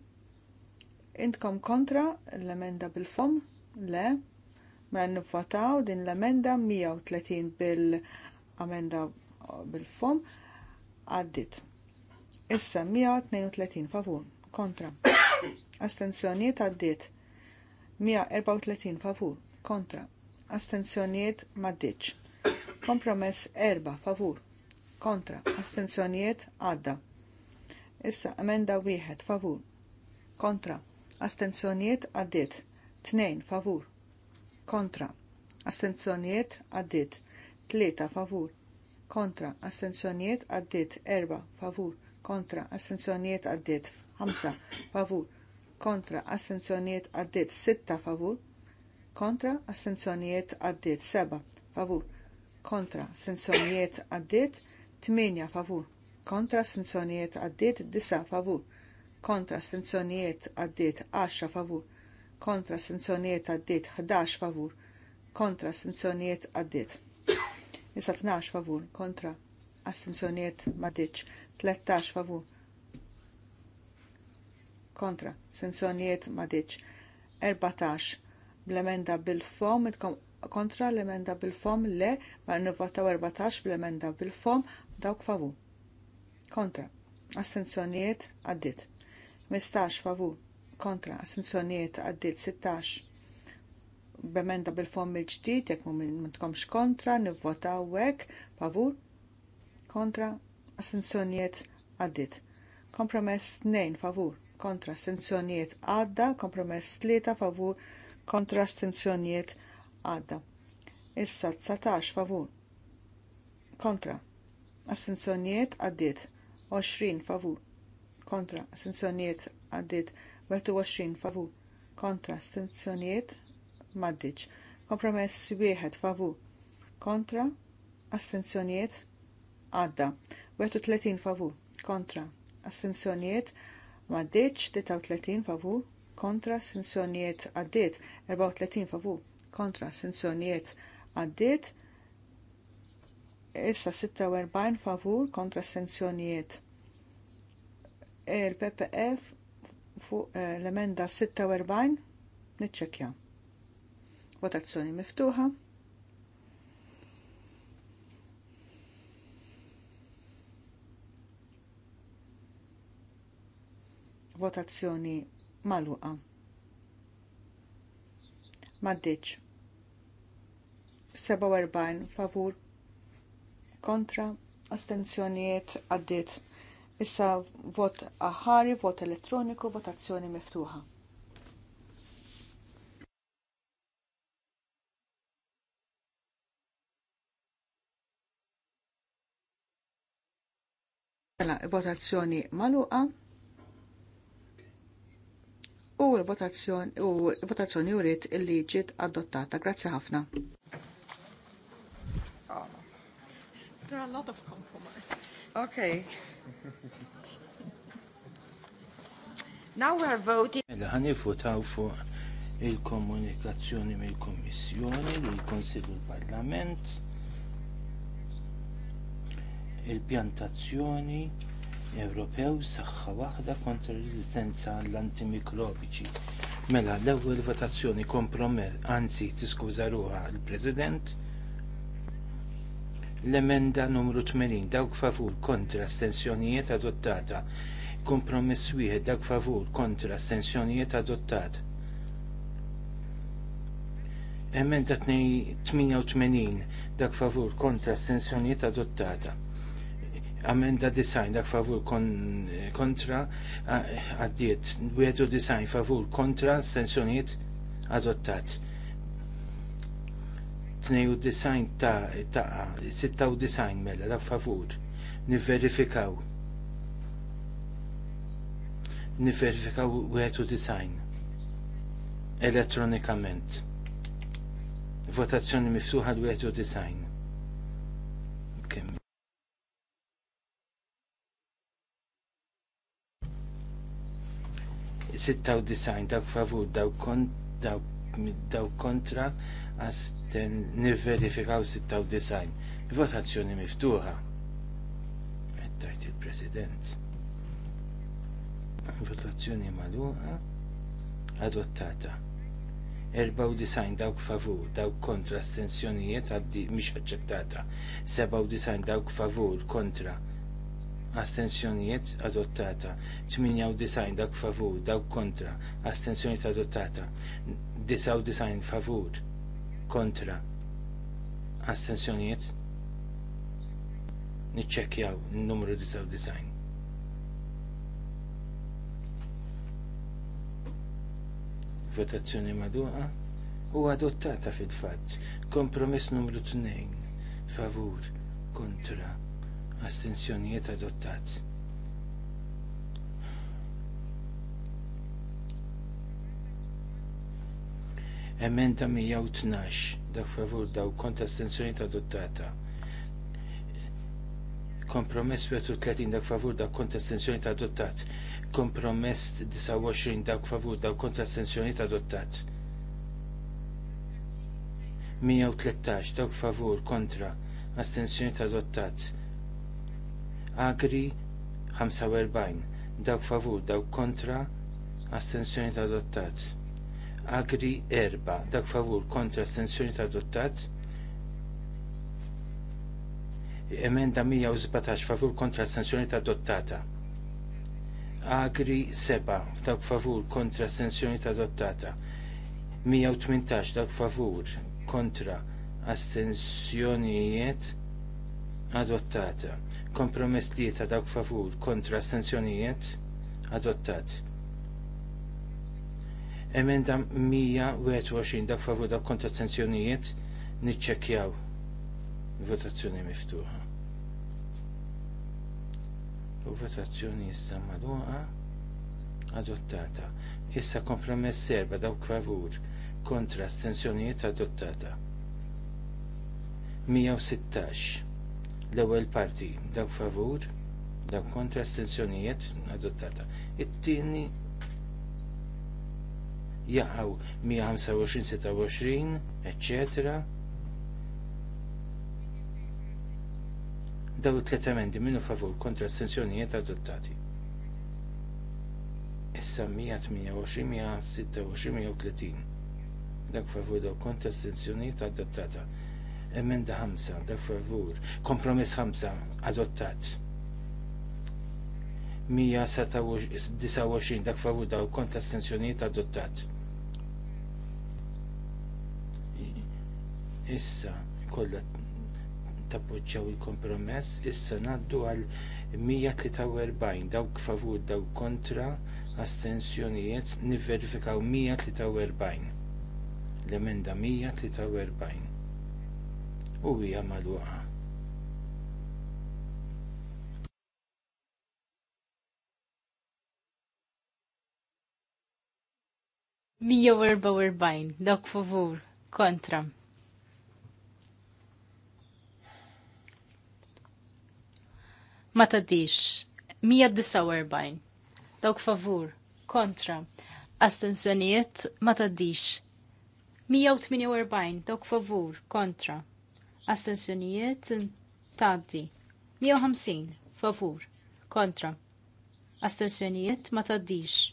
Intkom kontra l-emenda bil-fom? Le. Mela nivvotaw din l-emenda 130 bil-amenda bil-fom għaddit. Issa 132 favur kontra. Astenzjoniet għaddit 134 favur kontra. Astenzjoniet maddiċ. Kompromess 4 favur kontra, astenzjonijiet għadda. Issa emenda wieħed favur, kontra, astenzjonijiet għaddit, tnejn favur, kontra, astenzjonijiet għaddit, tlieta favur, kontra, astenzjonijiet għaddit, erba favur, kontra, astenzjonijiet għaddit, Hamsa. favur, kontra, astenzjonijiet għaddit, sitta favur, kontra, astenzjonijiet għaddit, seba favur, kontra, astenzjonijiet għaddit, 8 favur kontra astenzjonijiet għaddiet 9 favur kontra astenzjonijiet għaddiet 10 favur kontra astenzjonijiet għaddiet 11 favur kontra astenzjonijiet għaddiet. Issa 12 favur kontra astenzjonijiet maddiċ 13 favur kontra astenzjonijiet maddiċ 14 bl-emenda bil-fom kontra l-emenda bil-fom le ma nivvotaw 14 bl-emenda bil-fom dawk favu, Kontra. Astenzjonijiet għaddit. 15 favur. Kontra. Astenzjonijiet għaddit 16. Bemenda bil-fom il-ġdid, jekk m'tkomx kontra, nivvotaw hekk favur. Kontra. Astenzjonijiet għaddit. Kompromess 2 favur. Kontra. Astenzjonijiet għadda. Kompromess 3 favur. Kontra. Astenzjonijiet għadda. Issa 19 favur. Kontra assenzjonijiet għaddiet 20 favur kontra assenzjonijiet għaddiet 21 favur kontra astenzjonijiet maddiċ. Kompromess wieħed favur kontra astenzjonijiet għadda. 30 favur kontra astenzjonijiet maddiċ 33 favur kontra astenzjonijiet għaddiet 34 favur kontra astenzjonijiet għaddiet issa 46 favur kontra sanzjonijiet. Il-PPF fu eh, l-emenda 46 niċċekja. Votazzjoni miftuħa. Votazzjoni maluqa. Maddiċ. 47 favur kontra astenzjonijiet għaddit. Issa vot aħari, vot elettroniku, votazzjoni miftuħa. Mela, votazzjoni maluqa u l-votazzjoni u l-votazzjoni uriet il ġiet adottata. Grazzi ħafna. There are a lot of compromises. Okay. Now we are voting. Mela, ħani votaw fuq il-komunikazzjoni mill-Kommissjoni, il l parlament il-pjantazzjoni Ewropew saħħa waħda kontra r-reżistenza għall-antimikrobiċi. Mela l-ewwel votazzjoni kompromess, anzi tiskuża ruha l-President L-emenda numru 80 dawk favur kontra stensjonijiet adottata. Kompromess wieħed dawk favur kontra stensjonijiet adottat. Emenda 88 dak favur kontra stensjonijiet adottata amenda design dak favur kon, kontra għaddiet, wedu design favur kontra sensjoniet adottat. 92 ta' ta' 96 mela da' favur niverifikaw niverifikaw 91 elettronikament votazzjoni mifsuħa l-91 96 dak favur daw kont daw kontra għasten nivverifikaw 96. Votazzjoni miftuħa. Għettajt il-President. Votazzjoni maluħa. adottata. 94 dawk favur, dawk kontra astensjonijiet għaddi mhix aċċettata. 97 dawk favur kontra astensjonijiet adottata. 98 dawk favur, dawk kontra astensjonijiet adottata. 99 favur kontra astensjonijiet niċċekkjaw n-numru 99. Votazzjoni maduqa u adottata fil-fatt. Kompromess numru 2. Favur kontra astensjonijiet adottat. emenda 112 dak favur daw kontra astensjoni ta' adottata kompromess 30 dak favur dak kontra astensjoni ta' adottat kompromess 29 dak favur daw kontra astensjoni ta' Mijaw 113 dak favur kontra astensjoni ta' adottat agri 45 dak favur dawk kontra astensjoni ta' adottat agri erba dak favur kontra astensjoni adottat emenda 117 favur kontra astensjoni adottata agri seba dak favur kontra astensjoni adottata 118 dak favur kontra astensjonijiet adottata kompromess li dak favur kontra astensjonijiet adottat Emenda 121 dak favur dak kontra astensjonijiet niċċekjaw. Votazzjoni miftuħa. U votazzjoni issa madwaqa adottata. Issa kompromess serba dak favur kontra astensjonijiet adottata. 116 l-ewwel parti dak favur dak kontra astensjonijiet adottata. It-tieni jaqgħu 125-26, etc. Daw it-tlet emendi minnu favur kontra astensjonijiet adottati. Issa 128-126-130. Dak favur daw kontra astensjonijiet adottata. Emenda 5, dak favur. Kompromess 5, adottat. 129 dak favur daw kontra astensjonijiet adottat. issa kollha tappoġġjaw il-kompromess, issa ngħaddu għal 143 dawk favur dawk kontra astensjonijiet nivverifikaw 143 l-emenda 143 u hija magħluqa. Mija dawk favur kontra ma taddix. 149. Dawk favur. Kontra. Astenzjonijiet ma taddix. 148. Dawk favur. Kontra. Astenzjonijiet taddi. 150. Favur. Kontra. Astenzjonijiet ma taddix.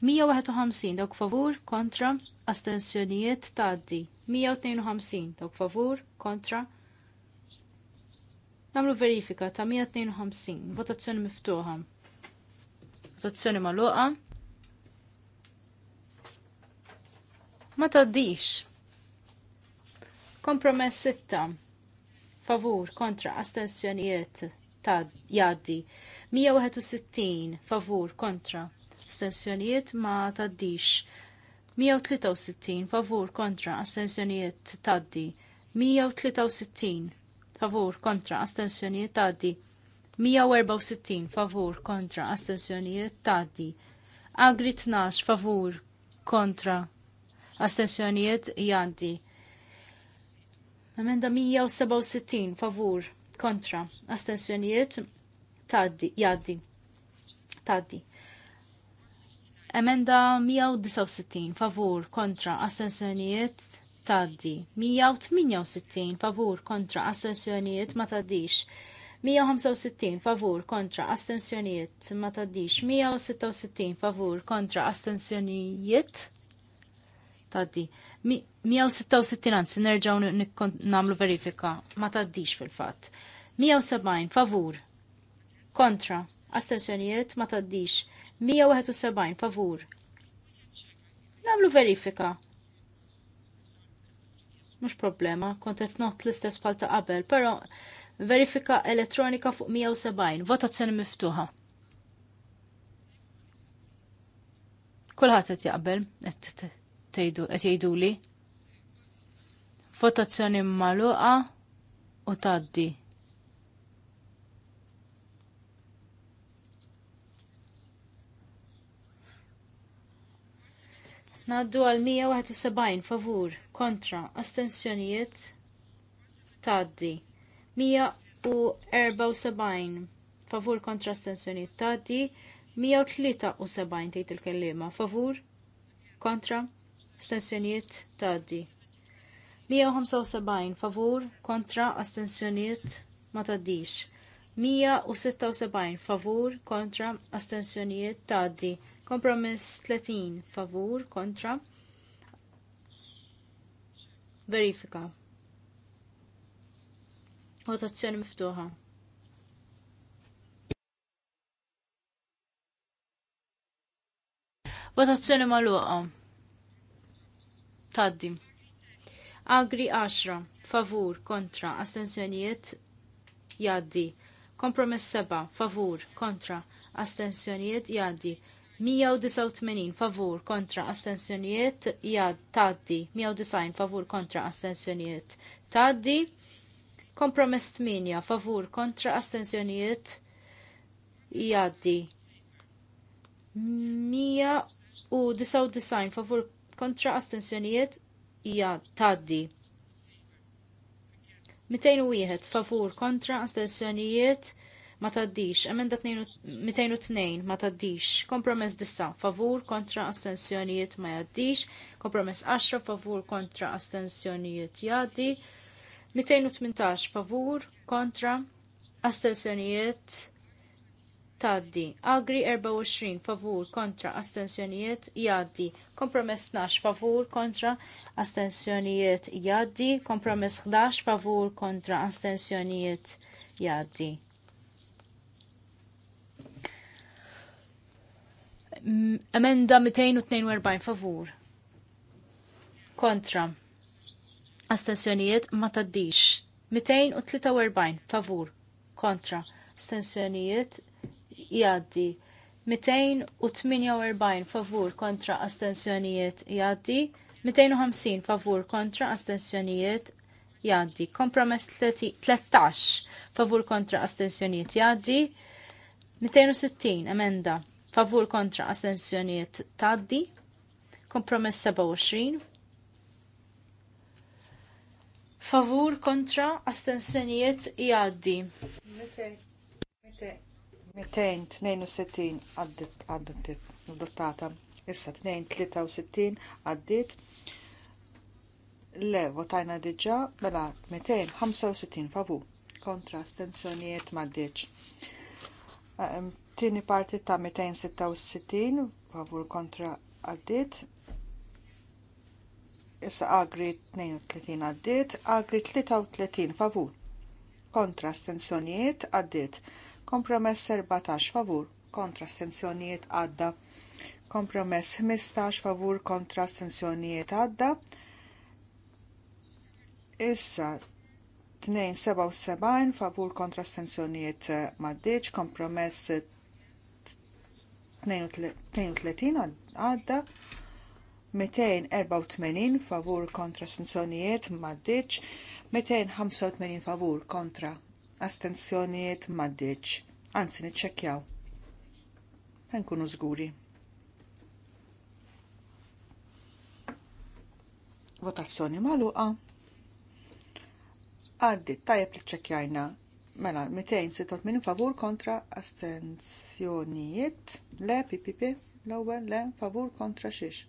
151 dawk favur kontra astensjonijiet taddi. 152 dawk favur kontra Namlu verifika ta' 152, votazzjoni miftuħa. Votazzjoni maluqa. Ma taddix. Kompromess 6. Favur kontra astensjonijiet ta' jaddi. 161 favur kontra astensjonijiet ma taddix. 163 favur kontra astensjonijiet taddi. 163 favur kontra astensjonijiet taddi. 164 favur kontra astensjonijiet taddi. Agri 12 favur kontra astensjonijiet jaddi. Amenda 167 favur kontra astensjonijiet taddi jaddi. Taddi. Emenda 169 favur kontra astensjonijiet taddi. 168 favur kontra astensjonijiet ma taddix. 165 favur kontra astensjonijiet ma taddix. 166 favur kontra astensjonijiet taddi. 166 anzi nerġgħu nagħmlu verifika ma taddix fil-fatt. 170 favur kontra astensjonijiet ma taddix. 171 favur. Namlu verifika mhux problema, kont qed noqt l-istess bħal ta' qabel, però verifika elettronika fuq 170, votazzjoni miftuħa. Kulħadd qed jaqbel qed jgħiduli. Votazzjoni magħluqa u tgħaddi. Naddu għal 171 favur kontra astensjonijiet taddi. 174 favur kontra astensjonijiet taddi. 173 tgħid il-kellima favur kontra astensjonijiet taddi. 175 favur kontra astensjonijiet ma taddix. 176 favur kontra astensjonijiet taddi. Kompromiss 30 favur kontra verifika. Votazzjoni miftuħa. Votazzjoni maluqa. Taddi. Agri 10. Favur, kontra, astensjonijiet jaddi. Kompromiss 7. Favur, kontra, astensjonijiet jaddi. 189 favur kontra astensjonijiet jad taddi 190 favur kontra astensjonijiet taddi kompromess 8 favur kontra astensjonijiet jaddi 199 favur kontra astensjonijiet jad taddi 201 favur kontra astensjonijiet ma taddix, emenda 202 ma taddix, kompromess dissa, favur kontra astensjonijiet ma jaddix, kompromess 10 favur kontra astensjonijiet jaddi, 218 favur kontra astensjonijiet taddi, agri 24 favur kontra astensjonijiet jaddi, kompromess 12 favur kontra astensjonijiet jaddi, kompromess 11 favur kontra astensjonijiet jaddi. Emenda 242 favur. Kontra. Astensjonijiet ma taddix. 243 favur. Kontra. Astensjonijiet jaddi. 248 favur kontra astensjonijiet jaddi. 250 favur kontra astensjonijiet jaddi. Kompromess 13 favur kontra astensjonijiet jaddi. 260 emenda favur kontra astensjonijiet taddi, kompromess 27, favur kontra astensjonijiet jaddi. 262 għaddit adottata, issa 263 għaddit, le votajna diġa, mela 265 favur kontra astensjonijiet maddiċ Tini parti ta' 266 favur kontra għaddit. Issa agri 32 għaddit, agri 33 favur. Kontra stenzjonijiet għaddit. Kompromess 14 favur. Kontra stenzjonijiet għadda. Kompromess 15 favur kontra stenzjonijiet għadda. Issa 277 favur kontra stenzjonijiet eh, maddiċ. Kompromess 32 għadda 284 favur kontra astenzjonijiet maddiċ 285 favur kontra astenzjonijiet maddiċ. Anzi, niċċekjaw. Nkunu żguri. Votazzjoni maluqa. Għaddi, tajjeb li Mela, 206 minu favur kontra astenzjonijiet. Le, PPP, l-ewwel le, favur kontra xiex.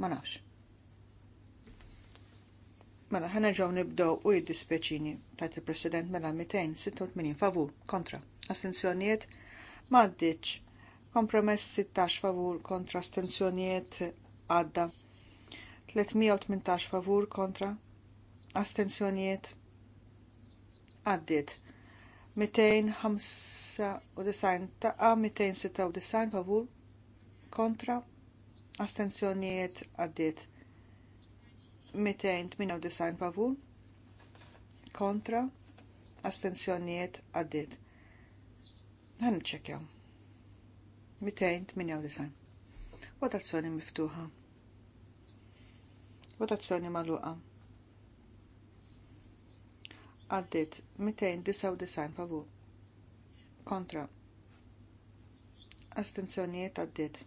Ma nafx. Mela, ħana ġew nibdew u jiddispeċini tajt il-President mela 286 favur kontra astenzjonijiet m'għaddiċ. Kompromess 16 favur kontra astenzjonijiet għadda. 318 favur kontra astenzjonijiet għaddit 295 taqqa 296 favur kontra astenzjonijiet għaddit 298 favur kontra astenzjonijiet għaddit għan ċekjaw 298 votazzjoni miftuħa votazzjoni maluqa għaddit 299 pavu. kontra astenzjonijiet għaddit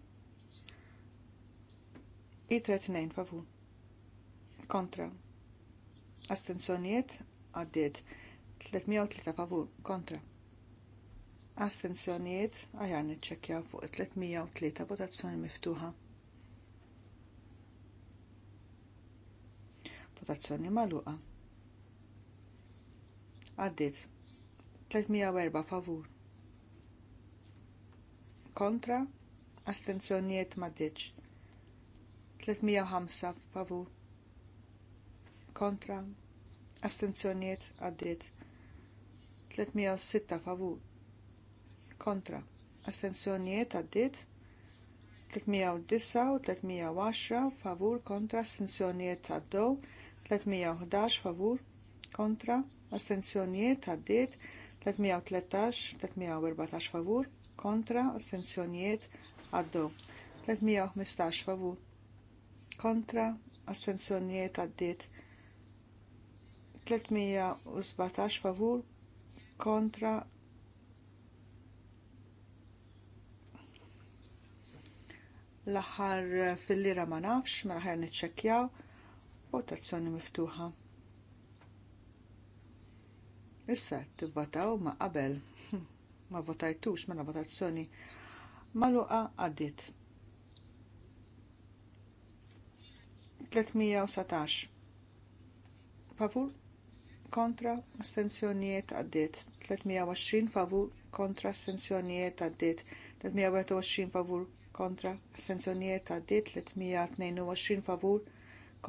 i 39 pavu. kontra astenzjonijiet għaddit 303 pavu. kontra astenzjonijiet għajar nitċekja fuq 303 votazzjoni miftuħa votazzjoni maluqa għaddit 304 favur kontra astenzjonijiet maddiċ 305 favur kontra astenzjoniet għaddit 306 favur kontra astenzjoniet għaddit 309 u 310 favur kontra astenzjoniet għaddew 311 favur kontra, astenzjonijiet għaddiet 313, 314 favur, kontra, astenzjonijiet għaddu 315 favur, kontra, astenzjonijiet għaddiet 317 favur, kontra, l-aħħar fil-lira ma nafx, ma mela l-aħħar nitċekjaw, votazzjoni miftuħa. Issa tivvotaw ma qabel ma votajtux mela votazzjoni maluqa għaddit. 317 favur kontra astensjonijiet għaddiet 320 favur kontra astensjonijiet għaddiet 321 favur kontra astensjonijiet għaddiet 322 favur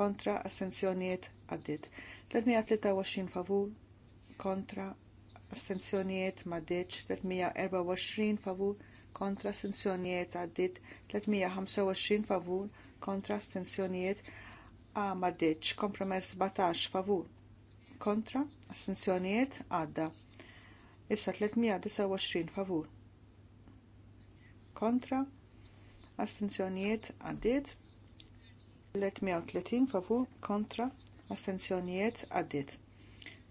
kontra astensjonijiet għaddiet 323 favur kontra astenzjonijiet maddiċ 324 favur kontra astenzjonijiet għaddit 325 favur kontra astenzjonijiet ma' maddiċ kompromess 17 favur kontra astenzjonijiet għadda issa 329 favur kontra astenzjonijiet għaddit 330 favur kontra astenzjonijiet għaddit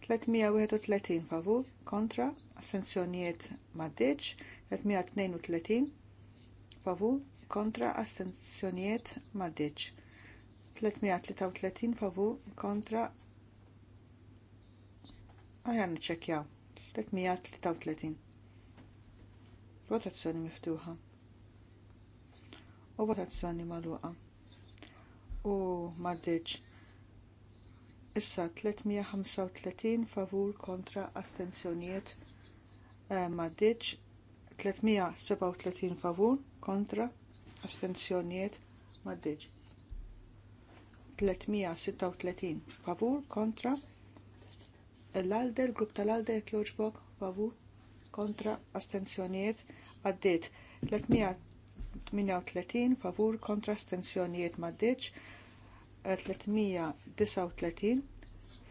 331 favur kontra astenzjonijiet maddiċ 332 favur kontra astenzjonijiet maddiċ 333 favur kontra Aħjar niċċekjaw. 333. Votazzjoni miftuħa. U votazzjoni maluqa. U maddiċ Issa 335 favur kontra astenzjonijiet eh, maddiċ, 337 favur kontra astensjonijiet. maddiċ. 336 favur kontra l-alder, grupp tal-alder kjoġbok favur kontra astensjonijiet għaddit 338 favur kontra astensjonijiet maddiċ, 339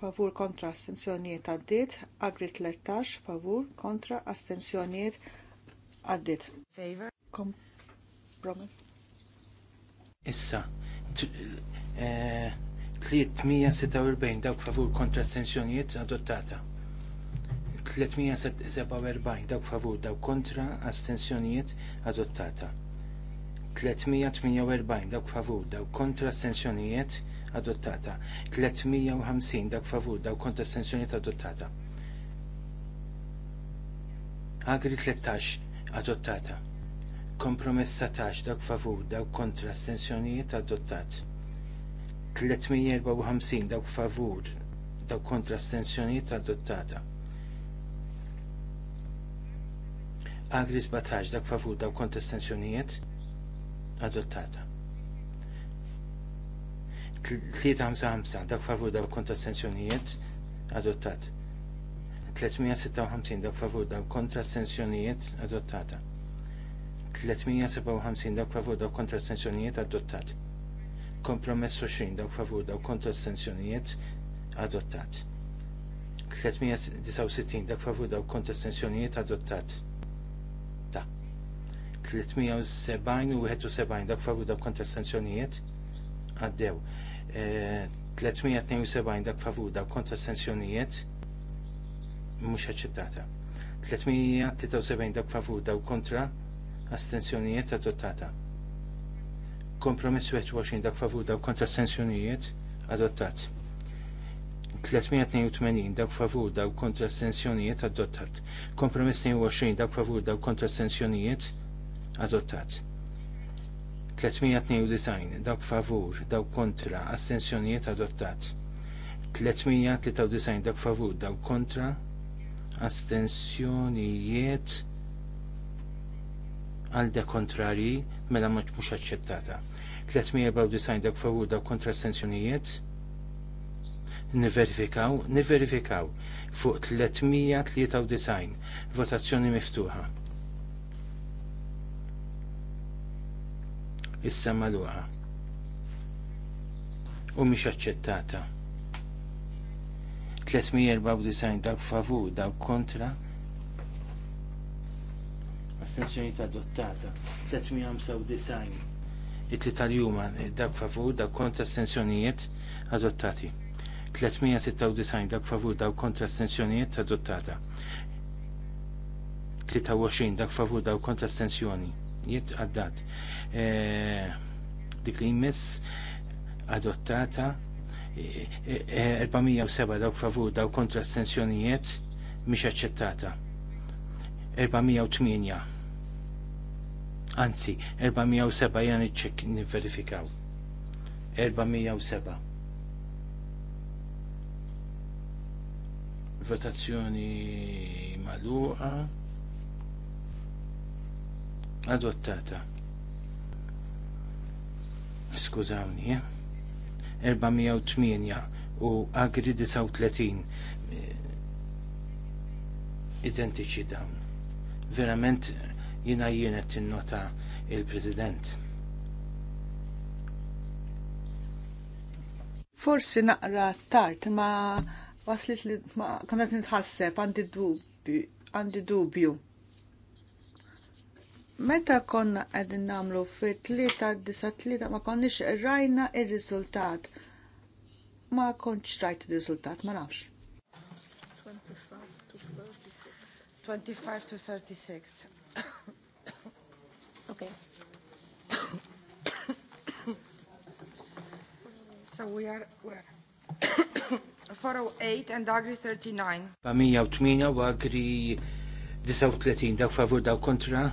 favur kontra astensjonijiet għaddit, agri 13 favur kontra astensjonijiet għaddit. Favor. Kompromess. Issa, 346 eh, dawk favur kontra astensjonijiet adottata. 347 dawk favur dawk kontra astensjonijiet adottata. 348 dawk favur dawk kontra astensjonijiet adottata 350 dawk favur dawk kontra astensjonijiet adottata Agri 13 adottata Kompromess 17 dawk favur dawk kontra astensjonijiet adottat 354 dawk favur dawk kontra astensjonijiet adottata Agri 17 dawk favur dawk kontra astensjonijiet adottata. 355 dak favur dak kontra sensjonijiet adottat. 356 dak favur dak kontra sensjonijiet adottata. 357 dak favur dak kontra sensjonijiet adottat. Kompromess 20 dak favur dak kontra sensjonijiet adottat. 369 dak favur dak kontra sensjonijiet adottat. 370 u 71 dak favur dak kontra sanzjonijiet għaddew. 372 e, dak favur dak kontra sanzjonijiet mhux aċċettata. 373 dak favur dak kontra astensjonijiet adottata. Kompromess 21 dak favur dak kontra sanzjonijiet adottat. 382 dak favur dak kontra adottat. Kompromess 22 dak favur dak kontra adottat adottat. 392 dawk favur, dawk kontra, astensjonijiet adottat. 393 dawk favur, dawk kontra, astensjonijiet għalda kontrari mela mhux mhux aċċettata. 394 dawk favur dawk kontra astensjonijiet niverifikaw, niverifikaw fuq 393 votazzjoni miftuħa. issa maluqa u mhix aċċettata. 394 dawk favur, dawk kontra. Astenzjonijiet adottata. 395 it li tal-juma dawk favur, dawk kontra astenzjonijiet adottati. 396 dawk favur, dawk kontra astenzjonijiet adottata. 23 dak favur dawk kontra astensjoni jitqaddat. E, eh, dik li jmiss adottata 407 eh, eh, dawk favur dawk kontra astensjonijiet mhix aċċettata. 408 anzi 407 jan iċċek nivverifikaw 407 votazzjoni maluqa adottata. Skużawni, 408 eh? u agri 39 identiċi dawn. Verament jina jienet nota il-President. Forsi naqra t-tart ma waslit li ma konet nitħasseb għandi dubju għandi dubju Meta konna għedin namlu fi 3-9-3 ma konniex rajna il-rizultat. Ma konċ rajt il-rizultat, ma nafx. 25 to 36. ok. so we are where? 408 and Agri 39. 108 u Agri 39 daw favur daw kontra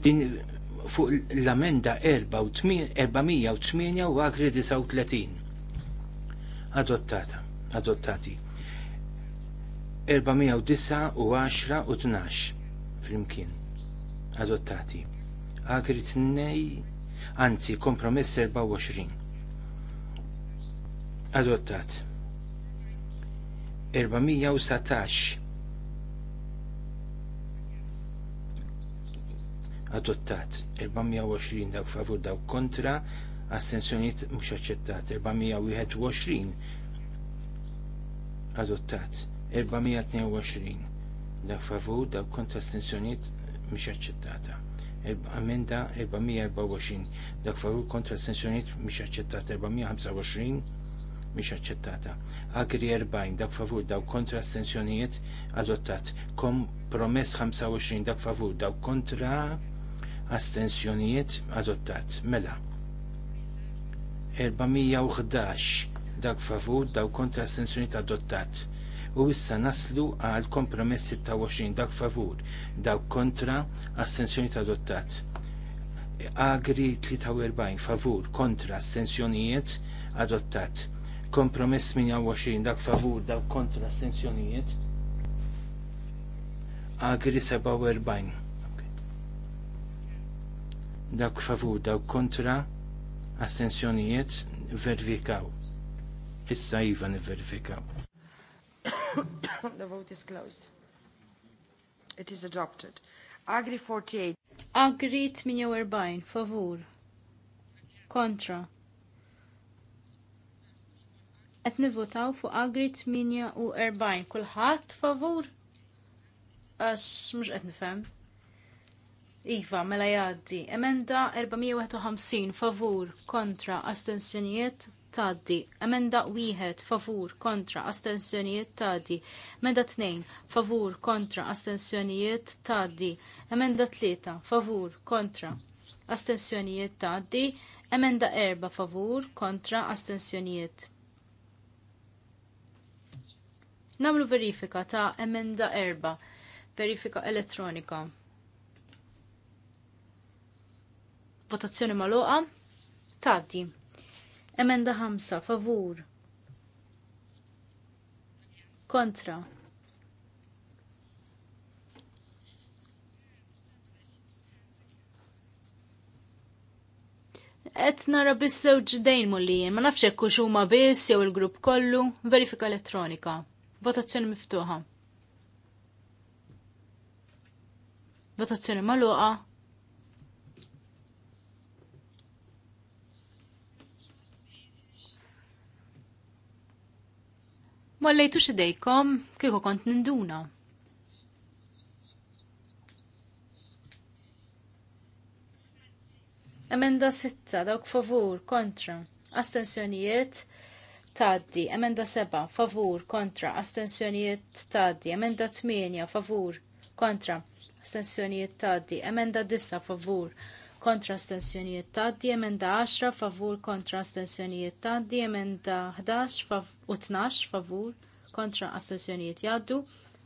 din fuq l-amenda 408 u agri 39 adottata adottati 409 u 10 u 12 flimkien adottati agri 2 anzi kompromess 24 adottat 417 adottat 420 dawk favur dawk kontra astensjoniet mhux aċċettat 421 adottat 422 dawk favur dawk kontra astensjoniet mhux aċċettata amenda 424 dak favur kontra astensjoniet mhux aċċettata 425 mhix aċċettata. Agri 40 dak favur daw kontra astensjonijiet adottat. Promess 25 dak favur dawk kontra astensjonijiet adottat mela 411 dak favur daw kontra astensjonijiet adottat u issa naslu għal kompromess 20 dak favur daw kontra astensjonijiet adottat agri 43 favur kontra astensjonijiet adottat kompromess 28 dak favur daw kontra astensjonijiet agri 47 dawk favur dawk kontra assenzjonijiet verifikaw. Issa iva verifikaw. The vote is closed. It is adopted. Agri 48. Agri 48, favur. Kontra. Et nivotaw fu Agri 48 kulħadd favur? As mhux qed nifhem. Iva, mela jgħaddi. Emenda 451 favur kontra astensjonijiet tgħaddi. Emenda wieħed favur kontra astensjonijiet tgħaddi. Emenda tnejn favur kontra astensjonijiet tgħaddi. Emenda tlieta favur kontra astensjonijiet tgħaddi. Emenda erba favur kontra astensjonijiet. Namlu verifika ta' emenda erba. Verifika elettronika. Votazzjoni maloqa. Tati. Emenda ħamsa Favur. Kontra. Et nara bissew ġdejn mullijin, ma nafxek kux huma biss jew il-grupp kollu, verifika elettronika. Votazzjoni miftuħa. Votazzjoni maluqa. Ma lejtu xidejkom kieku kont ninduna. Emenda sitta, dawk favur, kontra, astensjonijiet, taddi, emenda seba, favur, kontra, astensjonijiet, taddi, emenda tminja, favur, kontra, astensjonijiet, taddi, emenda dissa, favur, kontra stensjonijiet taddi, emenda 10 favur kontra stensjonijiet taddi, emenda 11 u 12 favur kontra astensjonijiet jaddu,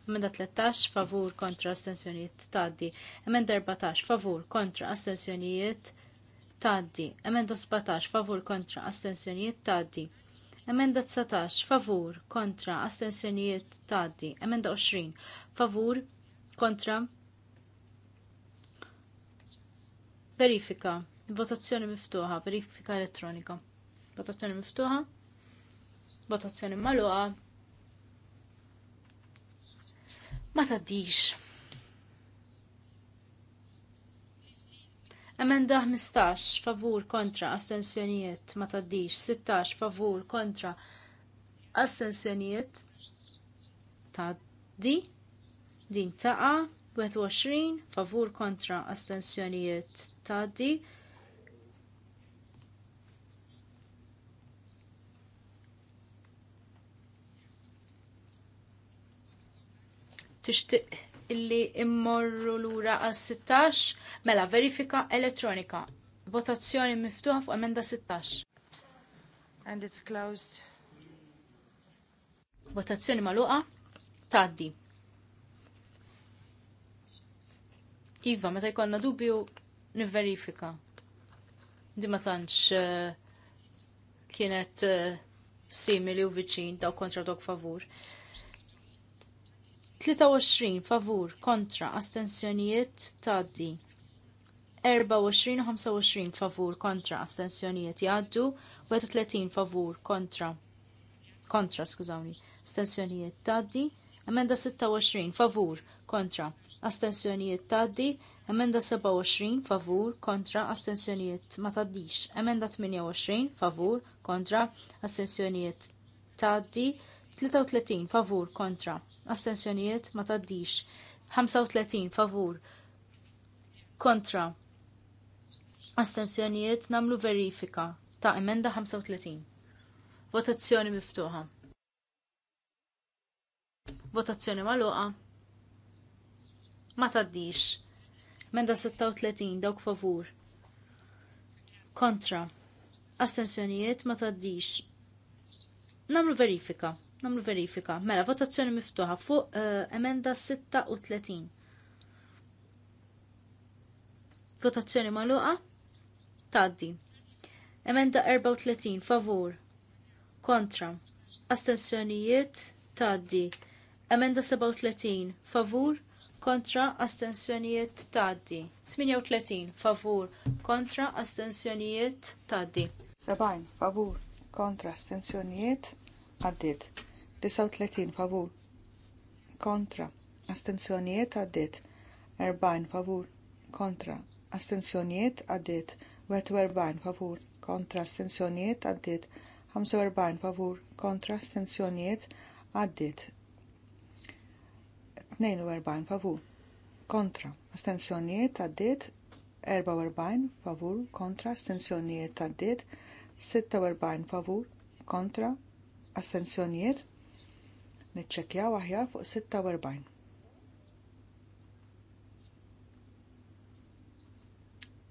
emenda 13 favur kontra astensjonijiet taddi, emenda 14 favur kontra astensjonijiet taddi, emenda 17 favur kontra astensjonijiet taddi. Emenda 19, favur, kontra, astensjonijiet, taddi. Emenda 20, favur, kontra, Verifika. Votazzjoni miftuħa. Verifika elettronika. Votazzjoni miftuħa. Votazzjoni maluqa. Ma taddix. Emenda 15 favur kontra astensjonijiet ma taddix. 16 favur kontra astensjonijiet taddi. Din taqa 21 favur kontra astensjonijiet tgħaddi. Tixtieq illi immorru lura għas 16 mela verifika elettronika. Votazzjoni miftuħa fuq emenda 16. And it's closed. Votazzjoni maluqa tgħaddi. Iva, meta jkollna dubju nivverifika. Di ma tantx eh, kienet eh, simili u viċin daw kontra dok favur. 23 favur kontra astensjonijiet taddi. 24 25 favur kontra astensjonijiet jaddu, 31 favur kontra kontra, skużawni, astensjonijiet taddi, emenda 26 favur kontra astensjonijiet taddi, Emenda 27 favur kontra astensjonijiet ma taddix. Emenda 28 favur kontra astensjonijiet taddi. 33 favur kontra astensjonijiet ma taddix. 35 favur kontra astensjonijiet namlu verifika ta' emenda 35. Votazzjoni miftuħa. Votazzjoni maluqa. Ma taddix. Menda 36 dawk favur. Kontra. Astensjonijiet ma taddix. Namlu verifika. Namlu verifika. Mela, votazzjoni miftuħa fuq uh, emenda 36. Votazzjoni maluqa. Taddi. Emenda 34 favur. Kontra. Astensjonijiet taddi. Emenda 37 favur kontra astensjonijiet taddi. 38 favur kontra astensjonijiet taddi. 70 favur kontra astensjonijiet għaddit. 39 favur kontra astensjonijiet għaddit. 40 favur kontra astensjonijiet għaddit. 41 favur kontra astensjonijiet għaddit. 45 favur kontra astensjonijiet għaddit. 42 favur kontra astensjonijiet għaddiet 44 favur kontra astensjonijiet għaddiet 46 favur kontra astensjonijiet niċċekjaw aħjar fuq 46.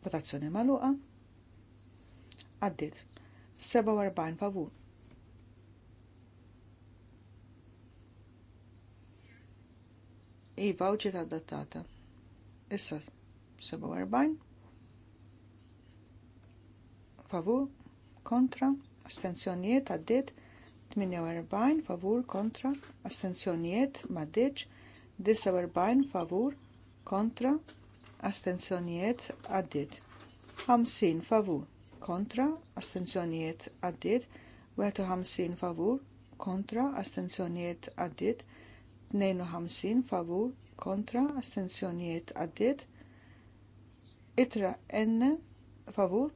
Votazzjoni maluqa għaddiet 47 favur Iva u ġiet adottata. Issa 47 favur kontra astenzjoniet, għaddit. 48 favur kontra astenzjoniet, maddiċ 49 favur kontra astenzjoniet, għaddit. 50 favur kontra astenzjoniet, għaddit. 51 favur kontra astenzjoniet, għaddit. 52, 52 favur kontra astenzjonijiet għaddiet itra n favur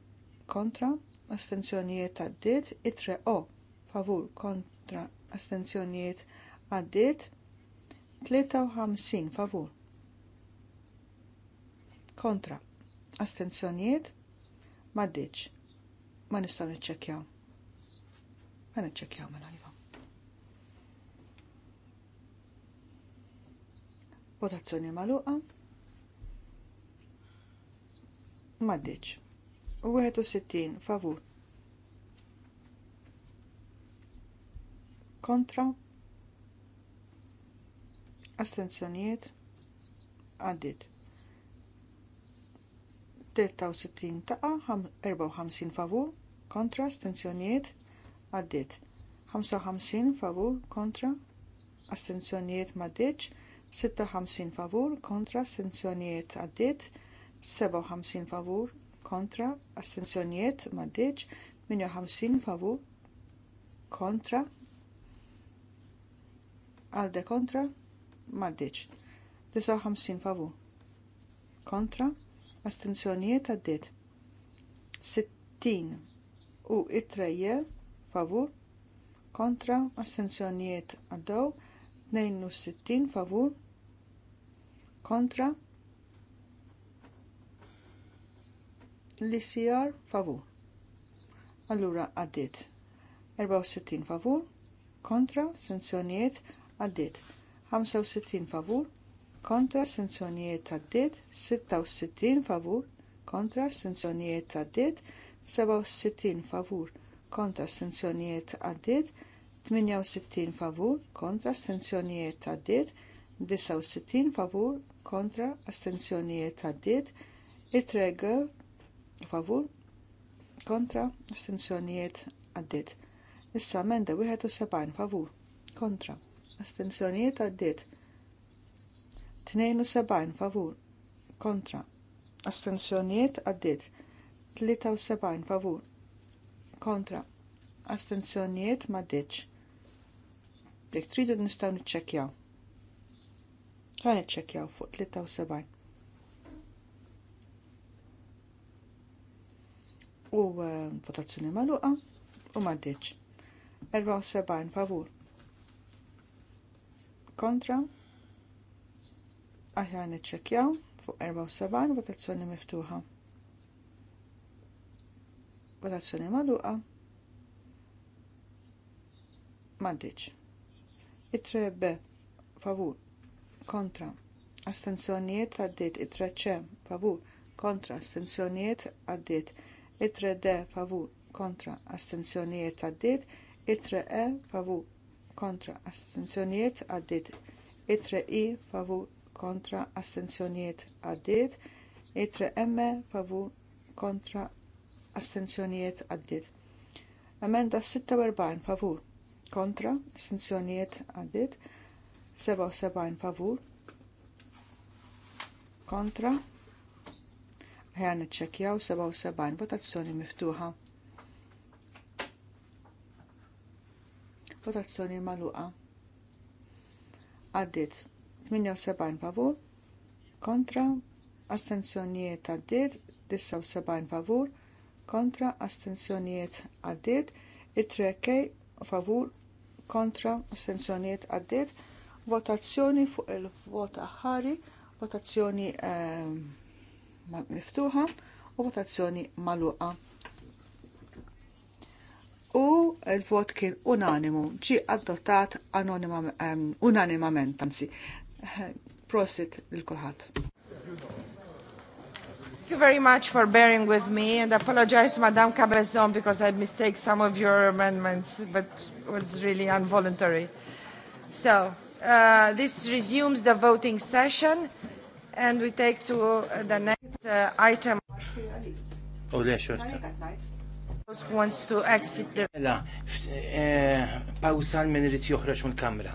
kontra astenzjonijiet għaddiet itra o favur kontra astenzjonijiet għaddiet 53 favur kontra astenzjonijiet maddiċ ma nistaw niċċekjaw ma niċċekjaw ma Votazzjoni maluqa. Maddiċ. 61 favur. Kontra. Astenzjonijiet. Għaddit. 63 taqa, 54 favur, kontra, astenzjonijiet, għaddit. 55 favur, kontra, astenzjonijiet maddiċ, 56 favur kontra astenzjonijiet għaddiet, 57 favur kontra astenzjonijiet maddiċ, 58 favur kontra għalde kontra maddiċ, 59 favur kontra astenzjonijiet għaddiet, 60 u itreje favur kontra astenzjonijiet għaddew, 62 favur kontra li sijar favur. Allura għaddit 64 favur kontra sanzjonijiet għaddit 65 favur kontra sanzjonijiet għaddit 66 favur kontra sanzjonijiet għaddit 67 favur kontra sanzjonijiet għaddit 68 favur kontra sanzjonijiet għaddit 69 favur kontra astenzjonijiet għaddiet, it-reg favur kontra astenzjonijiet għaddiet. Issa menda 71 favur kontra astenzjonijiet għaddiet. 72 favur kontra astenzjonijiet għaddiet. 73 favur kontra astenzjonijiet maddiċ. Jek tridu nistgħu nitċekjaw. Ħan iċċekjaw fuq 73. U eh, votazzjoni maluqa u m'għaddiċ. 74 favur. Kontra. Aħjar niċċekjaw fuq 74 votazzjoni miftuħa. Votazzjoni magħluqa. M'għaddiċ. Itrebe favur kontra astenzjonijiet għaddiet it-3C favur kontra astenzjonijiet għaddiet it-3D favur kontra astenzjonijiet għaddiet it-3E e. favur kontra astenzjonijiet għaddiet it-3I favur kontra astenzjonijiet għaddiet it-3M favur kontra astenzjonijiet għaddiet. Amenda 46 favur kontra astenzjonijiet għaddiet 77 favur kontra ħajan iċċekjaw 77 votazzjoni miftuħa. Votazzjoni maluqa. Għaddit 78 favur kontra astenzjonijiet għaddit 79 favur kontra astenzjonijiet għaddit it-trekkej favur kontra astenzjonijiet għaddit votazzjoni fuq il-vota ħari, votazzjoni eh, miftuħa u votazzjoni maluqa. U il-vot kien unanimu, ġi adottat unanimament, anzi, prosit il-kulħat. Thank you very much for bearing with me and apologize Madame Cabezon because I mistake some of your amendments, but it was really involuntary. So, Uh, this resumes the voting session and we take to uh, the next uh, item. Oh yeah sure Wants to exit the... Ela, eh, pawsa l-min rrit joħroġ mill-kamra.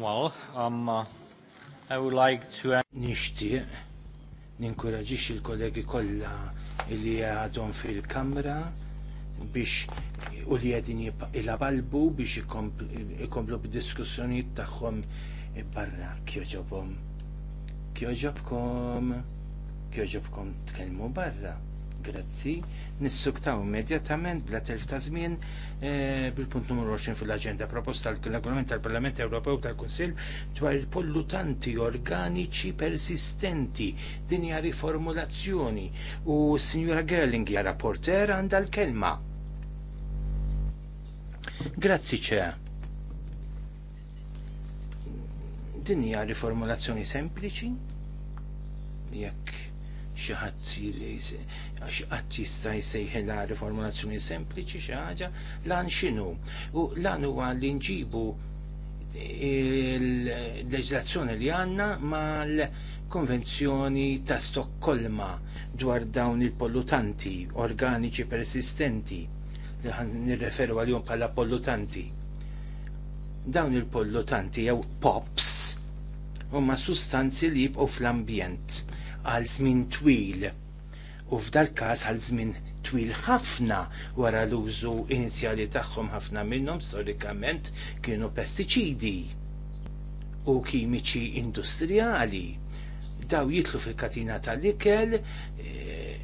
Well, um, uh, I would like to... Nishti, ninkoraġix il-kollegi kolla li għadhom fil-kamra biex u li għedin il-abalbu biex ikomplu b'diskussjoniet tagħhom barra kjoġobhom. Kjoġobkom, kjoġobkom tkellmu barra grazzi, nissuktaw immedjatament bla telf ta' żmien eh, bil-punt numru 20 fil-aġenda proposta tal-Regolament tal-Parlament Ewropew tal-Kunsill dwar il-pollutanti organiċi persistenti din hija riformulazzjoni u Sinjura Gerling hija rapporter għandha l-kelma. Grazzi ċe. Din hija riformulazzjoni sempliċi jekk xaħat ħadd xi ħadd jista' jsejħilha riformulazzjoni sempliċi xi ħaġa lan x'inhu. U lan huwa li nġibu il-leġislazzjoni li għandna mal-Konvenzjoni ta' Stokkolma dwar dawn il-pollutanti organiċi persistenti li għan nirreferu għal-jom bħala pollutanti. Dawn il-pollutanti jew POPs huma sustanzi li jibqgħu fl-ambjent għal żmien twil u f'dal każ għal żmien twil ħafna wara l-użu inizjali tagħhom ħafna minnhom storikament kienu pestiċidi u kimiċi industrijali. Daw jitlu fil-katina tal-ikel, eh,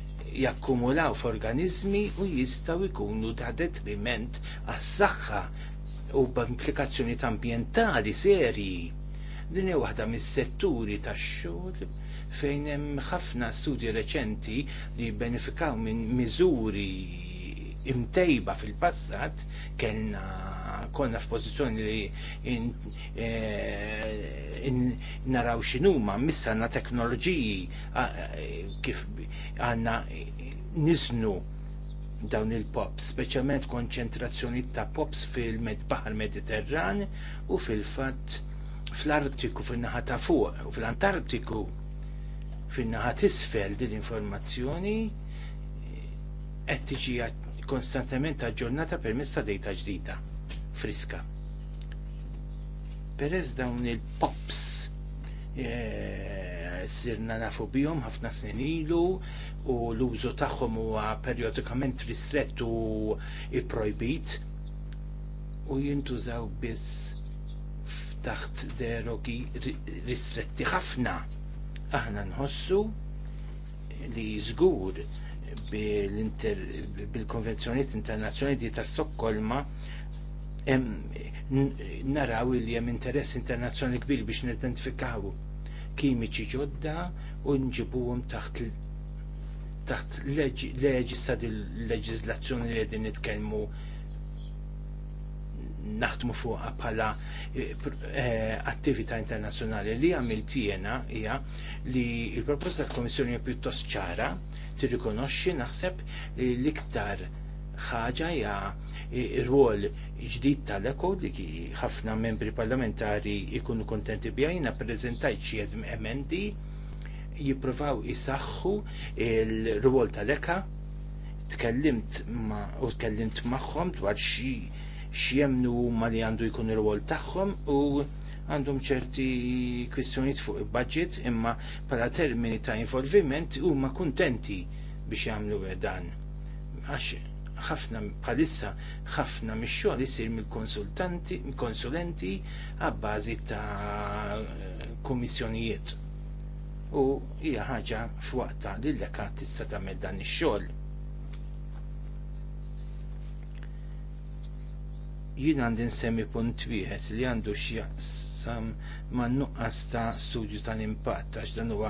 jakkumulaw f'organizmi u jistgħu jkunu ta' detriment għas-saħħa u b'implikazzjoni ambjentali serji. Din hija waħda mis-setturi tax-xogħol fejn hemm ħafna studji reċenti li benefikaw minn miżuri imtejba fil-passat kellna konna f'pożizzjoni li in, eh, in, naraw x'inhuma missa għandna teknoloġiji eh, kif għandna niżnu dawn il-pop, speċjalment konċentrazzjoni ta' pops fil-Baħar Mediterran u fil-fatt fl-Artiku fin-naħa ta' fuq u fl-Antartiku fin-naħa tisfel din l-informazzjoni qed tiġi konstantament aġġornata permezz ta' dejta ġdida friska. Peress dawn il-pops sirna eh, nafu bihom ħafna snin ilu u l-użu tagħhom huwa periodikament ristret u ipprojbit u jintużaw biss f'taħt derogi ristretti ħafna Aħna nħossu li żgur bil-konvenzjoniet internazzjonali ta' Stokkolma naraw li hemm interess internazzjonali kbir biex nidentifikaw kimiċi ġodda u nġibuhom taħt taħt leġista il leġizlazzjoni li qegħdin nitkellmu naħdmu fuqha bħala eh, eh, attività internazzjonali li għamiltijena hija li l proposta tal-Komissjoni hija pjuttost ċara tirrikonoxxi naħseb li l-iktar ħaġa hija eh, r-rwol ġdid tal-eko li ħafna membri parlamentari jkunu kontenti jina prezentajt xi emendi jippruvaw isaħħu il-rwol tal-eka tkellimt ma u tkellimt magħhom dwar xi x'jemnu huma li għandu jkun ir-rwol tagħhom u għandhom ċerti kwistjonijiet fuq il-budget imma bħala termini ta' involviment huma kuntenti biex jagħmlu dan. Għax ħafna bħalissa ħafna mix-xogħol isir mill-konsultanti, konsulenti għabbażi ta' kummissjonijiet. U hija ħaġa f'waqta li l-lekat tista' tagħmel dan ix-xogħol jien għandin nsemmi punt wieħed li għandu x'jaqsam ma' nuqqas ta' studju tal-impatt għax dan huwa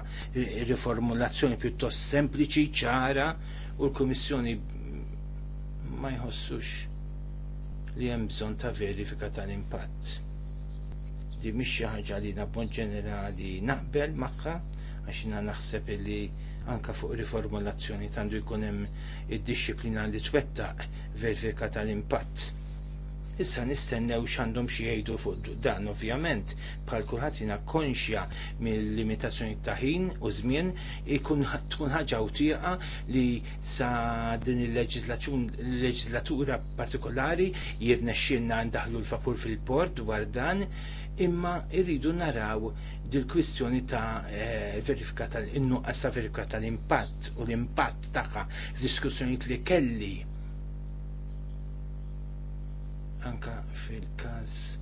riformulazzjoni pjuttost sempliċi ċara u l-Kummissjoni ma jħossux li hemm bżonn ta' verifika tal-impatt. Di mhix xi ħaġa li nabbon ġenerali naqbel magħha għax jiena naħseb li anka fuq riformulazzjoni tandu jkun hemm id dixxiplina li twettaq verifika tal-impatt Issa nistennew x'għandhom xi jgħidu fuq dan ovvjament bħal kulħadd jiena konxja mill-limitazzjoni ta' ħin u żmien ikun tkun ħaġa utieqa li sa din il-leġislatura partikolari jirnexxielna ndaħlu l-vapur fil-port dwar dan imma irridu naraw dil-kwistjoni ta' eh, verifika tal-innuqqas ta' verifika tal-impatt u l-impatt tagħha f'diskussjonijiet li kelli anka fil-każ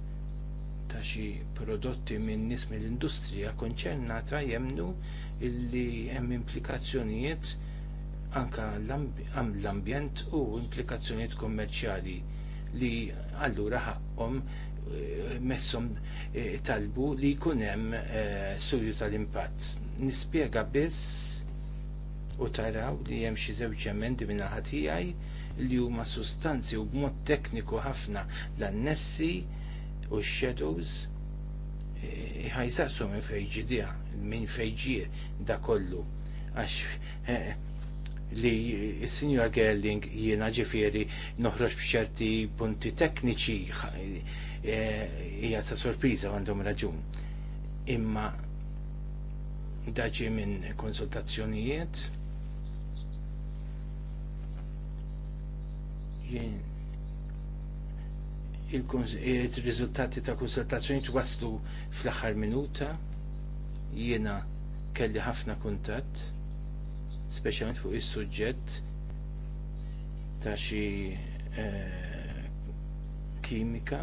ta' xi prodotti minn nies mill-industrija konċernata jemnu illi hemm implikazzjonijiet anka l-ambjent u implikazzjonijiet kommerċjali li allura ħaqhom eh, messhom eh, talbu li jkun hemm eh, studju tal-impatt. Nispjega biss u taraw li hemm xi żewġ emendi minn tiegħi li huma sustanzi u b'mod tekniku ħafna l-annessi u x-shadows e, ħajsaqsu minn dija, minn fejġie da kollu. Għax e, li s-Sinjor Gerling jiena ġifieri noħroġ b'ċerti punti tekniċi e, hija sa sorpriża għandhom raġun. Imma daġi minn konsultazzjonijiet il-riżultati ta' konsultazzjoni waslu fl-aħħar minuta jiena kelli ħafna kuntatt speċjalment fuq is-suġġett ta' xi eh, kimika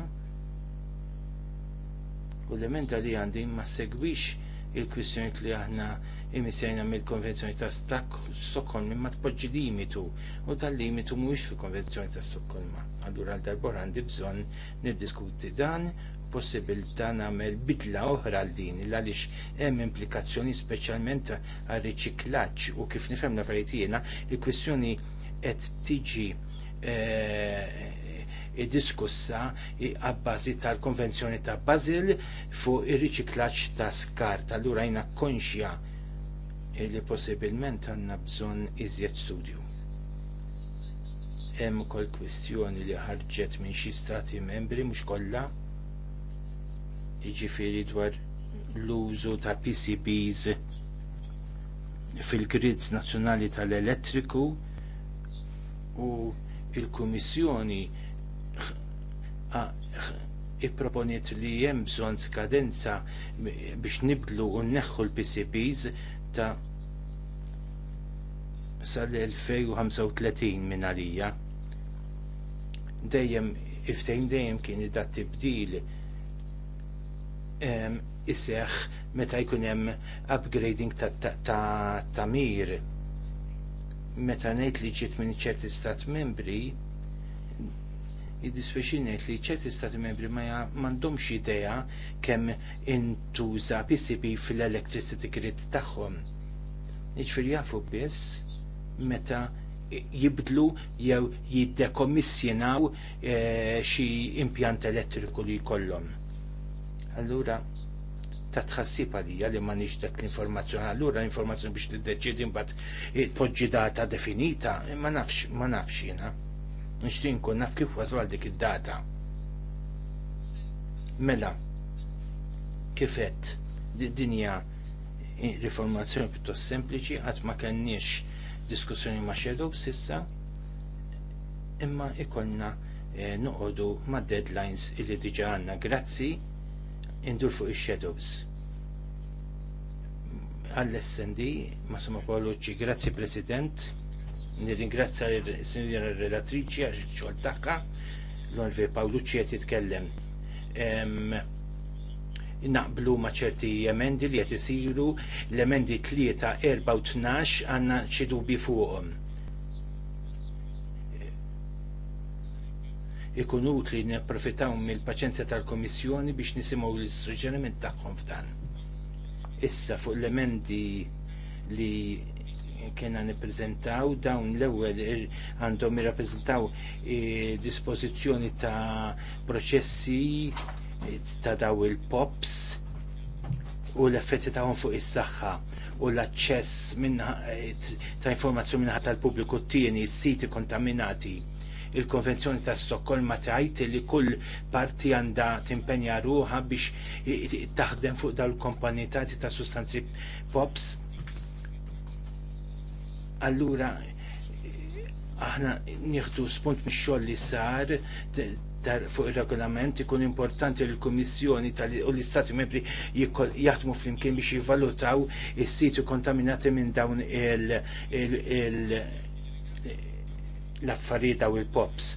u l elementa li għandi ma segwix il-kwistjoniet li aħna imisajna mill-Konvenzjoni ta' Stockholm imma tpoġġi limitu u tal-limitu mhuwiex fil-Konvenzjoni ta' Stockholm. Allura l darbor għandi bżonn niddiskuti dan possibilità nagħmel bidla oħra għal din għaliex hemm implikazzjoni speċjalment għar riċiklaġġ u kif nifhem l-affarijiet il-kwistjoni qed tiġi eh, id-diskussa għabbażi tal-Konvenzjoni ta' Basil fuq ir-riċiklaġġ ta' skart. Allura jina konxja illi possibilment għandna bżonn iżjed studju. Hemm ukoll kwistjoni li ħarġet minn xi stati membri mhux kollha jiġifieri dwar l-użu ta' PCBs fil-grids nazzjonali tal-elettriku u l kummissjoni ipproponiet li hemm bżonn skadenza biex nibdlu u nneħħu l-PCBs ta' sal-2035 minn għalija. Dejjem, iftejn dejjem kien da tibdil isseħ meta jkun hemm upgrading ta', mir. Meta ngħid li ġiet minn ċerti stat membri, ngħid li ċerti stati membri ma m'għandhomx idea kemm intuża PCB fil-electricity grid tagħhom. Jiġifieri jafu biss meta jibdlu jew jiddekomissjonaw eh, xi impjant elettriku li jkollhom. Allura ta' tħassib għalija li ma nix dak l-informazzjoni, allura l-informazzjoni biex tiddeċidi mbagħad eh, tpoġġi data definita, eh, ma nafx ma nafx jena. Nixtieq tinkun, naf kif waslu għal dik id-data. Mela, kifet dinja riformazzjoni pjuttost sempliċi għat ma kenniex diskussjoni ma' xedu b'sissa imma ikollna e, noqogħdu ma' deadlines illi diġa għandna grazzi indur fuq il shadows għall-SND, Massimo Paolucci, grazzi President, nirringrazzja il-Sinjora Relatrici għax il-ċol l-Onvi Pawlucci qed jitkellem naqblu ma' ċerti emendi li qed isiru l-emendi 3, 4 12 għandna xi dubi fuqhom. Ikun utli nipprofitaw mill-paċenzja tal-Komissjoni biex nisimgħu l-suġġeriment tagħhom f'dan. Issa fuq l-emendi li kena niprezentaw dawn l-ewwel għandhom irrappreżentaw eh, dispożizzjoni ta' proċessi ta' daw il-pops u l-effetti ta' fuq is-saħħa u l-aċċess ta' informazzjoni minnaħa tal-pubbliku tieni s-siti kontaminati. Il-Konvenzjoni ta' Stokkolma tgħid li kull parti għandha timpenja ruħa biex taħdem fuq dal-kompanitati ta' sustanzi pops. Allura aħna nieħdu spunt mix-xogħol li sar dar fuq il-regolament ikun importanti li l-Kummissjoni u l-Istati membri jaħdmu flimkien biex jivalutaw is-siti kontaminati minn dawn l-affarijiet daw il-pops.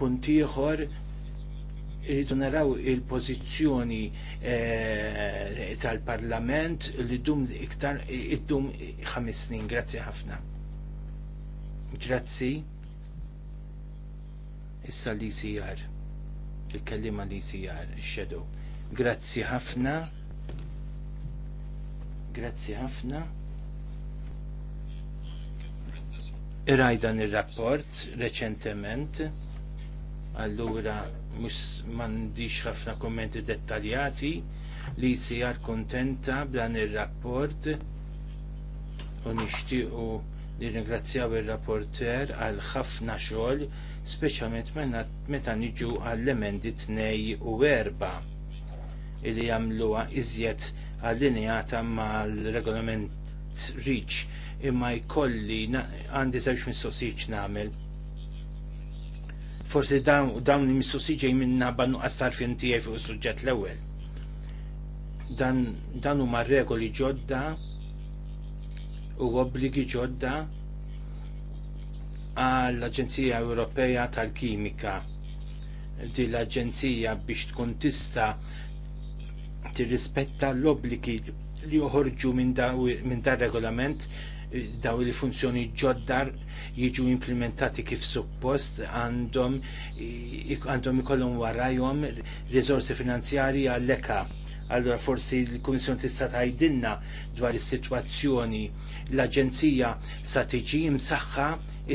Punt ieħor irridu naraw il-pożizzjoni eh, tal-Parlament li dum iktar id-dum ħames snin. Grazzi ħafna. Grazzi Issa li sijar, il-kellima li sijar, e il-shadow. Grazzi ħafna, grazzi ħafna. Irajdan il-rapport reċentement, allura mux mandiċ ħafna kommenti dettaljati li sijar e kontenta blan il-rapport u nishtiqu Nirringrazzjaw ir-rapporter għal ħafna xogħol, speċjalment meta niġu għall-emendi tnej u 4 illi jagħmluha iżjed allineata mal-regolament Reach imma jkolli għandi żewġ mistoqsijiet nagħmel forsi dawn il-mistoqsi ġej minna bannu għastar fin tiegħi fuq is-suġġett l Dan Dan huma regoli ġodda u obbligi ġodda għall-Aġenzija Ewropea tal-Kimika. Di l-Aġenzija biex tkun tista tirrispetta l-obbligi li joħorġu minn dar regolament daw li funzjoni ġoddar jiġu implementati kif suppost għandhom għandhom ikollhom warajhom riżorsi finanzjarji għall-eka Allora forsi l-Kummissjoni tista' tgħidilna dwar is-sitwazzjoni. L-Aġenzija sa tiġi msaħħa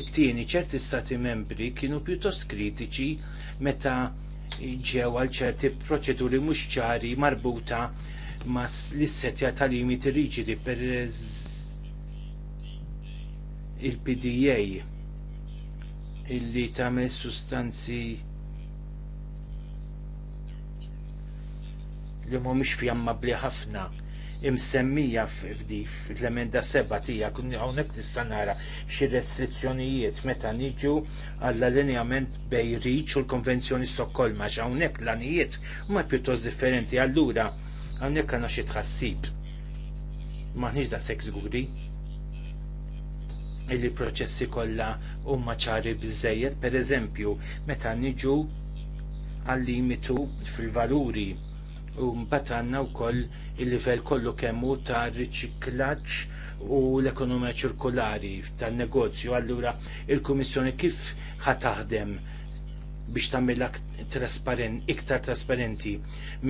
it-tieni ċerti stati membri kienu pjuttost kritiċi meta ġew għal ċerti proċeduri mhux ċari marbuta ma' l-issetja ta' limiti riġidi per il-PDA illi tagħmel sustanzi li mhumiex fjammabbli ħafna imsemmija f'dif l-emenda seba tija kun hawnhekk tista' nara xi restrizzjonijiet meta niġu għall-allineament bej Riċ u l-Konvenzjoni Stokkolma għax hawnhekk l-anijiet huma pjuttost differenti allura hawnhekk għandna xi tħassib. Maħniex da sekk guri illi proċessi kollha huma ċari biżejjed, pereżempju meta niġu għal limitu fil-valuri u mbagħad għandna wkoll il-livell kollu kemmu ta' riċiklaġġ u l-ekonomija ċirkolari tan-negozju. Allura il-Kummissjoni kif ħataħdem biex trasparent, iktar trasparenti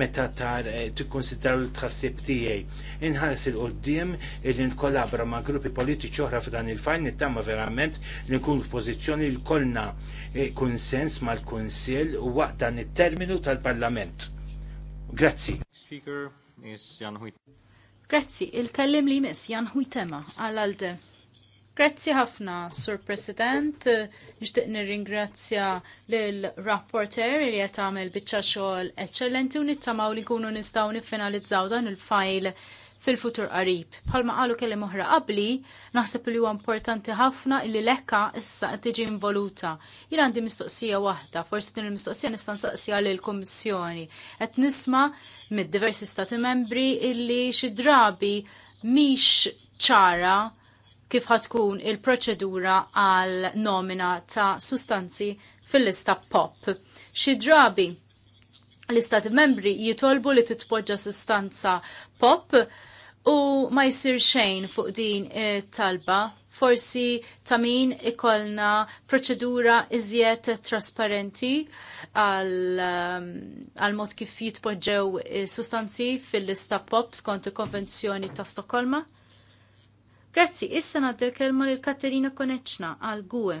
meta tar eh, tikkonsidraw l-tħassib tiegħi. Inħares il qudiem li nkollabra ma' gruppi politiċi oħra f'dan il-fajn nittama verament li nkunu f'pożizzjoni li kollna eh, kunsens mal-Kunsill u waqt dan it-terminu tal-Parlament Grazzi. Speaker is Jan Huit. Grazzi, il-kellim li mis Jan Huitema għal-għalde. Grazzi ħafna, Sur President. Nishtiq nirringrazzja l-rapporter li qed tagħmel biċċa xogħol eċċellenti u nittamaw li nkunu nistgħu niffinalizzaw dan il-fajl fil-futur qarib. Palma qalu kelli moħra qabli, naħseb li huwa importanti ħafna illi lekka issa qed tiġi involuta. Jien għandi mistoqsija waħda, forsi din il-mistoqsija nista' nsaqsija lill kummissjoni. Qed nisma' mid-diversi stati membri illi xi drabi mhix ċara kif ħatkun il-proċedura għal nomina ta' sustanzi fil-lista POP. Xi drabi l-istati membri jitolbu li titpoġġa sustanza POP u ma jsir xejn fuq din talba forsi ta' min ikolna proċedura iżjed trasparenti għal um, mod kif jitpoġġew sustanzi fil-lista pop skont il-Konvenzjoni ta' Stokolma. Grazzi, issa nadder kelma lil Katerina Koneċna għal GUE.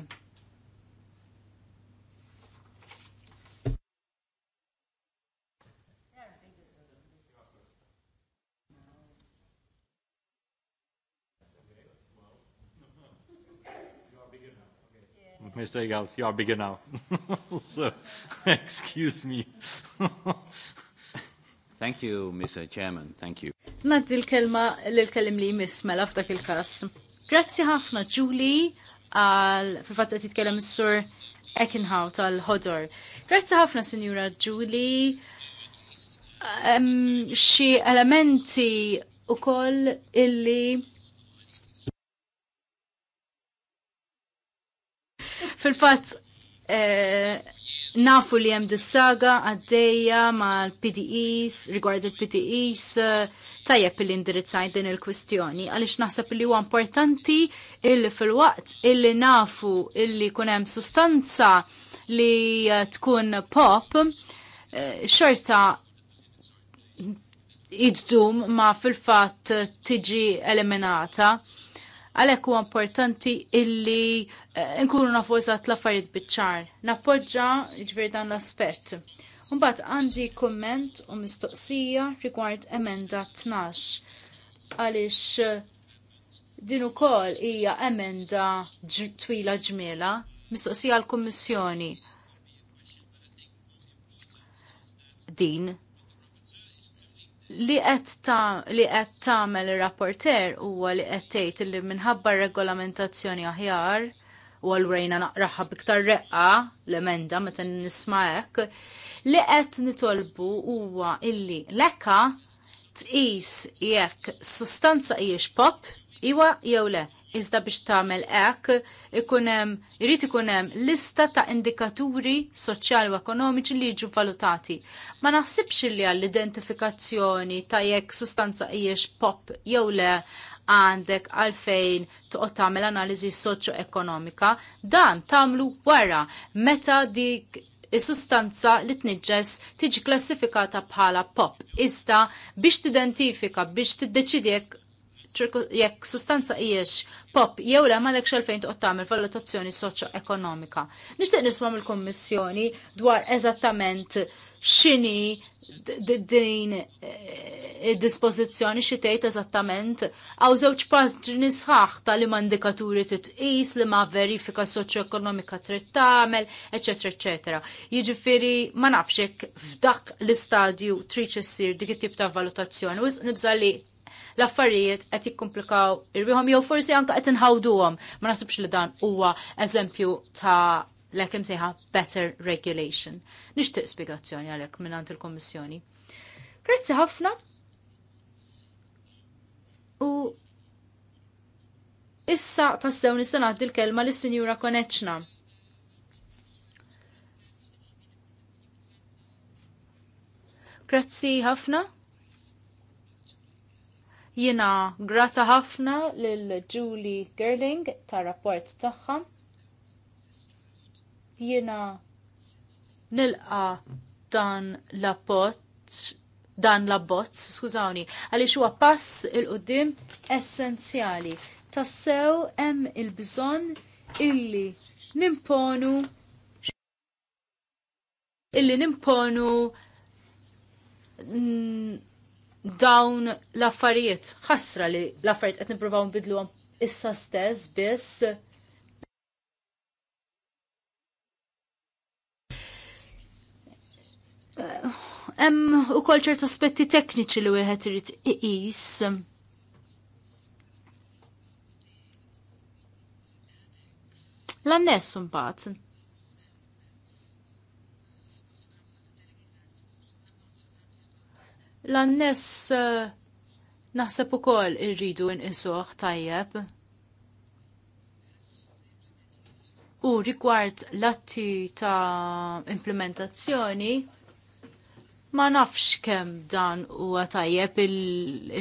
Mr. Eagles, you are bigger now. so, excuse me. Thank you, Mr. Chairman. Thank you. Naddi l-kelma l-kellim li jmiss mela f'dak il-kas. Grazzi ħafna, Julie, għal fil-fatt li titkellem s-sur Ekinhaw għal ħodor Grazzi ħafna, Signora Julie. xi elementi u koll illi Fil-fatt, eh, nafu li hemm dis-saga għaddejja mal-PDEs, rigward il-PDEs, eh, tajjeb li indirizzajt din il-kwistjoni, għaliex naħseb li huwa importanti illi fil-waqt illi nafu illi kunem hemm sustanza li eh, tkun pop, xorta id ma fil-fat tiġi eliminata Għalhekk huwa importanti illi eh, nkunu nafu eżatt l-affarijiet biċ-ċar. Nappoġġa dan l-aspett. Mbagħad għandi komment u mistoqsija rigward emenda 12 għaliex eh, din ukoll hija emenda twila ġmiela mistoqsija għall kummissjoni din li qed tagħmel ir-rapporter huwa li qed tgħid li minħabba regolamentazzjoni aħjar u għal-rejna naqraħa biktar reqqa l-emenda meta nisma' hekk li qed nitolbu huwa illi lekka tqis jekk sustanza hijiex pop iwa jew le. Iżda biex tagħmel hekk ikun hemm irid ikun hemm lista ta' indikaturi soċjali u ekonomiċi li jiġu valutati. Ma naħsibx li għall-identifikazzjoni ta' jekk sustanza hijiex pop jew le għandek għalfejn toqgħod tagħmel analiżi soċjo-ekonomika, dan tagħmlu wara meta dik is-sustanza li tniġġes tiġi klassifikata bħala pop. Iżda biex tidentifika, biex tiddeċidjek jekk sustanza hijiex pop jew le dekx għalfejn toqgħod tagħmel valutazzjoni soċo ekonomika Nixtieq nisma' mill-Kummissjoni dwar eżattament x'inhi din eh, id-dispożizzjoni xi tgħid eżattament għaw żewġ paġni sħaħ ta' li indikaturi titqis li ma' verifika soċjo-ekonomika trid tagħmel, eċetera, eċetera. Jiġifieri ma nafx f'dak l-istadju trid dik it-tip ta' valutazzjoni. Wis nibża li l-affarijiet qed jikkomplikaw irbihom jew forsi anke qed inħawduhom. Ma nasibx li dan huwa eżempju ta' l-ekim sejħa better regulation. Nixtieq spiegazzjoni għalhekk mingħand il-Kommissjoni. Grazzi ħafna. U issa tassew nista' ngħaddi l-kelma lis-Sinjura Koneċna. Grazzi ħafna. Jina grata ħafna lil Julie Gerling ta' rapport tagħha. Jina nilqa dan la abbozz dan la bot, skużawni, għaliex huwa pass il-qudiem essenzjali. Tassew hemm il-bżonn illi nimponu illi nimponu dawn l-affarijiet. ħasra li l-affarijiet qed nippruvaw għom issa stess biss. Hemm ukoll ċertu aspetti tekniċi li wieħed irid iqis. l annessu mbagħad l annes eh, naħseb ukoll irridu nqisuh tajjeb. U rigward l-atti ta' implementazzjoni, ma nafx kemm dan huwa tajjeb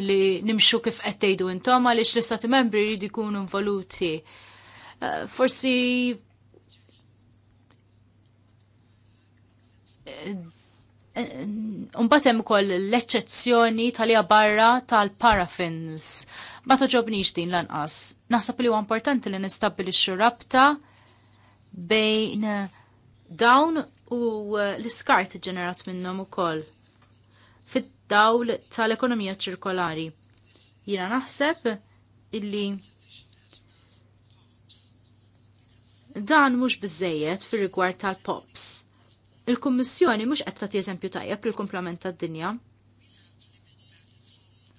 li nimxu kif qed tgħidu intom għaliex l-istati membri jridu jkunu involuti. Eh, forsi Unbatem ukoll l-eċċezzjoni tal barra tal-paraffins. Ma toġobniġ din lanqas. Naħseb li huwa importanti li nistabbilixxu rabta bejn dawn u l-iskart ġenerat minnhom ukoll fid-dawl tal-ekonomija ċirkolari. Jiena naħseb illi dan mhux biżejjed fir-rigward tal-pops Il-Kummissjoni mhux qed tagħti eżempju tajjeb il kumplament tad-dinja.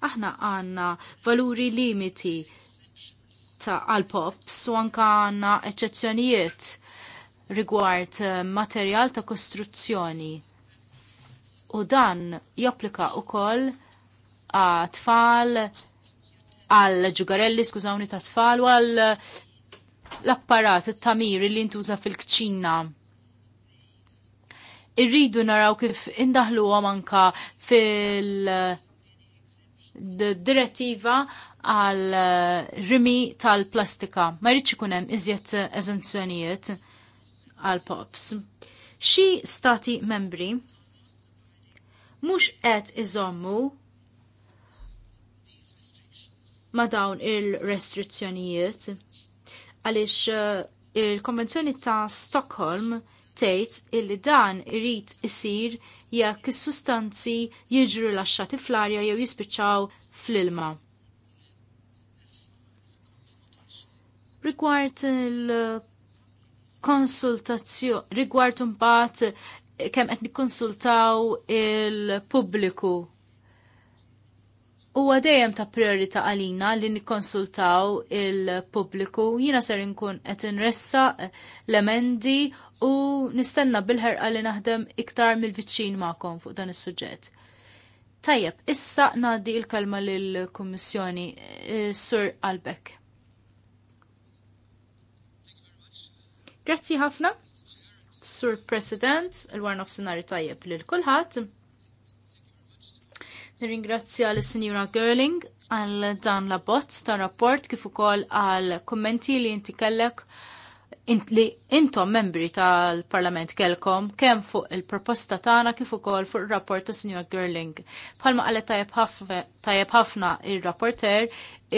Aħna għandna valuri limiti ta' għal-pops u anka għandna eċċezzjonijiet rigward eh, materjal ta' kostruzzjoni. U dan japplika wkoll għat-tfal, għal ġugarelli, skużawni ta' tfal, u għal l-apparat, it-tamiri li ntuża fil-kċina irridu naraw kif indaħluhom anka fil direttiva għal eh, rimi tal-plastika. Ma rridx ikun hemm iżjed eżenzjonijiet għal pops. Xi stati membri mhux qed iżommu ma dawn il-restrizzjonijiet għaliex eh, il-Konvenzjoni ta' Stockholm tgħid illi dan irid isir jekk is-sustanzi jiġu rilaxxati fl-arja jew jispiċċaw fl-ilma. Rigward il-konsultazzjoni, rigward imbagħad kemm qed nikkonsultaw il-pubbliku huwa dejjem ta' priorità għalina li nikkonsultaw il-pubbliku. Jiena ser inkun qed inressa l-emendi u nistenna bil-ħerqa li naħdem iktar mill-viċċin magħkom fuq dan is-suġġett. Tajjeb, issa nadi il-kalma lill-Kummissjoni, eh, Sur Albek. Grazzi ħafna, Sur President, il-Warn of Senari tajjeb lil kulħadd. Nirringrazzja l sinjura Girling għal dan la bozz ta' rapport kif ukoll għal kommenti li inti kellek in, li intom membri tal-Parlament kelkom kemm fuq il-proposta tagħna kif ukoll fuq ir-rapport ta' Sinjor Girling. Bħalma qalet tajjeb ħafna ir-rapporter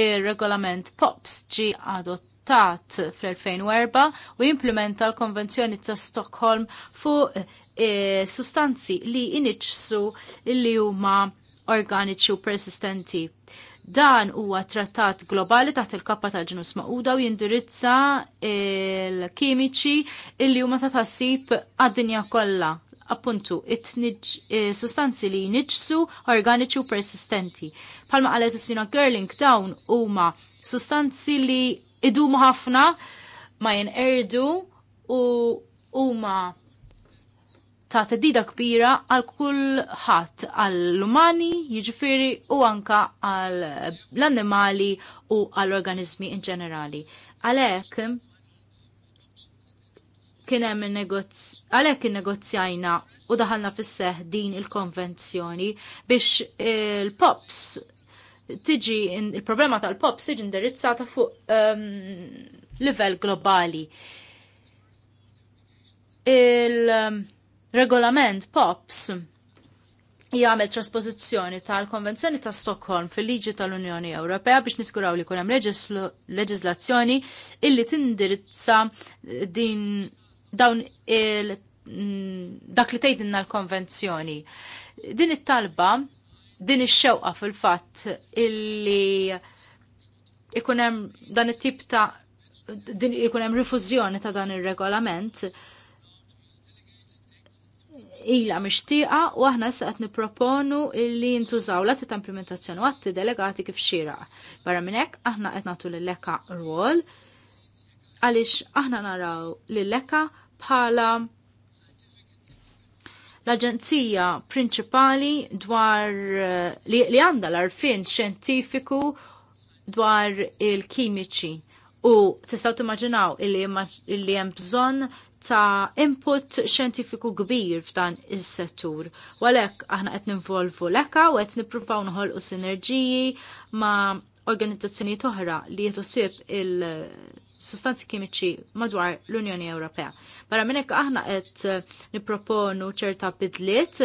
ir-regolament POPS ġi adottat fl-2004 u jimplementa l-Konvenzjoni ta' Stockholm fuq e, sustanzi li iniċsu li huma organiċi u persistenti. Dan huwa trattat globali taħt il-kappa tal-ġinus maquda u jindirizza il-kimiċi illi huma ta' tassib għad-dinja kollha. Appuntu, eh, sustanzi li jniġsu organiċi u persistenti. Palma qalet is-sina Gerling dawn huma sustanzi li idumu ħafna ma jinqerdu u huma ta' tedida kbira għal kull ħadd għall-umani, jiġifieri u anka għall-annimali u għall-organizmi in ġenerali. Għalhekk kien hemm għalhekk innegozjajna u daħalna fis-seħ din il-konvenzjoni biex il-pops tiġi il-problema tal-pops tiġi indirizzata fuq um, livell globali. Il- um, regolament POPS jgħamil trasposizjoni tal-Konvenzjoni ta' Stockholm fil-liġi tal-Unjoni Ewropea biex niskuraw li kunem leġislazzjoni illi tindirizza din dawn il mm, dak li tgħidilna l-konvenzjoni. Din it-talba, din ix-xewqa fil-fatt illi ikun hemm dan it-tip ta' din ikun hemm rifużjoni ta' dan ir-regolament ila mixtieqa u aħna issa qed nipproponu li ntużaw lati ta' implementazzjoni u atti delegati kif xieraq. Barra minn hekk aħna qed nagħtu lil-lekka rwol għaliex aħna naraw lil-lekka bħala l-Aġenzija prinċipali dwar li, li għandha l-arfin xjentifiku dwar il-kimiċi u tistgħu timmaġinaw illi hemm bżonn ta' input xjentifiku kbir f'dan is-settur. U għalhekk aħna qed ninvolvu l-eka u qed nippruvaw noħolqu sinerġiji ma' organizzazzjoni oħra li sib il-sustanzi kimiċi madwar l-Unjoni Ewropea. Barra minn hekk aħna qed nipproponu ċerta bidliet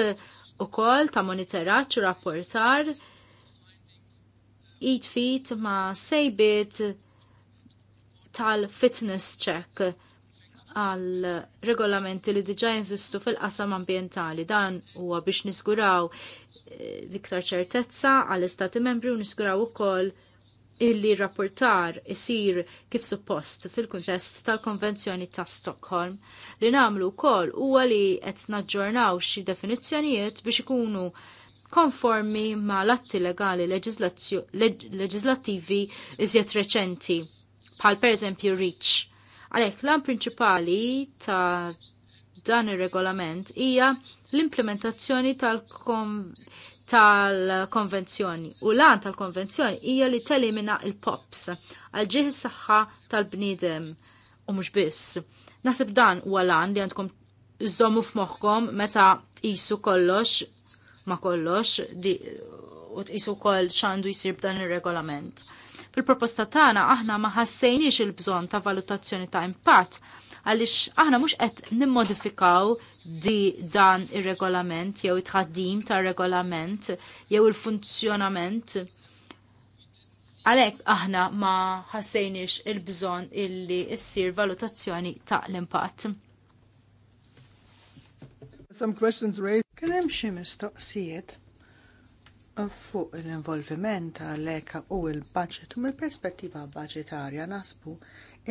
ukoll ta' monitoraġġ u rapportar id fit ma' sejbiet tal-fitness check għal regolamenti li diġa jinżistu fil-qasam ambientali. Dan huwa biex eh, l iktar ċertezza għall istati membri u nisguraw ukoll illi rapportar isir kif suppost fil-kuntest tal-Konvenzjoni ta' Stockholm. Li namlu wkoll huwa li qed naġġornaw xi definizzjonijiet biex ikunu konformi ma' latti atti legali leġislattivi iżjed reċenti, bħal per eżempju REACH Għalhekk l għan prinċipali ta' dan ir-regolament hija l-implementazzjoni tal-konvenzjoni. U l għan tal-konvenzjoni hija li telimina il-POPs għal ġieħ is-saħħa tal-bniedem u mhux biss. Nasib dan huwa lan li għandkom f f'moħħkom meta tqisu kollox ma kollox di, u tqisu wkoll x'għandu jsir b'dan ir-regolament. Fil-proposta tagħna aħna ma ħassejniex il-bżonn ta' valutazzjoni ta' impatt għaliex aħna mhux qed nimmodifikaw di dan ir-regolament jew it-ħaddim tar-regolament jew il-funzjonament għalhekk aħna ma ħassejniex il bżonn illi issir valutazzjoni ta' l-impatt. Some questions raised. Kien hemm xi mistoqsijiet fuq l-involviment tal-eka u l-budget u mill-perspettiva budgetarja nasbu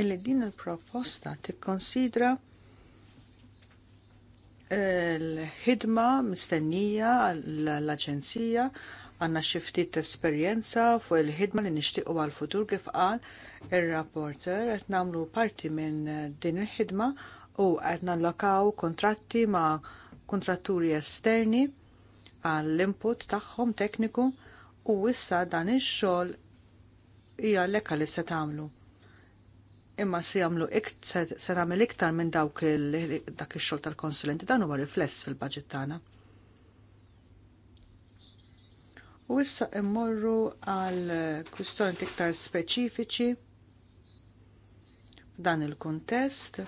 illi din il-proposta tikkonsidra eh, l-ħidma mistennija l-Aġenzija għanna xiftit esperjenza fuq il-ħidma li nixtiequ għal-futur kif qal ir-rapporter qed nagħmlu parti minn din il-ħidma u qed nallokaw kontratti ma' kontratturi esterni għall-input tagħhom tekniku u issa dan ix-xogħol hija l-ekka li se tagħmlu. Imma se jagħmlu se tagħmel iktar minn dawk dak ix-xogħol tal-konsulenti dan huwa rifless fil-baġit tagħna. U issa immorru għal kwistjoni iktar speċifiċi f'dan il-kuntest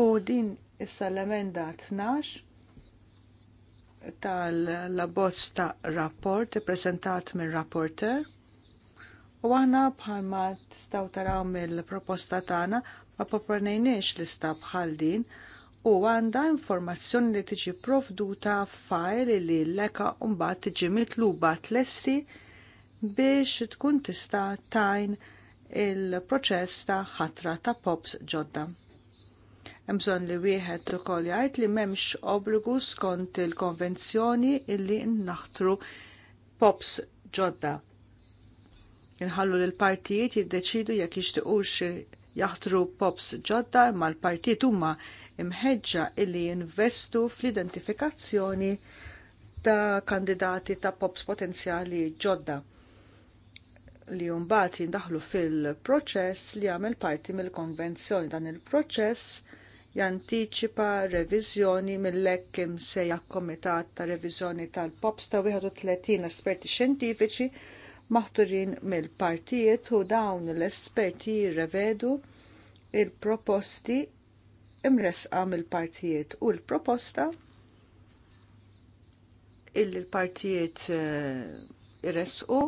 U din issa l-emenda 12 tal-abbozz ta' rapport prezentat minn rapporter. U aħna bħalma tistaw taraw mill-proposta tagħna ma proponejniex lista bħal din u għandha informazzjoni li tiġi provduta f'fajl li l-leka mbagħad tiġi mitluba tlessi biex tkun tista' tajn il-proċess ta' ħatra ta' pops ġodda. Mżon bżonn li wieħed ukoll jgħid li m'hemmx obbligu skont il-konvenzjoni illi naħtru pops ġodda. Inħallu l partijiet jiddeċidu jekk jixtiequx jaħtru pops ġodda imma l-partijiet huma imħeġġa illi jinvestu fl-identifikazzjoni ta' kandidati ta' pops potenzjali ġodda li jumbat jindaħlu fil-proċess li jagħmel parti mill-konvenzjoni dan il-proċess jantiċipa reviżjoni mill-lek imsejja Komitat ta' Reviżjoni tal-Pops ta' 31 esperti xjentifiċi maħturin mill-partijiet u dawn l-esperti revedu il-proposti imresqa mill-partijiet u l-proposta il-partijiet eh, irresqu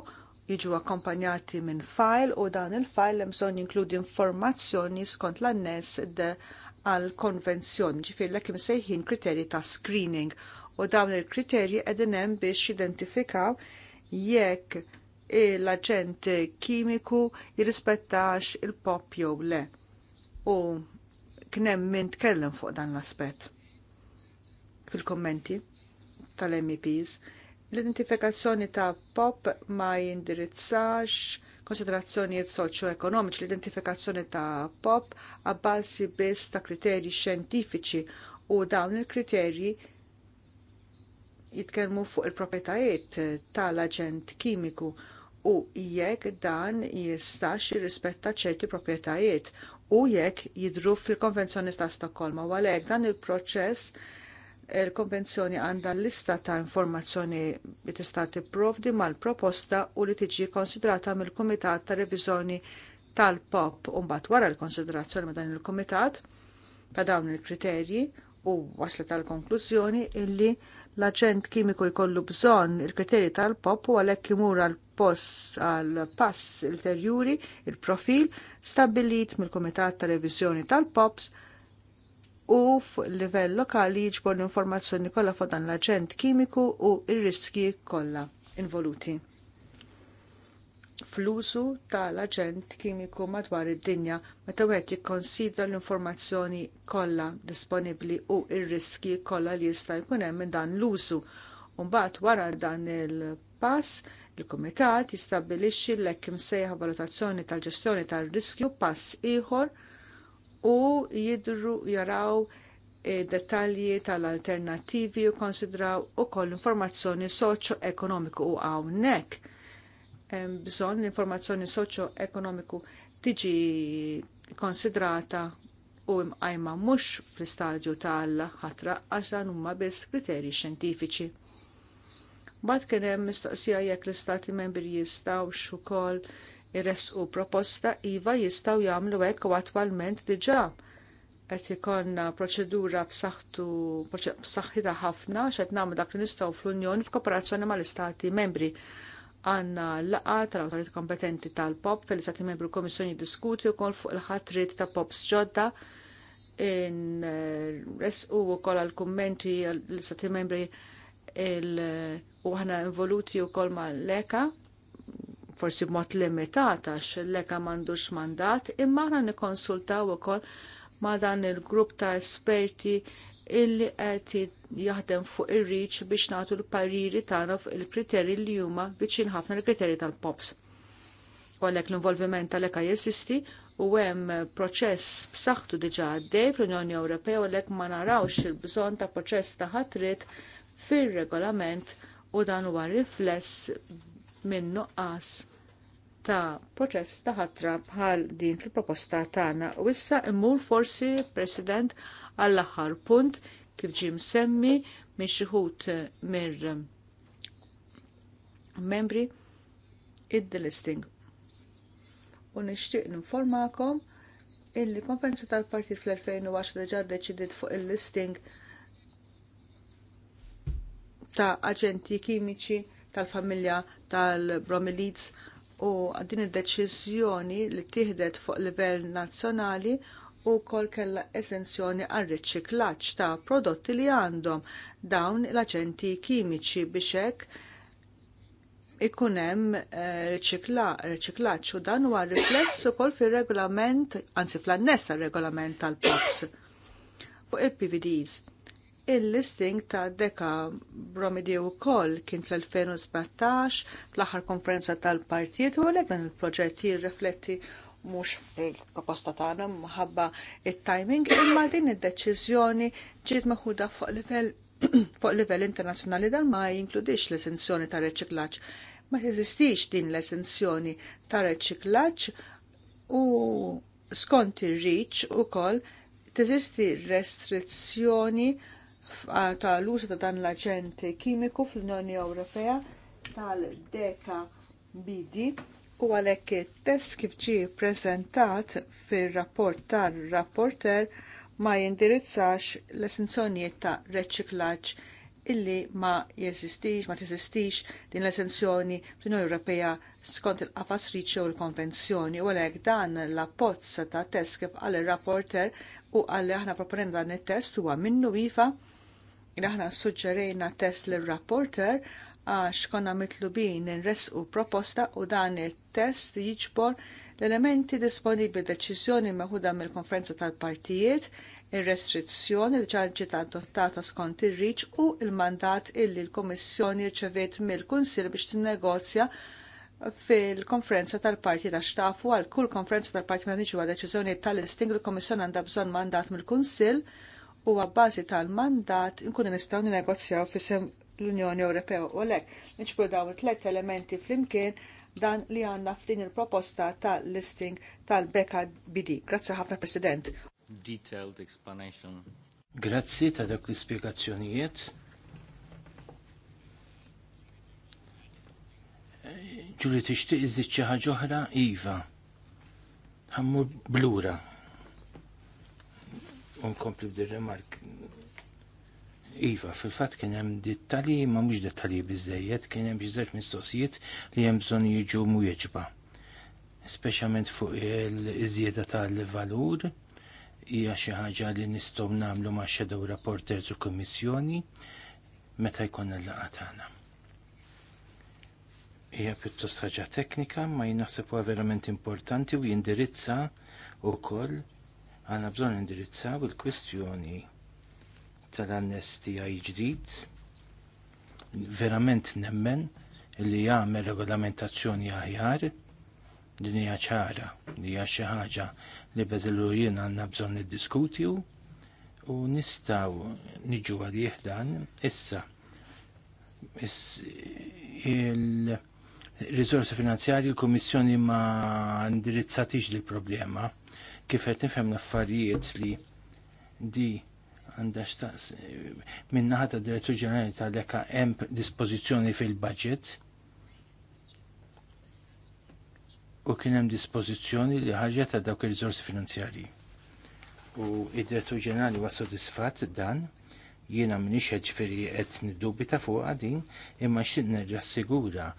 jiġu akkompanjati minn file u dan il-file hemm bżonn jinkludi informazzjoni skont l-annes għal konvenzjoni ġifir l-ekim sejħin kriterji ta' screening u dawn il-kriterji qegħdin hemm biex jidentifikaw jekk l-aġent kimiku jirrispettax il-pop jew le. U kien hemm min tkellem fuq dan l-aspett fil-kommenti tal-MEPs. L-identifikazzjoni ta' pop ma jindirizzax konsiderazzjonijiet soċjo-ekonomiċi l-identifikazzjoni ta' pop għabbalsi biss ta' kriterji xjentifiċi u dawn il-kriterji jitkellmu fuq il-proprjetajiet tal-aġent kimiku u jekk dan jistax jirrispetta ċerti proprjetajiet u jekk jidhru fil-Konvenzjoni ta' Stokkolma u għalhekk dan il-proċess il-konvenzjoni għandha lista ta' informazzjoni li tista' tipprovdi mal-proposta u li tiġi konsidrata mill-Kumitat ta' Reviżjoni tal-POP u mbagħad wara l-konsiderazzjoni ma' dan il-Kumitat ta' dawn il-kriterji u waslet tal-konklużjoni illi l-aġent kimiku jkollu bżonn il-kriterji tal-POP u għalhekk imur għall-post għall-pass ulterjuri il-profil stabbilit mill-Kumitat ta' Reviżjoni tal-POPs u fuq livell lokali jiġbor l-informazzjoni kollha fuq dan l-aġent kimiku u r-riski kollha involuti. Fl-użu tal-aġent kimiku madwar id-dinja meta wieħed jikkonsidra l-informazzjoni kollha disponibbli u r-riski kollha li jista' jkun hemm minn dan l-użu. u mbagħad wara dan il-pass, il-Kumitat jistabbilixxi l hekk imsejħa valutazzjoni tal-ġestjoni tal-riskju pass ieħor u jidru jaraw e eh, dettalji tal-alternativi u konsidraw u koll informazzjoni soċo-ekonomiku u għawnek. Bżon l-informazzjoni soċo-ekonomiku tiġi konsidrata u imqajma mhux fl-istadju tal-ħatra għax dan huma biss kriterji xjentifiċi. Bad kien hemm mistoqsija jekk l-istati membri jistgħu ukoll irresqu proposta iva jistgħu jagħmlu hekk u attwalment diġà qed ikollna proċedura b'saħħtu b'saħħitha ħafna x'qed nagħmlu dak li nistgħu fl-Unjoni f'kooperazzjoni mal-Istati membri. Għanna laqa tal-awtorit kompetenti tal-POP fil-Istati membri kommissjoni komissjoni diskuti wkoll fuq il-ħatrit ta' POPs ġodda in eh, resqu wkoll għall-kummenti l-Istati membri u aħna involuti wkoll mal-leka forsi b'mod limitat għax l-eka m'għandux mandat, imma aħna nikkonsultaw ukoll ma' dan il-grupp ta' esperti illi qed jaħdem fuq ir-riċ biex nagħtu l-pariri tagħna fuq il-kriterji li huma viċin ħafna l-kriterji tal-POPs. U għalhekk l-involviment tal-eka jeżisti u hemm proċess b'saħħtu diġà għaddej fl-Unjoni Ewropea u għalhekk ma narawx il-bżonn ta' proċess ta' ħatrit fir-regolament u dan huwa rifless minn nuqqas ta' proċess ta' ħatra bħal din fil-proposta tagħna. U issa immur forsi, President, għall-aħħar punt kif ġim semmi minn xi ħut mir membri id-delisting. U nixtieq ninformakom illi konferenza tal-partit fl-2010 diġà deċidiet fuq il-listing ta' aġenti kimiċi tal-familja tal-bromelids u din id-deċiżjoni li tieħdet fuq livell nazzjonali u kol kella esenzjoni għal riċiklaġġ ta' prodotti li għandhom dawn l-aġenti kimiċi biex hekk ikun hemm eh, riċiklaġġ u dan huwa rifless ukoll fir-regolament, anzi fl-annessa regolament tal-POPS fuq il-PVDs il-listing ta' deka bromidi u koll kien fl-2017 fl-aħħar konferenza tal-partijiet u għalek dan il-proġett jirrifletti mux il proposta tagħna mħabba it-timing imma din id-deċiżjoni ġiet maħuda fuq livell fuq livell internazzjonali dan ma jinkludix l-esenzjoni ta' reċiklaġġ. Ma teżistix din l-esenzjoni ta' reċiklaġġ u skont ir-riċ ukoll teżisti restrizzjoni tal-użu ta' dan l-aġent kimiku fl-Unjoni Ewropea tal-deka bidi u għalhekk it-test kif ġie ppreżentat fir-rapport tar-rapporter ma jindirizzax l esenzjonijiet ta' reċiklaġġ illi ma jeżistix, ma teżistix din l esenzjoni fl-Unjoni Ewropea skont il-qafas u il-konvenzjoni u għalhekk dan l appozza ta' test kif għal ir-rapporter u għalli aħna proponendo dan it-test huwa minnu iva Aħna suġġerejna test lir rapporter għax konna mitlubin nresqu proposta u dan it-test jiġbor l-elementi disponibli deċiżjoni meħuda mill-konferenza tal-partijiet, ir-restrizzjoni li ġalġi adottata skont ir-riċ u l il mandat illi l-Komissjoni rċevet mill-Kunsil biex tinnegozja fil-konferenza tal-parti għax tafu għal kull konferenza tal partijiet ma' nġu deċiżjoni tal istingu l komissjoni għandha bżonn mandat mill-Kunsil u għabbażi tal-mandat nkunu nistgħu ninegozjaw fisem l-Unjoni Ewropew u lek niġbru dawn let elementi flimkien dan li għandna f'din il-proposta tal-listing tal-Beka BD. Grazzi ħafna President. Detailed explanation. Grazzi ta' dak l-ispjegazzjonijiet. Ġuri tixtieq iżid xi ħaġa oħra, Iva. Ħammur blura unkompli b'di remark. Iva, fil-fat kien hemm dettalji ma mhux dettalji biżejjed, kien hemm biżejjed mistoqsijiet li hemm bżonn jiġu mwieġba. Speċjalment fuq il żieda tal-valur hija xi ħaġa li nistgħu nagħmlu ma' shadow rapporters u kummissjoni meta jkollna l-laqgħa tagħna. Hija pjuttost ħaġa teknika ma jinaħseb huwa verament importanti u jindirizza wkoll għanna bżon indirizzaw il-kwistjoni tal annestija għaj ġdid, verament nemmen li jagħmel regolamentazzjoni aħjar din hija ċara li hija xi ħaġa li beżilu jien għandna bżonn niddiskutju u nistgħu niġu għalih dan issa il rizorsi finanzjari l-Kummissjoni ma indirizzatix lill problema kif qed nifhem l-affarijiet li di għandha xtaqs minnaħa ta' direttur ġenerali tal-leka hemm dispożizzjoni fil-budget u kien hemm dispożizzjoni li ħaġa ta' dawk ir-riżorsi finanzjarji. U id-direttur ġenerali huwa sodisfatt dan jiena m'iniex ġifieri qed niddubita fuq din imma xtieq nirrassigura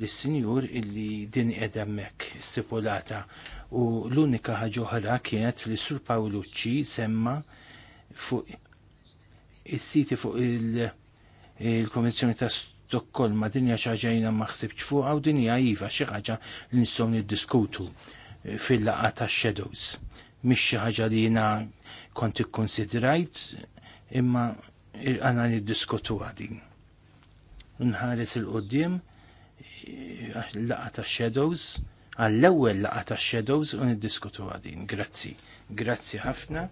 l sinjur illi din qiegħda hemmhekk stipulata u l-unika ħaġa oħra kienet li Sur Pawlucci semma fuq is-siti fuq il-Konvenzjoni il ta' Stokkolma dinja xaġajna maħsibx fuq din dinja iva xi ħaġa li nistgħu niddiskutu eh, fil-laqgħa tax shadows. Mhix xi ħaġa li jiena kont ikkonsidrajt imma għana niddiskutu għadin. Nħares il-qoddim, eh, laqgħa tax shadows, għall-ewwel laqgħa tax-shadows u niddiskutu din. Grazzi. Grazzi ħafna.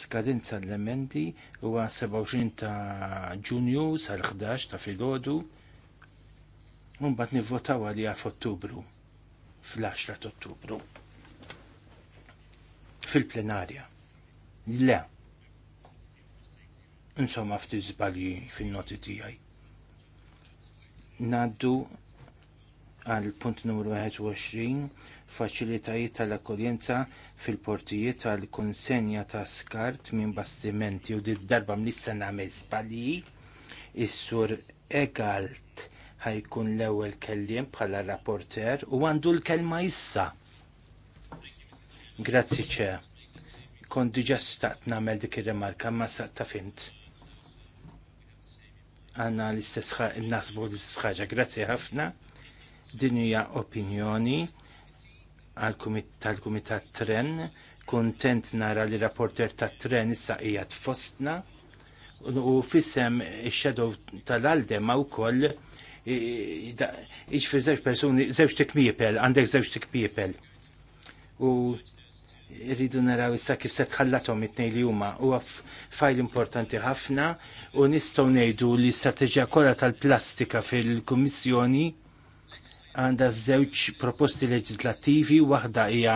Skadenza l-emendi huwa 27 ta' Ġunju sal-11 ta' filgħodu. mbagħad nivvotaw għalija f'Ottubru fl-10 ta' Ottubru. Fil-plenarja. Le. Insomma ftit żbalji fin-noti tiegħi. Naddu għal punt numru 21 faċilitajiet tal-akkoljenza fil-portijiet għal konsenja ta' skart minn bastimenti u dit darba mlissa nagħmel spalji is-sur Egalt ħajkun l-ewwel kelliem bħala rapporter u għandu l-kelma issa. Grazzi ċe. Kon diġa staqt nagħmel dik ir-remarka ma saqta fint. Għanna l-istess nasbu l-istess ħaġa. Grazzi ħafna Din hija opinjoni tal-Kumitat Tren, kuntent nara li rapporter ta' tren issa hija tfostna u fissem ix-shadow tal-Alde ma' wkoll iġfir zewġ persuni, zewġ tikmiepel, għandek zewġ tikmiepel. U rridu naraw issa kif se tħallatom it-nej li huma huwa fajl importanti ħafna u nistgħu ngħidu li strateġija kollha tal-plastika fil-Kummissjoni għandha żewġ proposti leġislattivi, waħda hija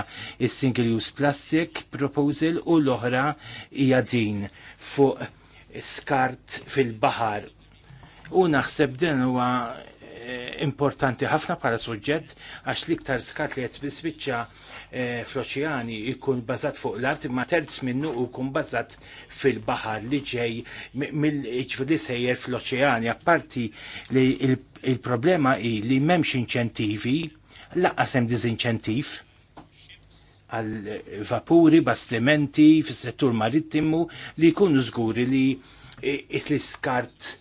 is-Single Use Plastic Proposal u l-oħra hija din fuq skart fil-baħar. U naħseb din huwa Eh, importanti ħafna bħala suġġett għax l-iktar skat li qed bispiċċa eh, fl-oċeani jkun bażat fuq l-art ma terz minnu jkun bażat fil-baħar li ġej mill-ġifieri sejjer fl-oċeani apparti li il-problema hi li m'hemmx inċentivi laqas hemm diżinċentiv għal vapuri, bastimenti fis-settur marittimu li jkunu żguri li it-liskart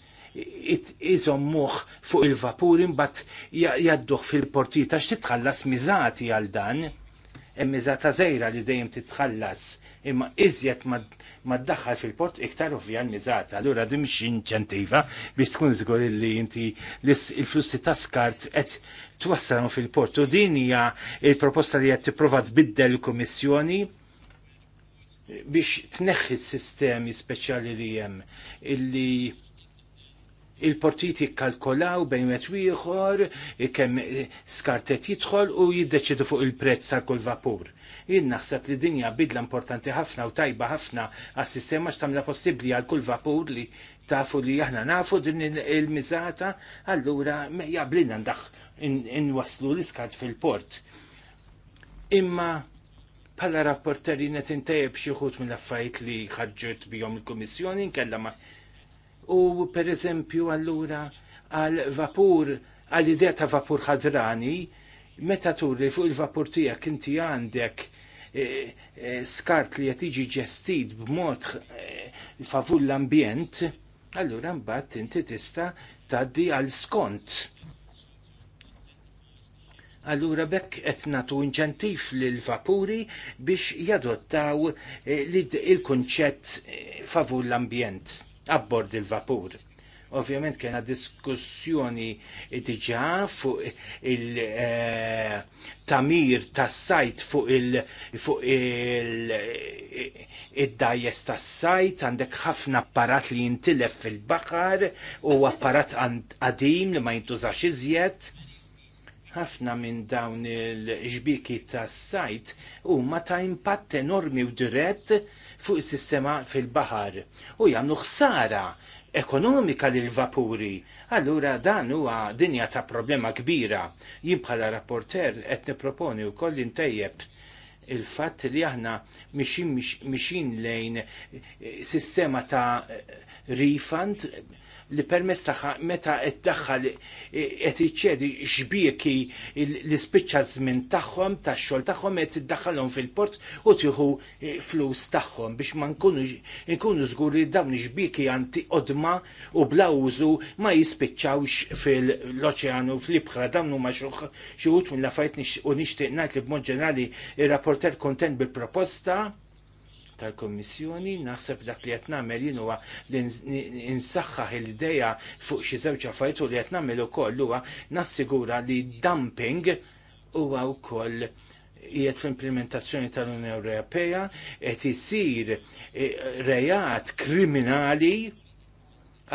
iżommuh fuq il-vapur imbagħad jadduħ fil porti għax titħallas miżati għal dan. Hemm miżata żejra li dejjem titħallas imma iżjed ma ddaħħal fil-port iktar u l-miżata. Allura dim mhix inċentiva biex tkun żgur li inti il-flussi ta' skart qed twassalhom fil-port. U din hija il-proposta li qed tipprova tbiddel il-Kummissjoni biex tneħħi s-sistemi speċjali li hemm illi il portiti jikkalkolaw bejn met ieħor kemm skartet jidħol u jiddeċidu fuq il-prezz tal kull vapur. Jien naħseb li dinja bidla importanti ħafna u tajba ħafna għas-sistema x'tamla possibbli għal kull vapur li tafu li aħna nafu din il-miżata, allura jablina ndaħ inwaslu l-iskart fil-port. Imma pala rapporteri net xi ħud mill-affajt li ħarġet bihom il kummissjoni nkella ma u per eżempju allura għal vapur, għal idea ta' vapur ħadrani, meta turi fuq il-vapur tijak inti għandek eh, eh, skart li jatiġi ġestit b'mod eh, favur l-ambjent, allura mbagħad inti tista' taddi għal skont. Allura bekk qed nagħtu inċentiv lill vapuri biex jadottaw il-kunċett favur l-ambjent abbord il-vapur. Ovvjament kena diskussjoni diġa fuq il-tamir eh, tas sajt fuq il- id-dajes tas sajt għandek ħafna apparat li jintilef fil-baħar u apparat qadim li ma jintużax iżjed ħafna minn dawn il-ġbiki tas sajt huma ta' impatt enormi u dirett fuq is-sistema fil-baħar u jagħmlu ħsara ekonomika lil vapuri. Allura dan huwa dinja ta' problema kbira. Jien bħala rapporter qed niproponi wkoll intejjeb il-fatt li aħna mixin lejn eh, sistema ta' eh, refund li permess tagħha meta qed daħħal e, qed iċċedi xbieki l-ispiċċa żmien tagħhom tax-xogħol tagħhom qed iddaħħalhom fil-port u tieħu e, flus tagħhom biex ma nkunu nkunu żgur li dawn xbieki għandi qodma u bla użu ma jispiċċawx fil-oċeanu fl-ibħra dawn huma xi wħud lafajt affarijiet u nixtieq ngħid li b'mod ġenerali ir-rapporter kontent bil-proposta tal-Kommissjoni naħseb dak li qed nagħmel jien huwa li insaħħaħ il-idea fuq xi żewġ fajtu li qed nagħmel ukoll huwa nassigura li dumping huwa wkoll jiet fl-implementazzjoni tal-Unjoni Ewropea qed isir e, rejat kriminali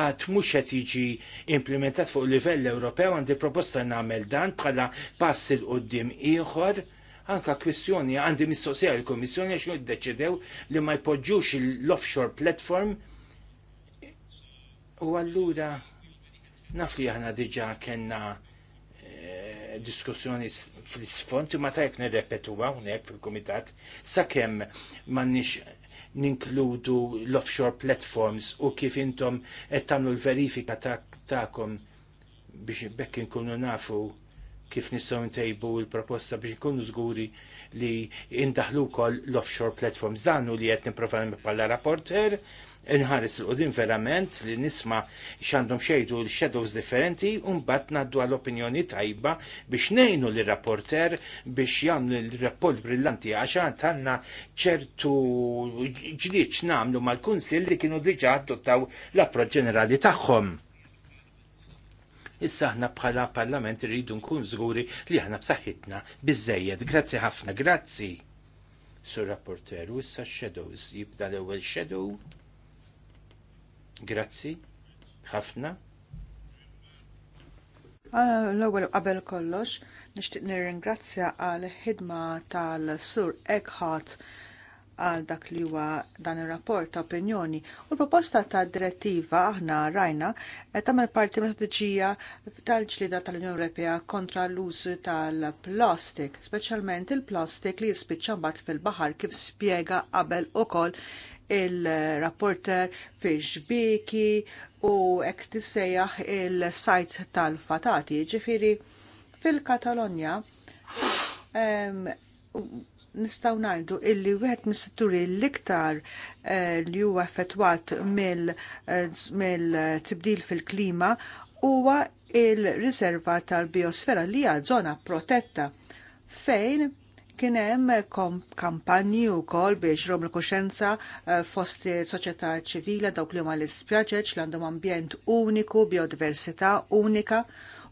għat mux qed jiġi implementat fuq livell Ewropew għandi proposta nagħmel dan bħala pass il qoddim ieħor Anka kwistjoni għandi mistoqsija l-Komissjoni għax d-deċedew li ma jpoġġux l-offshore platform u allura naf li aħna diġa kena eh, diskussjoni fl-sfont ma tajk nirrepetuwa unek fil-komitat sakemm mannix ninkludu l-offshore platforms u kif intom qed tagħmlu l-verifika tagħkom biex bekk inkunu nafu kif nistgħu ntejbu l-proposta biex ikunu żguri li indaħlu wkoll l-offshore platforms dan li qed nipprova bħala rapporter inħares l-qudiem verament li nisma' x'għandhom xejdu l-shadows differenti u mbagħad ngħaddu għal opinjoni tajba biex ngħinu l rapporter biex jagħmlu l-rapport brillanti għaxan tanna ċertu ġliċ namlu mal-kunsill li kienu diġà adottaw l approċċ ġenerali tagħhom Issa aħna bħala parlament rridu nkun żguri li aħna b'saħħitna biżejjed. Grazzi ħafna, grazzi. Sur rapporter, u issa shadows jibda l-ewwel shadow. Grazzi ħafna. Ah, l-ewwel qabel kollox nixtieq nirringrazzja għal ħidma tal-Sur Eckhart għal dak li huwa dan ir-rapport ta' opinjoni. U l proposta ta' direttiva aħna rajna eh, tagħmel parti strateġija tal-ġlida tal-Unjoni Ewropea kontra l-użu tal-plastik, speċjalment il-plastik li jispiċċa mbagħad fil-baħar kif spjega qabel ukoll il-rapporter fi xbiki u hekk tissejjaħ il-sajt tal-fatati. Ġifieri fil-Katalonja nistaw najdu illi wieħed mis-setturi l-iktar eh, li huwa effettwat mill-tibdil eh, eh, fil-klima huwa il-riserva tal-biosfera li hija żona protetta fejn kien hemm kampanji wkoll biex rom l-kuxenza fost soċjetà ċivila dawk li huma l-ispjaġeġ li għandhom ambjent uniku, biodiversità unika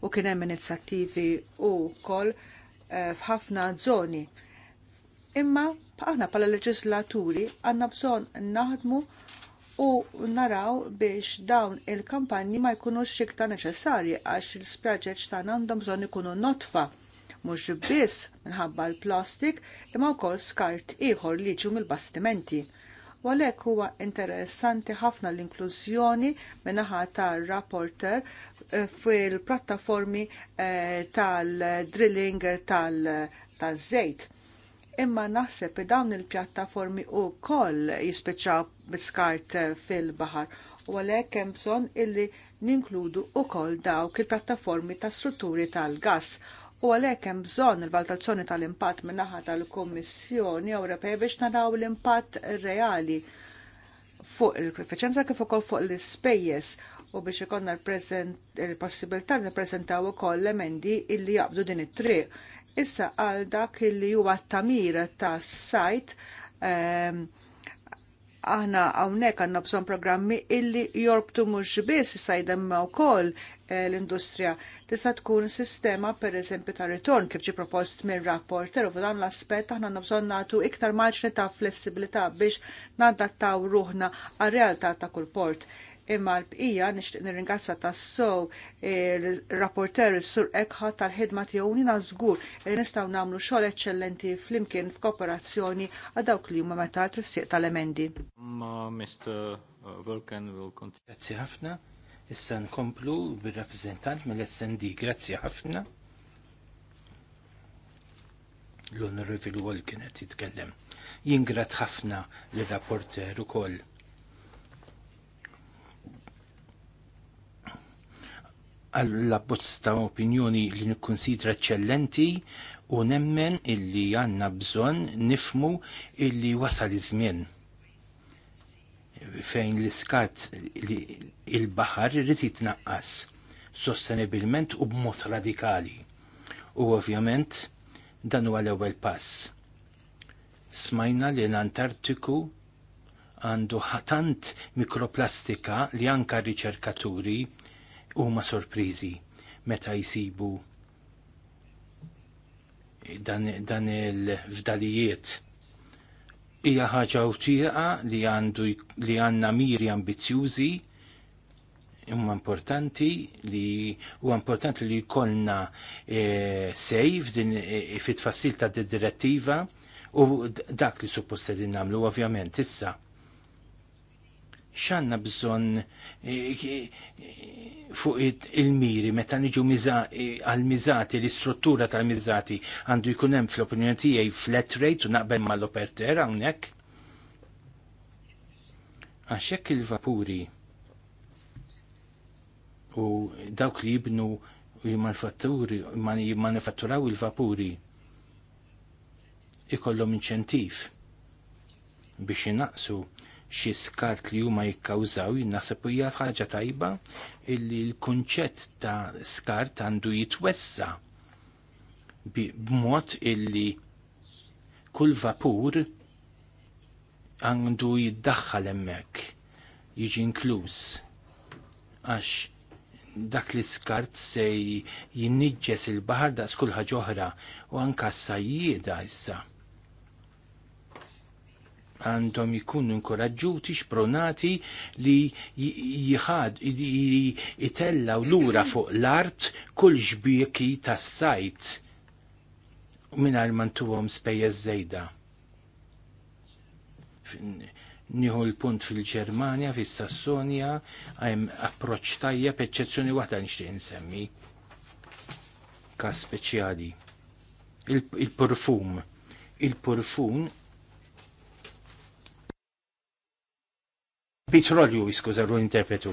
u kien hemm inizjattivi wkoll f'ħafna żoni Imma aħna pala leġislaturi għanna bżon naħdmu u naraw biex dawn il-kampanji ma jkunux xikta neċessarji għax il-spjaġeċ ta' għandhom bżon ikunu notfa mhux biss minħabba l-plastik imma wkoll skart ieħor li ġu mill-bastimenti. U għalhekk huwa interessanti ħafna l-inklużjoni minn naħa tar-rapporter eh, fil-plattaformi eh, tal-drilling tal-żejt imma naħseb li dawn il-pjattaformi u koll jispiċċaw biskart fil-bahar u għalhekk hemm bżonn illi ninkludu wkoll dawk il-pjattaformi ta' strutturi tal-gass u għalhekk hemm bżonn il valtazzjoni tal-impatt min-naħa tal-Kummissjoni Ewropea biex naraw l-impatt reali fuq il-efficienza kif ukoll fuq l-ispejjeż u biex ikonna il-possibilità nippreżentaw ukoll l-emendi illi jaqbdu din it-triq Issa għal dak li huwa tamir ta' sajt ehm, aħna hawnhekk għandna bżonn programmi illi jorbtu mhux biss sajdem wkoll eh, l-industrija. Tista' tkun sistema pereżempju ta' ritorn kif ġi propost mir rapporter u f'dan l-aspett aħna għandna bżonn nagħtu iktar marġni ta' flessibilità biex nadattaw ruħna għar-realtà ta' kull port imma l-bqija nixtieq nirringazza tas-sow il-rapporter sur Ekħa tal-ħidma tiegħu nina żgur li nistgħu nagħmlu xogħol eċċellenti flimkien f'kooperazzjoni għal dawk li huma meta trissieq tal-emendi. Mr. Uh, Vulcan will continue. Grazzi ħafna. Issa nkomplu bir-rappreżentant mill-SND. Grazzi ħafna. L-Onorevoli Walken qed jitkellem. Jingrat ħafna l-rapporter ukoll għall-abbozz ta' opinjoni li nikkonsidra eccellenti u nemmen illi għanna bżon nifmu illi wasal iż-żmien fejn l-iskat il-baħar irrid jitnaqqas sostenibilment u b'mod radikali. U ovvjament dan huwa l-ewwel pass. Smajna li l-Antartiku għandu ħatant mikroplastika li anka riċerkaturi huma sorpriżi meta jsibu dan, dan il-fdalijiet. Hija ħaġa utieqa li għandu li għandna miri ambizzjużi imma importanti li huwa importanti li jkollna e, sejf din e, e, fit-tfassil ta' direttiva u dak li suppost qegħdin nagħmlu ovvjament issa xanna bżon eh, eh, eh, fuq il-miri meta niġu għal-mizati, l-istruttura tal-mizati għandu jkun hemm fl-opinjoni tiegħi flat rate u naqbel mal-operter hawnhekk. Għax hekk il-vapuri u dawk li jibnu jimmanifatturaw il-vapuri ikollhom inċentiv biex inaqsu xi skart li huma jikkawżaw jinnaħseb hija ħaġa tajba illi l-kunċett ta' skart għandu jitwessa b'mod illi kull vapur għandu jiddaħħal hemmhekk jiġi inkluż għax dak li skart se jinniġġes il-baħar daqs kull ħaġa oħra u anka s-sajjieda issa għandhom jikunu inkoraġġuti, xpronati li jħad, li jitellaw lura fuq l-art kull xbieki tas sajt minn mantuhom spejjeż żejda. Nieħu l-punt fil-Ġermanja, fis-Sassonja, hemm approċċ tajjeb peċċezzjoni waħda nixtieq insemmi. Ka speċjali. Il-perfum. Il-perfum il perfum il perfum Petrolju, iskużaru interpretu.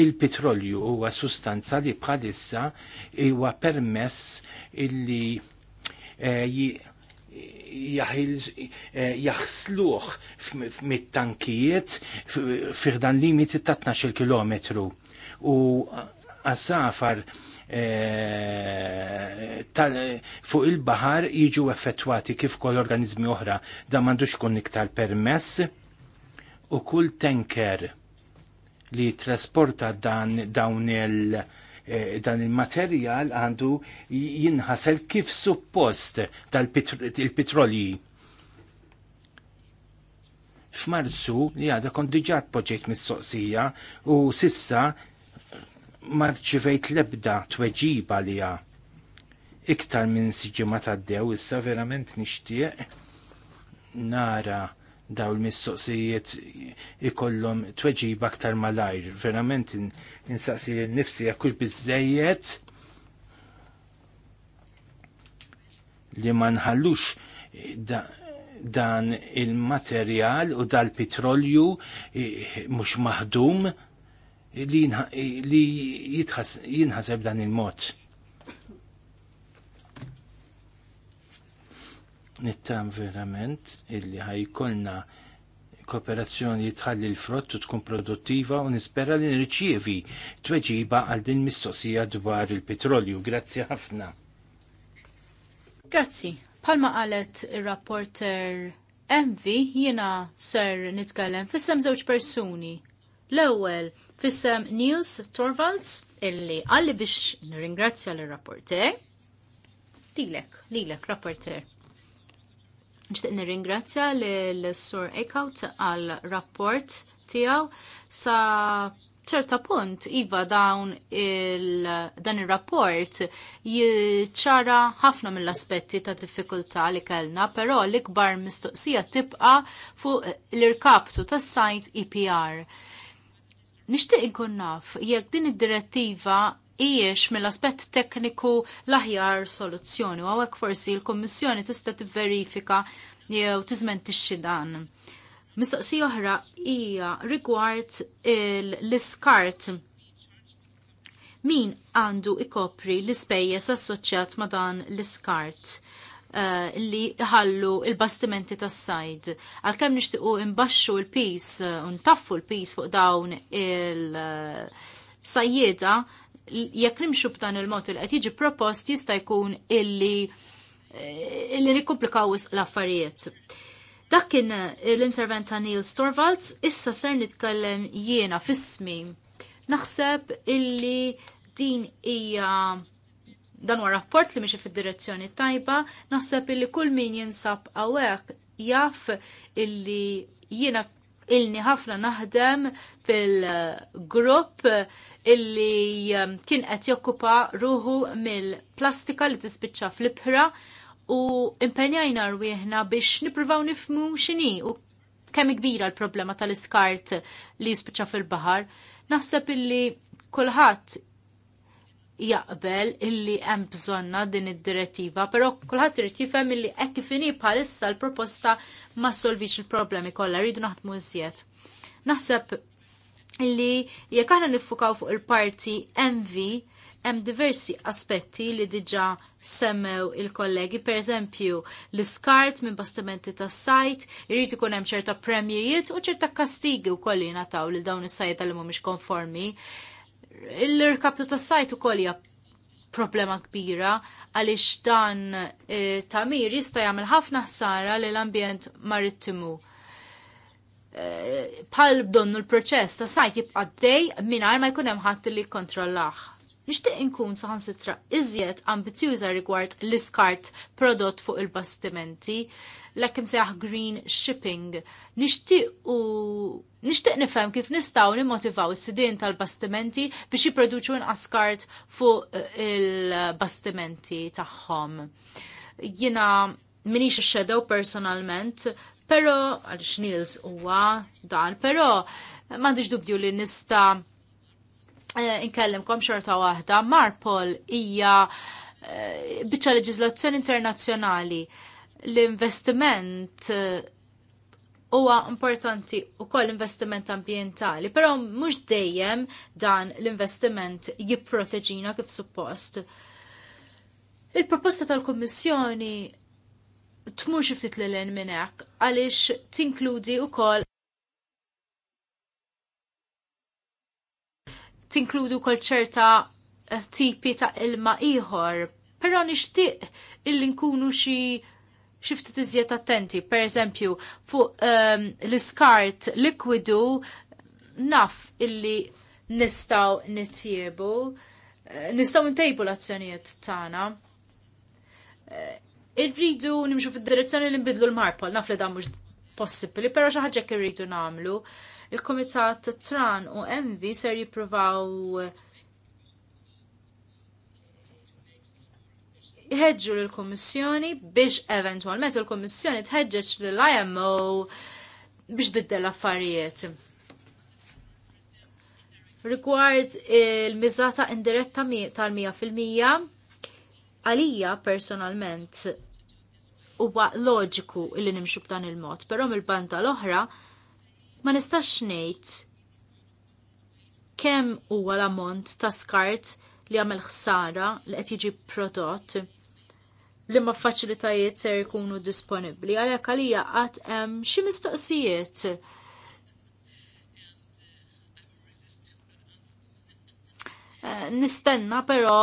Il-petrolju huwa sustanza li bħalissa huwa permess illi eh, eh, jaħsluħ mit-tankijiet firdan limiti ta' 12 km. U għasafar eh, fuq il-bahar jiġu effettwati kif kol organizmi oħra da mandux kun iktar permess u kull tanker li trasporta dan dawn il- eh, dan il-materjal għandu jinħasel kif suppost tal-petrolji. F'Marzu li għada kont diġà proġett mistoqsija u sissa marċivejt lebda tweġiba li Iktar minn siġima ta' dew, issa verament nixtieq nara daw il-mistoqsijiet ikollhom tweġib aktar malajr. Verament insaqsi l-nifsi hux bizzejiet li ma nħallux da, dan il-materjal u dal-petrolju mhux maħdum li, li jinħaseb dan il-mod nittam verament illi ħajkolna kooperazzjoni tħalli l-frott u tkun produttiva u nispera li nirċievi tweġiba għal din mistoqsija dwar il-petrolju. Grazzi ħafna. Grazzi. Palma qalet il-rapporter MV jiena ser nitkellem fissem żewġ persuni. L-ewwel fissem Niels Torvalds illi għalli biex nirringrazzja l-rapporter. Lilek, lilek, rapporter. Nixtieq nirringrazzja l Sur Eckhout għal rapport tiegħu sa ċerta punt iva dawn il, dan il-rapport jċara ħafna mill-aspetti ta' diffikultà li kellna, però l-ikbar mistoqsija tibqa fuq l-irkaptu tas sajt EPR. Nishtiq inkun naf, jekk din id-direttiva ijiex mill-aspett tekniku l-aħjar soluzzjoni u għawek forsi l-Kommissjoni tista' tivverifika jew tiżmentixxi dan. Mistoqsija oħra hija rigward l-iskart. Min għandu ikopri l-ispejjeż assoċjat ma' dan l-iskart? Eh, li ħallu il-bastimenti tas sajd Għalkemm nixtiequ imbaxxu l-pis, eh, untaffu l-pis fuq dawn il-sajjieda, eh, uh, jekk nimxu b'dan il-mod il qed jiġi propost jista' jkun illi eh, illi nikkomplikaw l-affarijiet. Dak kien eh, l-intervent ta' Neil Storvalds, issa ser nitkellem jiena fismi. Naħseb illi din hija dan huwa rapport li miexi fid-direzzjoni tajba, naħseb illi kull min jinsab hawnhekk jaf illi jiena ilni ħafna naħdem fil-grupp illi um, kien qed jokkupa ruħu mill-plastika li tispiċċa fl-ibħra u impenjajna rwieħna biex nippruvaw nifmu x'ini u kemm kbira l-problema tal-iskart li jispiċċa fil-baħar. Naħseb illi kulħadd jaqbel illi hemm bżonna din id-direttiva, però kulħadd irid jifhem illi hekk kif inhi bħalissa l-proposta ma solvix il-problemi kollha rridu naħdmu iżjed. Naħseb illi jekk aħna niffukaw fuq il-parti MV hemm diversi aspetti li diġà semmew il-kollegi, per eżempju l-iskart minn bastimenti tas sajt, irrid ikun hemm ċerta premjijiet u ċerta kastigi wkoll jingħataw lil dawn is-sajt li mhumiex konformi. Il-rkabtu tas sajt ukoll hija problema kbira għaliex dan e, tamir jista' jagħmel ħafna ħsara lil ambjent marittimu. E, Pal bdonnu l-proċess ta' sajt jibqa' dej mingħajr ma jkun hemm ħadd li jikkontrollah. Nixtieq inkun saħansitra iżjed ambizjuża rigward l-iskart prodott fuq il-bastimenti, l-ekkim seħ green shipping. Nixtieq u nixtieq nifhem kif nistgħu nimmotivaw is-sidien tal-bastimenti biex jipproduċu nqaskart fuq eh, il-bastimenti tagħhom. Jiena minix ix-shadow personalment, però għaliex Nils huwa dan, però m'għandix dubju li nista' Eh, inkellimkom xorta waħda, Marpol hija eh, biċċa leġislazzjoni internazzjonali. L-investiment eh, huwa importanti u koll investiment ambientali, però mhux dejjem dan l-investiment jipproteġina kif suppost. Il-proposta tal-Kommissjoni tmur xi ftit lil minn hekk għaliex tinkludi wkoll tinkludu kol ċerta eh, tipi ta' ilma ieħor, però nixtieq illi nkunu xi xifti iżjed attenti, per eżempju, fuq um, l-iskart likwidu naf illi nistaw nittiebu, eh, nistaw ntejbu l-azzjonijiet tagħna. Eh, irridu nimxu fid-direzzjoni li nbidlu l-marpol, naf li dan mhux possibbli, però xi ħaġa irridu nagħmlu. Uh, Il-Komitat Tran u Envi ser jipruvaw jħedġu l-Komissjoni biex eventualment il-Komissjoni tħedġeċ l-IMO biex biddel affarijiet rigward il-miżata indiretta tal-100% għalija personalment huwa loġiku li nimxu b'dan il-mod, però mill-banda l-oħra Ma nistax ngħid kemm huwa l-ammont ta' skart li għamel ħsara li qed jiġi prodott li ma faċilitajiet ser jkunu disponibbli għalhekk għalija għat hemm xi mistoqsijiet. Eh, nistenna però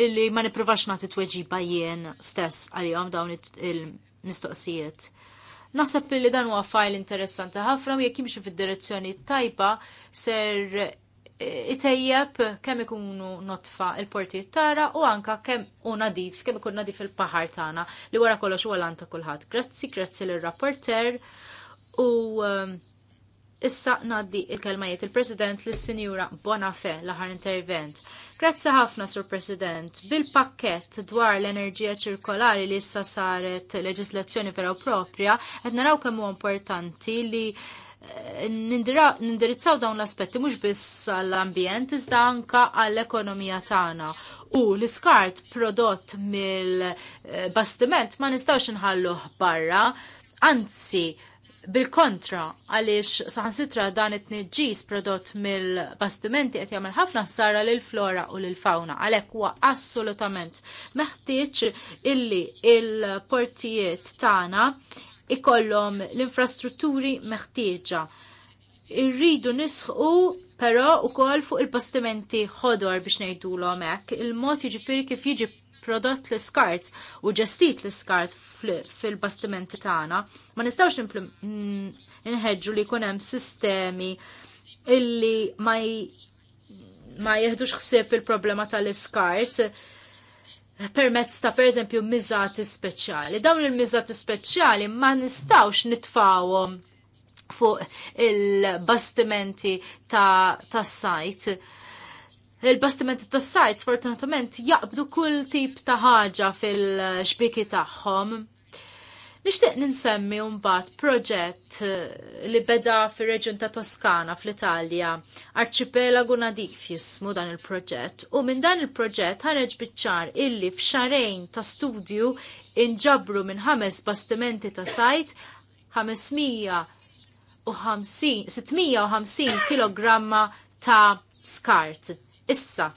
illi ma nippruvax nagħti tweġiba jien stess għalihom dawn il-mistoqsijiet. Naħseb li dan huwa fajl interessanti ħafna u jekk jimxi fid-direzzjoni tajba ser e, itejjeb kemm ikunu notfa il-portijiet tara u anka kemm u nadif, kemm ikun nadif il-paħar tagħna li wara kollox huwa lanta kulħadd. Grazzi, grazzi lir-rapporter u ehm, issa naddi il-kelmajiet il-President l sinjura Bonafè l-aħħar intervent. Grazzi ħafna, Sur President. Bil-pakket dwar l-enerġija ċirkolari li issa saret leġislazzjoni vera u propria, qed naraw kemm huwa importanti li eh, nindirizzaw dawn l-aspetti mhux biss għall-ambjent iżda anka għall-ekonomija tagħna. U l-iskart prodott mill-bastiment eh, ma nistgħux inħalluh barra, anzi Bil-kontra, għaliex saħansitra dan it-tniġġis prodott mill-bastimenti qed jagħmel ħafna ħsara lil flora u lil fauna għalhekk huwa assolutament meħtieġ illi il-portijiet tagħna ikollhom l-infrastrutturi meħtieġa. Irridu nisħu però ukoll fuq il-bastimenti ħodor biex ngħidulhom hekk. Il-mod jiġifieri kif jiġi prodott l-skart u ġestit l-skart fil-bastimenti tagħna, ma nistgħux mm, inħeġġu li jkun hemm sistemi illi ma ma jieħdux ħsieb il-problema tal-iskart permezz ta' pereżempju miżati speċjali. Dawn il-miżati speċjali ma nistgħux nitfawhom fuq il-bastimenti ta', ta sajt il-bastimenti tas sajt fortunatament jaqbdu kull tip ta' ħaġa fil-xbiki tagħhom. Nixtieq ninsemmi mbagħad proġett eh, li beda fir-reġjun ta' Toskana fl-Italja, Arċipelago Nadif jismu dan il-proġett, u minn dan il-proġett ħareġ biċċar illi f'xarejn ta' studju inġabru minn ħames bastimenti ta' sajt 550 650 kg ta' skart Issa,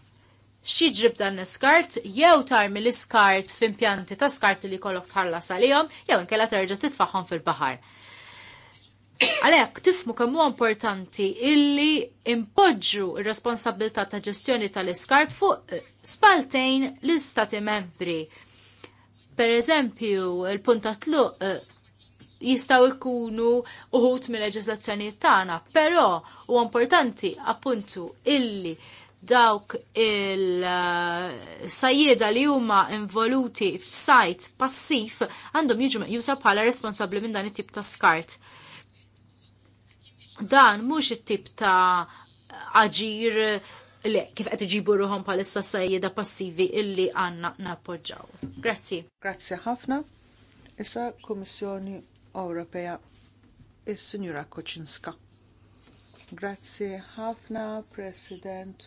xieġrib dan l-iskart, jew tarmi l-iskart f'impjanti ta' skart li kollok tħalla għalihom, jew inkella terġa' titfaħħom fil-baħar. Għalhekk tifmu kemm huwa importanti illi impoġġu r-responsabilità ta' ġestjoni tal-iskart fuq eh, spaltejn l-istati membri. Per eżempju, il-punta tluq eh, jistaw ikunu uħut mill-leġislazzjoni tagħna, però huwa importanti appuntu illi dawk il-sajjeda li huma involuti f'sajt passif għandhom jiġu meqjusa bħala responsabbli minn dan it-tip ta' skart. Dan mhux it-tip ta' aġir li kif qed iġibu ruhom bħalissa sajjeda passivi illi għandna nappoġġaw. Grazzi. Grazzi ħafna. Issa Kummissjoni Ewropea is-Sinjura Koċinska. Grazzi ħafna, President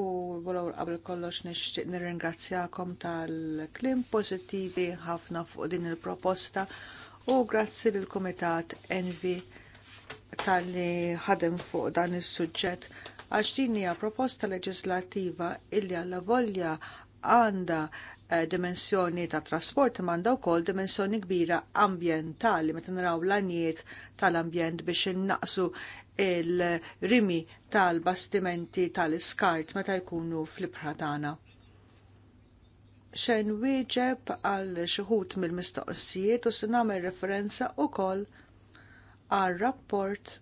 u l-għolaw qabel kollox nixtieq nirringrazzjakom tal-klim pożittivi ħafna fuq din il-proposta u grazzi lill kumitat Envi tal-li ħadem fuq dan is-suġġett għax din hija proposta leġislattiva illi għalla volja għanda eh, dimensjoni ta' trasport manda wkoll dimensjoni kbira ambjentali meta naraw l għanijiet tal-ambjent biex innaqsu il-rimi tal-bastimenti tal-iskart meta jkunu fl-ibħra tagħna. Xejn wieġeb għal xi wħud mill-mistoqsijiet u se nagħmel referenza wkoll għal rapport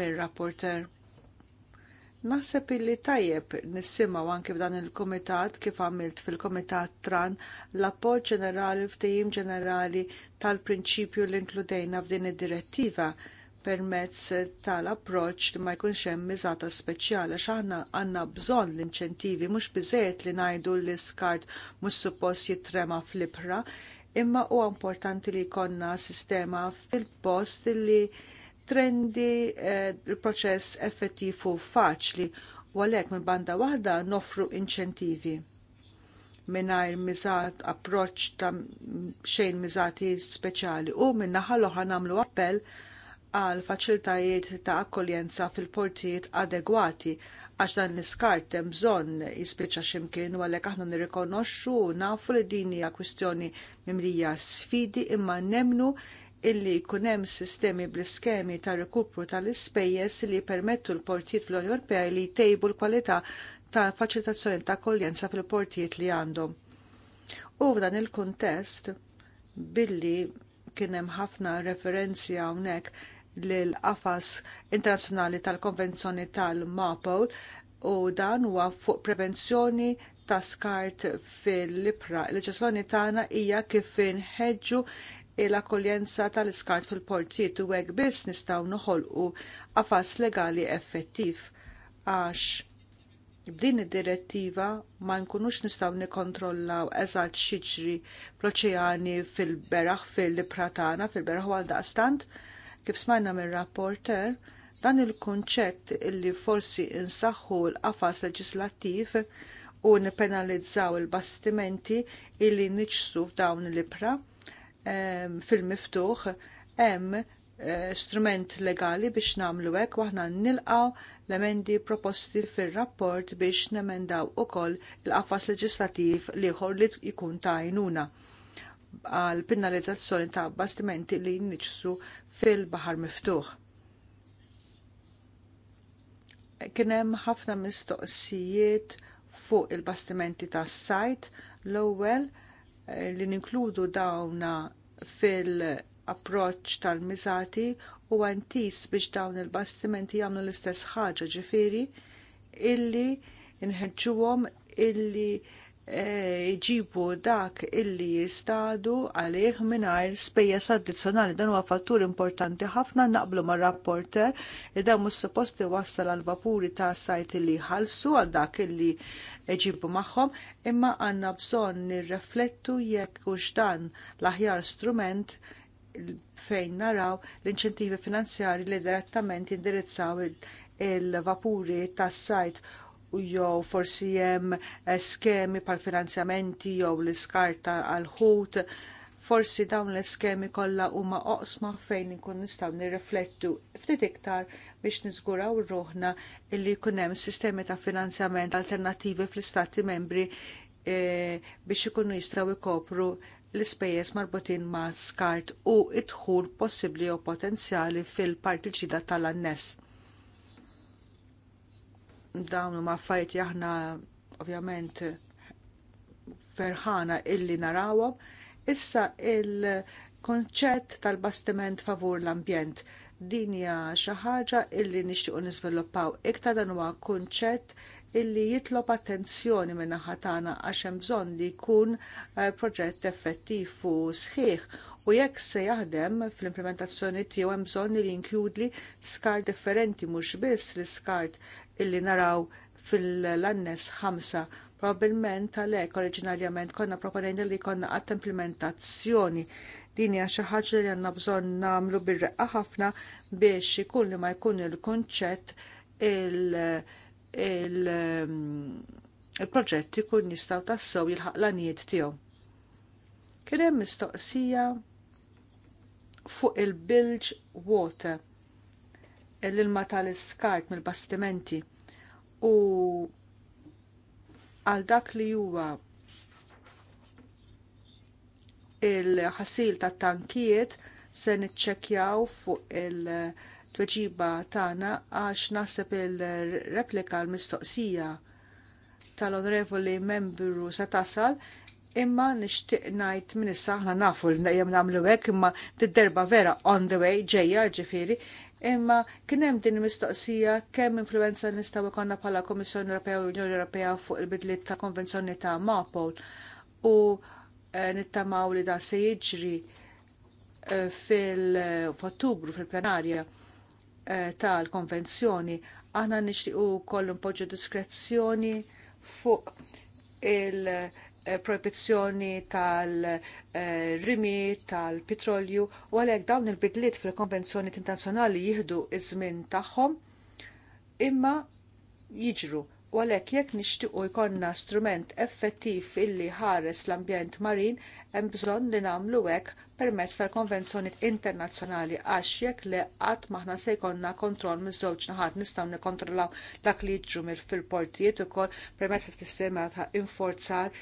mir-rapporter. Naħseb li tajjeb nissimaw anke f'dan il kumitat kif għamilt fil kumitat Tran l-appoġġ ġenerali ftehim ġenerali tal-prinċipju li inkludejna f'din id-direttiva permezz tal-approċ li ma jkunx hemm miżata speċjali għax aħna għandna bżonn l-inċentivi mhux biżejjed li ngħidu li skart mhux suppost jitrema fl-ibħra, imma huwa importanti li jkollna sistema fil-post li trendi l proċess eh, effettiv u faċli u għalhekk minn banda waħda nofru inċentivi minnajr miżat approċ ta' xejn miżati speċjali u min naħa l-oħra nagħmlu appell għal faċiltajiet ta' akkoljenza fil-portijiet adegwati għax dan l-iskart hemm bżonn jispiċċa x'imkien u għalhekk aħna nirrikonoxxu u nafu li din hija kwistjoni mimlija sfidi imma nemnu illi jkun hemm sistemi bl-iskemi ta' rikupru tal-ispejjeż li jpermettu l-portijiet fl Ewropea li jtejbu l-kwalità ta' faċilitazzjoni ta' akkoljenza fil-portijiet li għandhom. U f'dan il-kuntest billi kien hemm ħafna referenzi hawnhekk l-qafas internazzjonali tal-konvenzjoni tal-MAPOL u dan huwa fuq prevenzjoni ta' skart fil-libra. Il-ġesloni tagħna hija kif inħeġġu l-akkoljenza tal-iskart fil-portijiet u hekk biss nistgħu noħolqu għafas legali effettiv għax b'din id-direttiva ma nkunux nistgħu nikkontrollaw eżat xiġri proċejani fil-beraħ fil-libra tagħna fil-beraħ għal daqstant. Kif smajna mir rapporter dan il-kunċett illi forsi insaħħu l-qafas leġislattiv u nipenalizzaw il-bastimenti illi niċsu f'dawn l-ibra fil-miftuħ hemm eh, strument legali biex nagħmlu hekk waħna nilqaw l-emendi proposti fir-rapport biex nemendaw ukoll il-qafas leġislattiv liħor li jkun ta' għajnuna għal penalizzazzjoni ta' bastimenti li jinniċsu fil-bahar miftuħ. Kien hemm ħafna mistoqsijiet fuq il-bastimenti tas sajt l-ewwel eh, li ninkludu dawna fil-approċċ tal-miżati u għantis biex dawn il-bastimenti jagħmlu l-istess ħaġa ġifieri illi nħeġġuhom illi E, jġibu dak illi jistadu għalih mingħajr spejjeż addizzjonali dan huwa fattur importanti ħafna naqblu mar rapporter li e dan mhux supposti wassal għal vapuri ta' sajt illi jħallsu għal dak illi jġibu magħhom, imma għandna bżonn nirreflettu jekk hux dan l-aħjar strument fejn naraw l-inċentivi finanzjari li direttament jindirizzaw il-vapuri tas sajt u jew forsi hemm eh, skemi pal finanzjamenti jew l-iskarta għal ħut forsi dawn l-iskemi kollha huma oqsma fejn inkun nistgħu nirriflettu ftit iktar biex niżguraw ruħna illi jkun hemm sistemi ta' finanzjament alternattivi fl-istati membri eh, biex ikunu jistgħu jkopru l-ispejjeż marbutin ma' skart u id dħul possibbli jew potenzjali fil-partiċida tal anness dawn huma affarijiet aħna ovvjament ferħana illi narawhom. Issa il-konċett tal-bastiment favur l-ambjent din hija xi ħaġa illi nixtiequ niżviluppaw iktar dan huwa kunċett illi jitlob attenzjoni minn naħa tagħna għax hemm bżonn li jkun eh, proġett effettiv u sħiħ u jekk se jaħdem fl-implementazzjoni tiegħu hemm bżonn li jinkludli skart differenti mhux biss l-iskart illi naraw fil-annes ħamsa Probabilment għalhekk oriġinarjament konna proponejna li konna qatt implementazzjoni din hija xi ħaġa li għandna bżonn nagħmlu bir-reqqa ħafna biex ikun li ma jkun il-kunċett il-proġett ikun jistgħu tassew jilħaq l-anijiet tiegħu. Kien hemm mistoqsija fuq il-bilge water l-ilma tal-iskart mill-bastimenti u għal dak li huwa il-ħasil tat tankijiet se niċċekkjaw fuq il-tweġiba tagħna għax naħseb il-replika l-mistoqsija tal-onorevoli membru se tasal imma nixtieq ngħid minn issa aħna nafu li najem nagħmlu hekk imma t-derba vera on the way ġejja ġifiri imma kien hemm din mistoqsija kemm influenza nistaw jkollna bħala Kummissjoni Ewropea u Unjoni Ewropea fuq il-bidliet ta' konvenzjoni ta' Mapol u eh, nittamaw li da se jiġri eh, fil-Ottubru fil-plenarja eh, tal-konvenzjoni aħna u kollu poġġu diskrezzjoni fuq il- proibizzjoni tal-rimi, tal-petrolju, u għalhekk dawn il-bidliet fil-konvenzjoni internazzjonali jieħdu iż-żmien tagħhom imma jiġru. U għalhekk jekk nixtiequ jkollna strument effettiv illi ħares l-ambjent marin, hemm bżonn li nagħmlu hekk permezz tal-konvenzjoni internazzjonali għax jekk li qatt maħna se jkollna kontroll miż-żewġ naħat nistgħu nikkontrollaw dak li jiġru fil-portijiet ukoll permezz tas-sistema ta' inforzar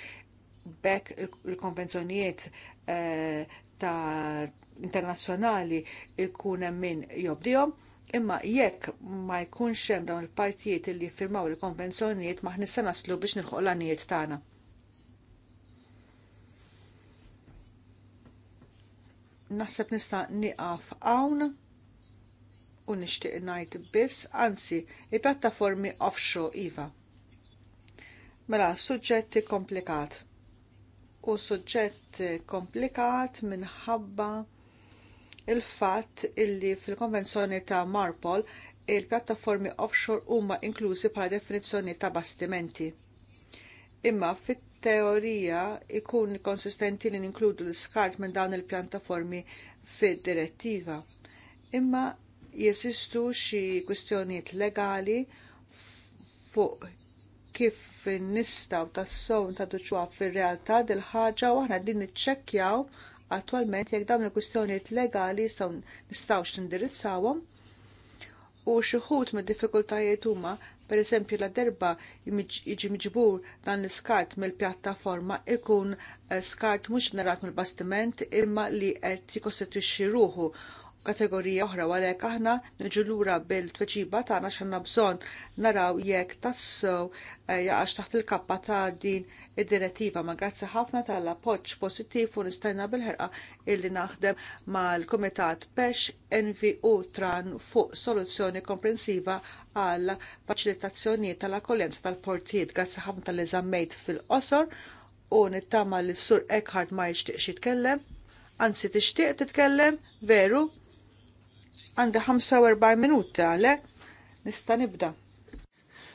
bekk il-konvenzjonijiet eh, ta' internazzjonali jkun hemm min jobdihom, imma jekk ma jkunx hemm dawn il-partijiet li jiffirmaw il-konvenzjonijiet ma ħnissa naslu biex nilħuq l-għanijiet tagħna. Naħseb nista' nieqaf hawn u nixtieq ngħid biss, anzi, il-pjattaformi offshore iva. Mela, suġġetti komplikat u suġġett komplikat minħabba il-fatt illi fil-konvenzjoni ta' Marpol il-pjattaformi offshore huma inklużi bħala definizzjoni ta' bastimenti. Imma fit-teorija ikun konsistenti li ninkludu l-skart minn dawn il-pjattaformi fid-direttiva. Imma jesistu xi kwistjonijiet legali fuq kif nistaw ta' ntaduċuha fir-realtà dil ħaġa u aħna din niċċekkjaw attualment jekk dawn il-kwistjonijiet legali jistgħu nistgħux nindirizzawhom u xi me mid-diffikultajiet huma pereżempju la derba jiġi miġbur dan l-iskart mill-pjattaforma ikun eh, skart mhux ġenerat mill-bastiment imma li qed jikkostitwixxi ruħu kategorija oħra għalhekk aħna niġu lura bil-tweġiba tagħna x'għandna bżonn naraw jekk tassew eh, jaqax taħt il-kappa ta' din id-direttiva ma' grazzi ħafna tal-appoġġ pożittiv u nistenna bil-ħerqa illi naħdem mal-Kumitat Pex u Tran fuq soluzzjoni komprensiva għal faċilitazzjoni tal-akkoljenza tal-portijiet. Grazzi ħafna tal-eżammejt fil-qosor u nittama li s-sur Eckhart ma jixtieqx jitkellem anzi tixtieq titkellem, veru, għanda 45 minuti, għale, Nista nibda.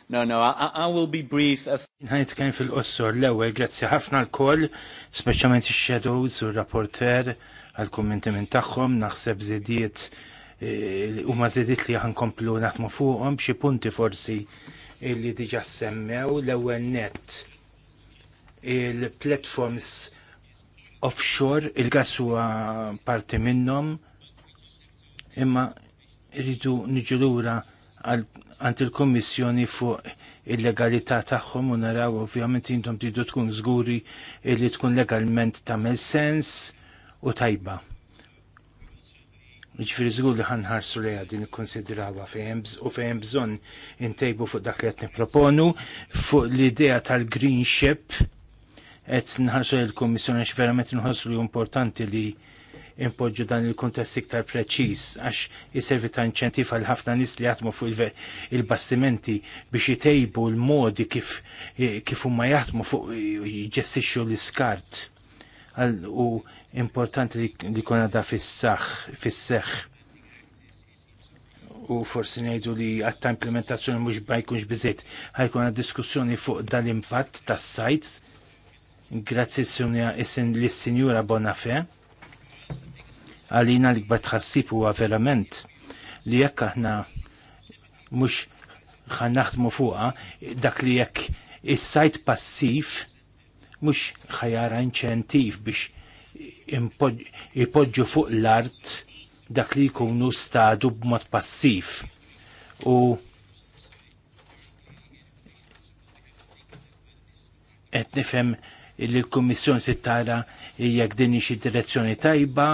No, no, I, I will be brief. Nħajt kajn fil-qossor l-ewel, grazzi ħafna l-koll, specialment il-shadows u rapporter għal-kommenti minn taħħom, naħseb zediet u eh, ma zediet li ħankomplu naħtmu fuqom bċi punti forsi li diġa semmew l-ewel net il-platforms offshore, il-gas huwa parti minnhom imma rridu niġu lura għand il-Kommissjoni fuq il-legalità tagħhom u naraw ovvjament intom tridu tkun żguri li tkun legalment tagħmel sens u tajba. Ġifieri żgur li ħanħarsu lejha din ikkonsidrawha u fejn bżonn intejbu fuq dak li qed nipproponu fuq l-idea tal-green ship qed nħarsu l-Kummissjoni għax verament inħossu li importanti li impoġġu dan il-kuntest iktar preċiż għax jiservi ta' inċentif għal ħafna nies li jaħdmu fuq il-bastimenti biex jitejbu l-modi kif kif huma jaħdmu fuq jġessixxu l-iskart. U importanti li kuna da fis-saħħ fis-seħħ u forsi ngħidu li għatta implementazzjoni mhux bajkunx biżejt ħajkun diskussjoni fuq dal-impatt tas-sajts Grazzi l-Sinjura Bonafè. Għalina li kbar tħassib huwa verament li jekk aħna mhux ħan naħdmu fuqha dak li jekk is-sajt passiv mhux xajara inċentiv biex ipoġġu fuq l-art dak li jkunu stadu b'mod passiv. U qed nifhem li l-Kummissjoni tittara jekk din xi direzzjoni tajba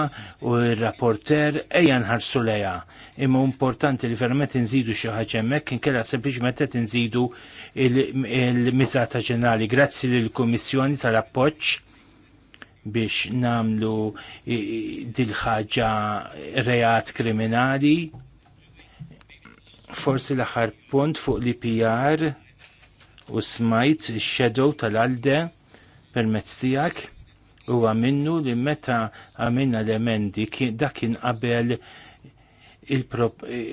u r-rapporter ejja nħarsu leja. Imma importanti li verament inżidu xi ħaġa hemmhekk inkella sempliċement qed inżidu il-miżata ġenerali. Grazzi lill-Kummissjoni tal-appoġġ biex namlu dil-ħaġa reat kriminali. Forsi l-aħħar punt fuq l-IPR u smajt shadow tal-alde permezz tijak Huwa minnu li meta għamilna l-emendi dakin qabel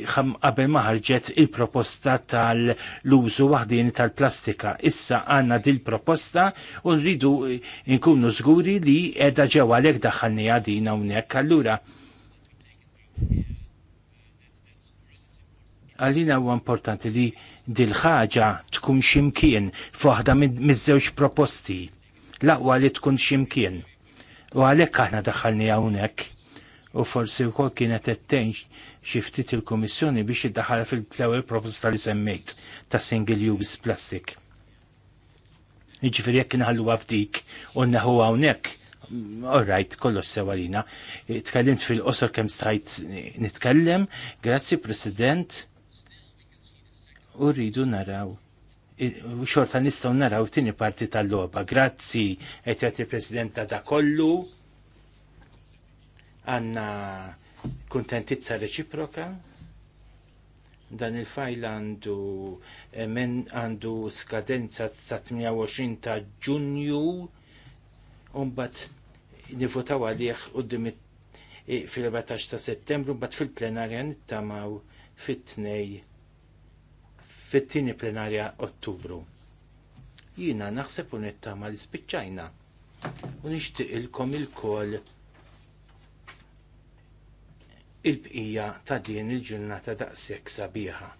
qabel ma ħarġet il-proposta tal-użu waħdin tal-plastika. Issa għanna dil-proposta u rridu nkunu żguri li edha ġewa lek daħalni għadin hawnhekk. Allura għalina huwa importanti li dil-ħaġa tkun ximkien fuħda miż-żewġ proposti L'aqwa li tkun ximkien. U għalhekk aħna daħħalni hawnhekk u forsi wkoll kienet ettejn xi ftit il-Kummissjoni biex id-daħal fil-ewwel proposta li semmejt ta' single use plastic. Jiġifieri jekk inħalluha f'dik u naħu hawnhekk kollu kollox sewalina. Tkellimt fil-qosor kemm stajt nitkellem, grazzi President. U rridu naraw xorta nistgħu naraw tini parti tal-logħba. Grazzi qed jagħti President kollu għanna kuntentizza reċiproka dan il-fajl għandu men għandu skadenza ta' 28 ta' ġunju unbat nivotaw għalih u fil-14 ta' settembru, bat fil-plenarja nittamaw fit-2 fit-tieni plenarja Ottubru. Jiena naħseb unetta ma l-spicċajna u nixtieq ilkom ilkoll il-bqija ta' din il-ġurnata daqshekk sabiħa.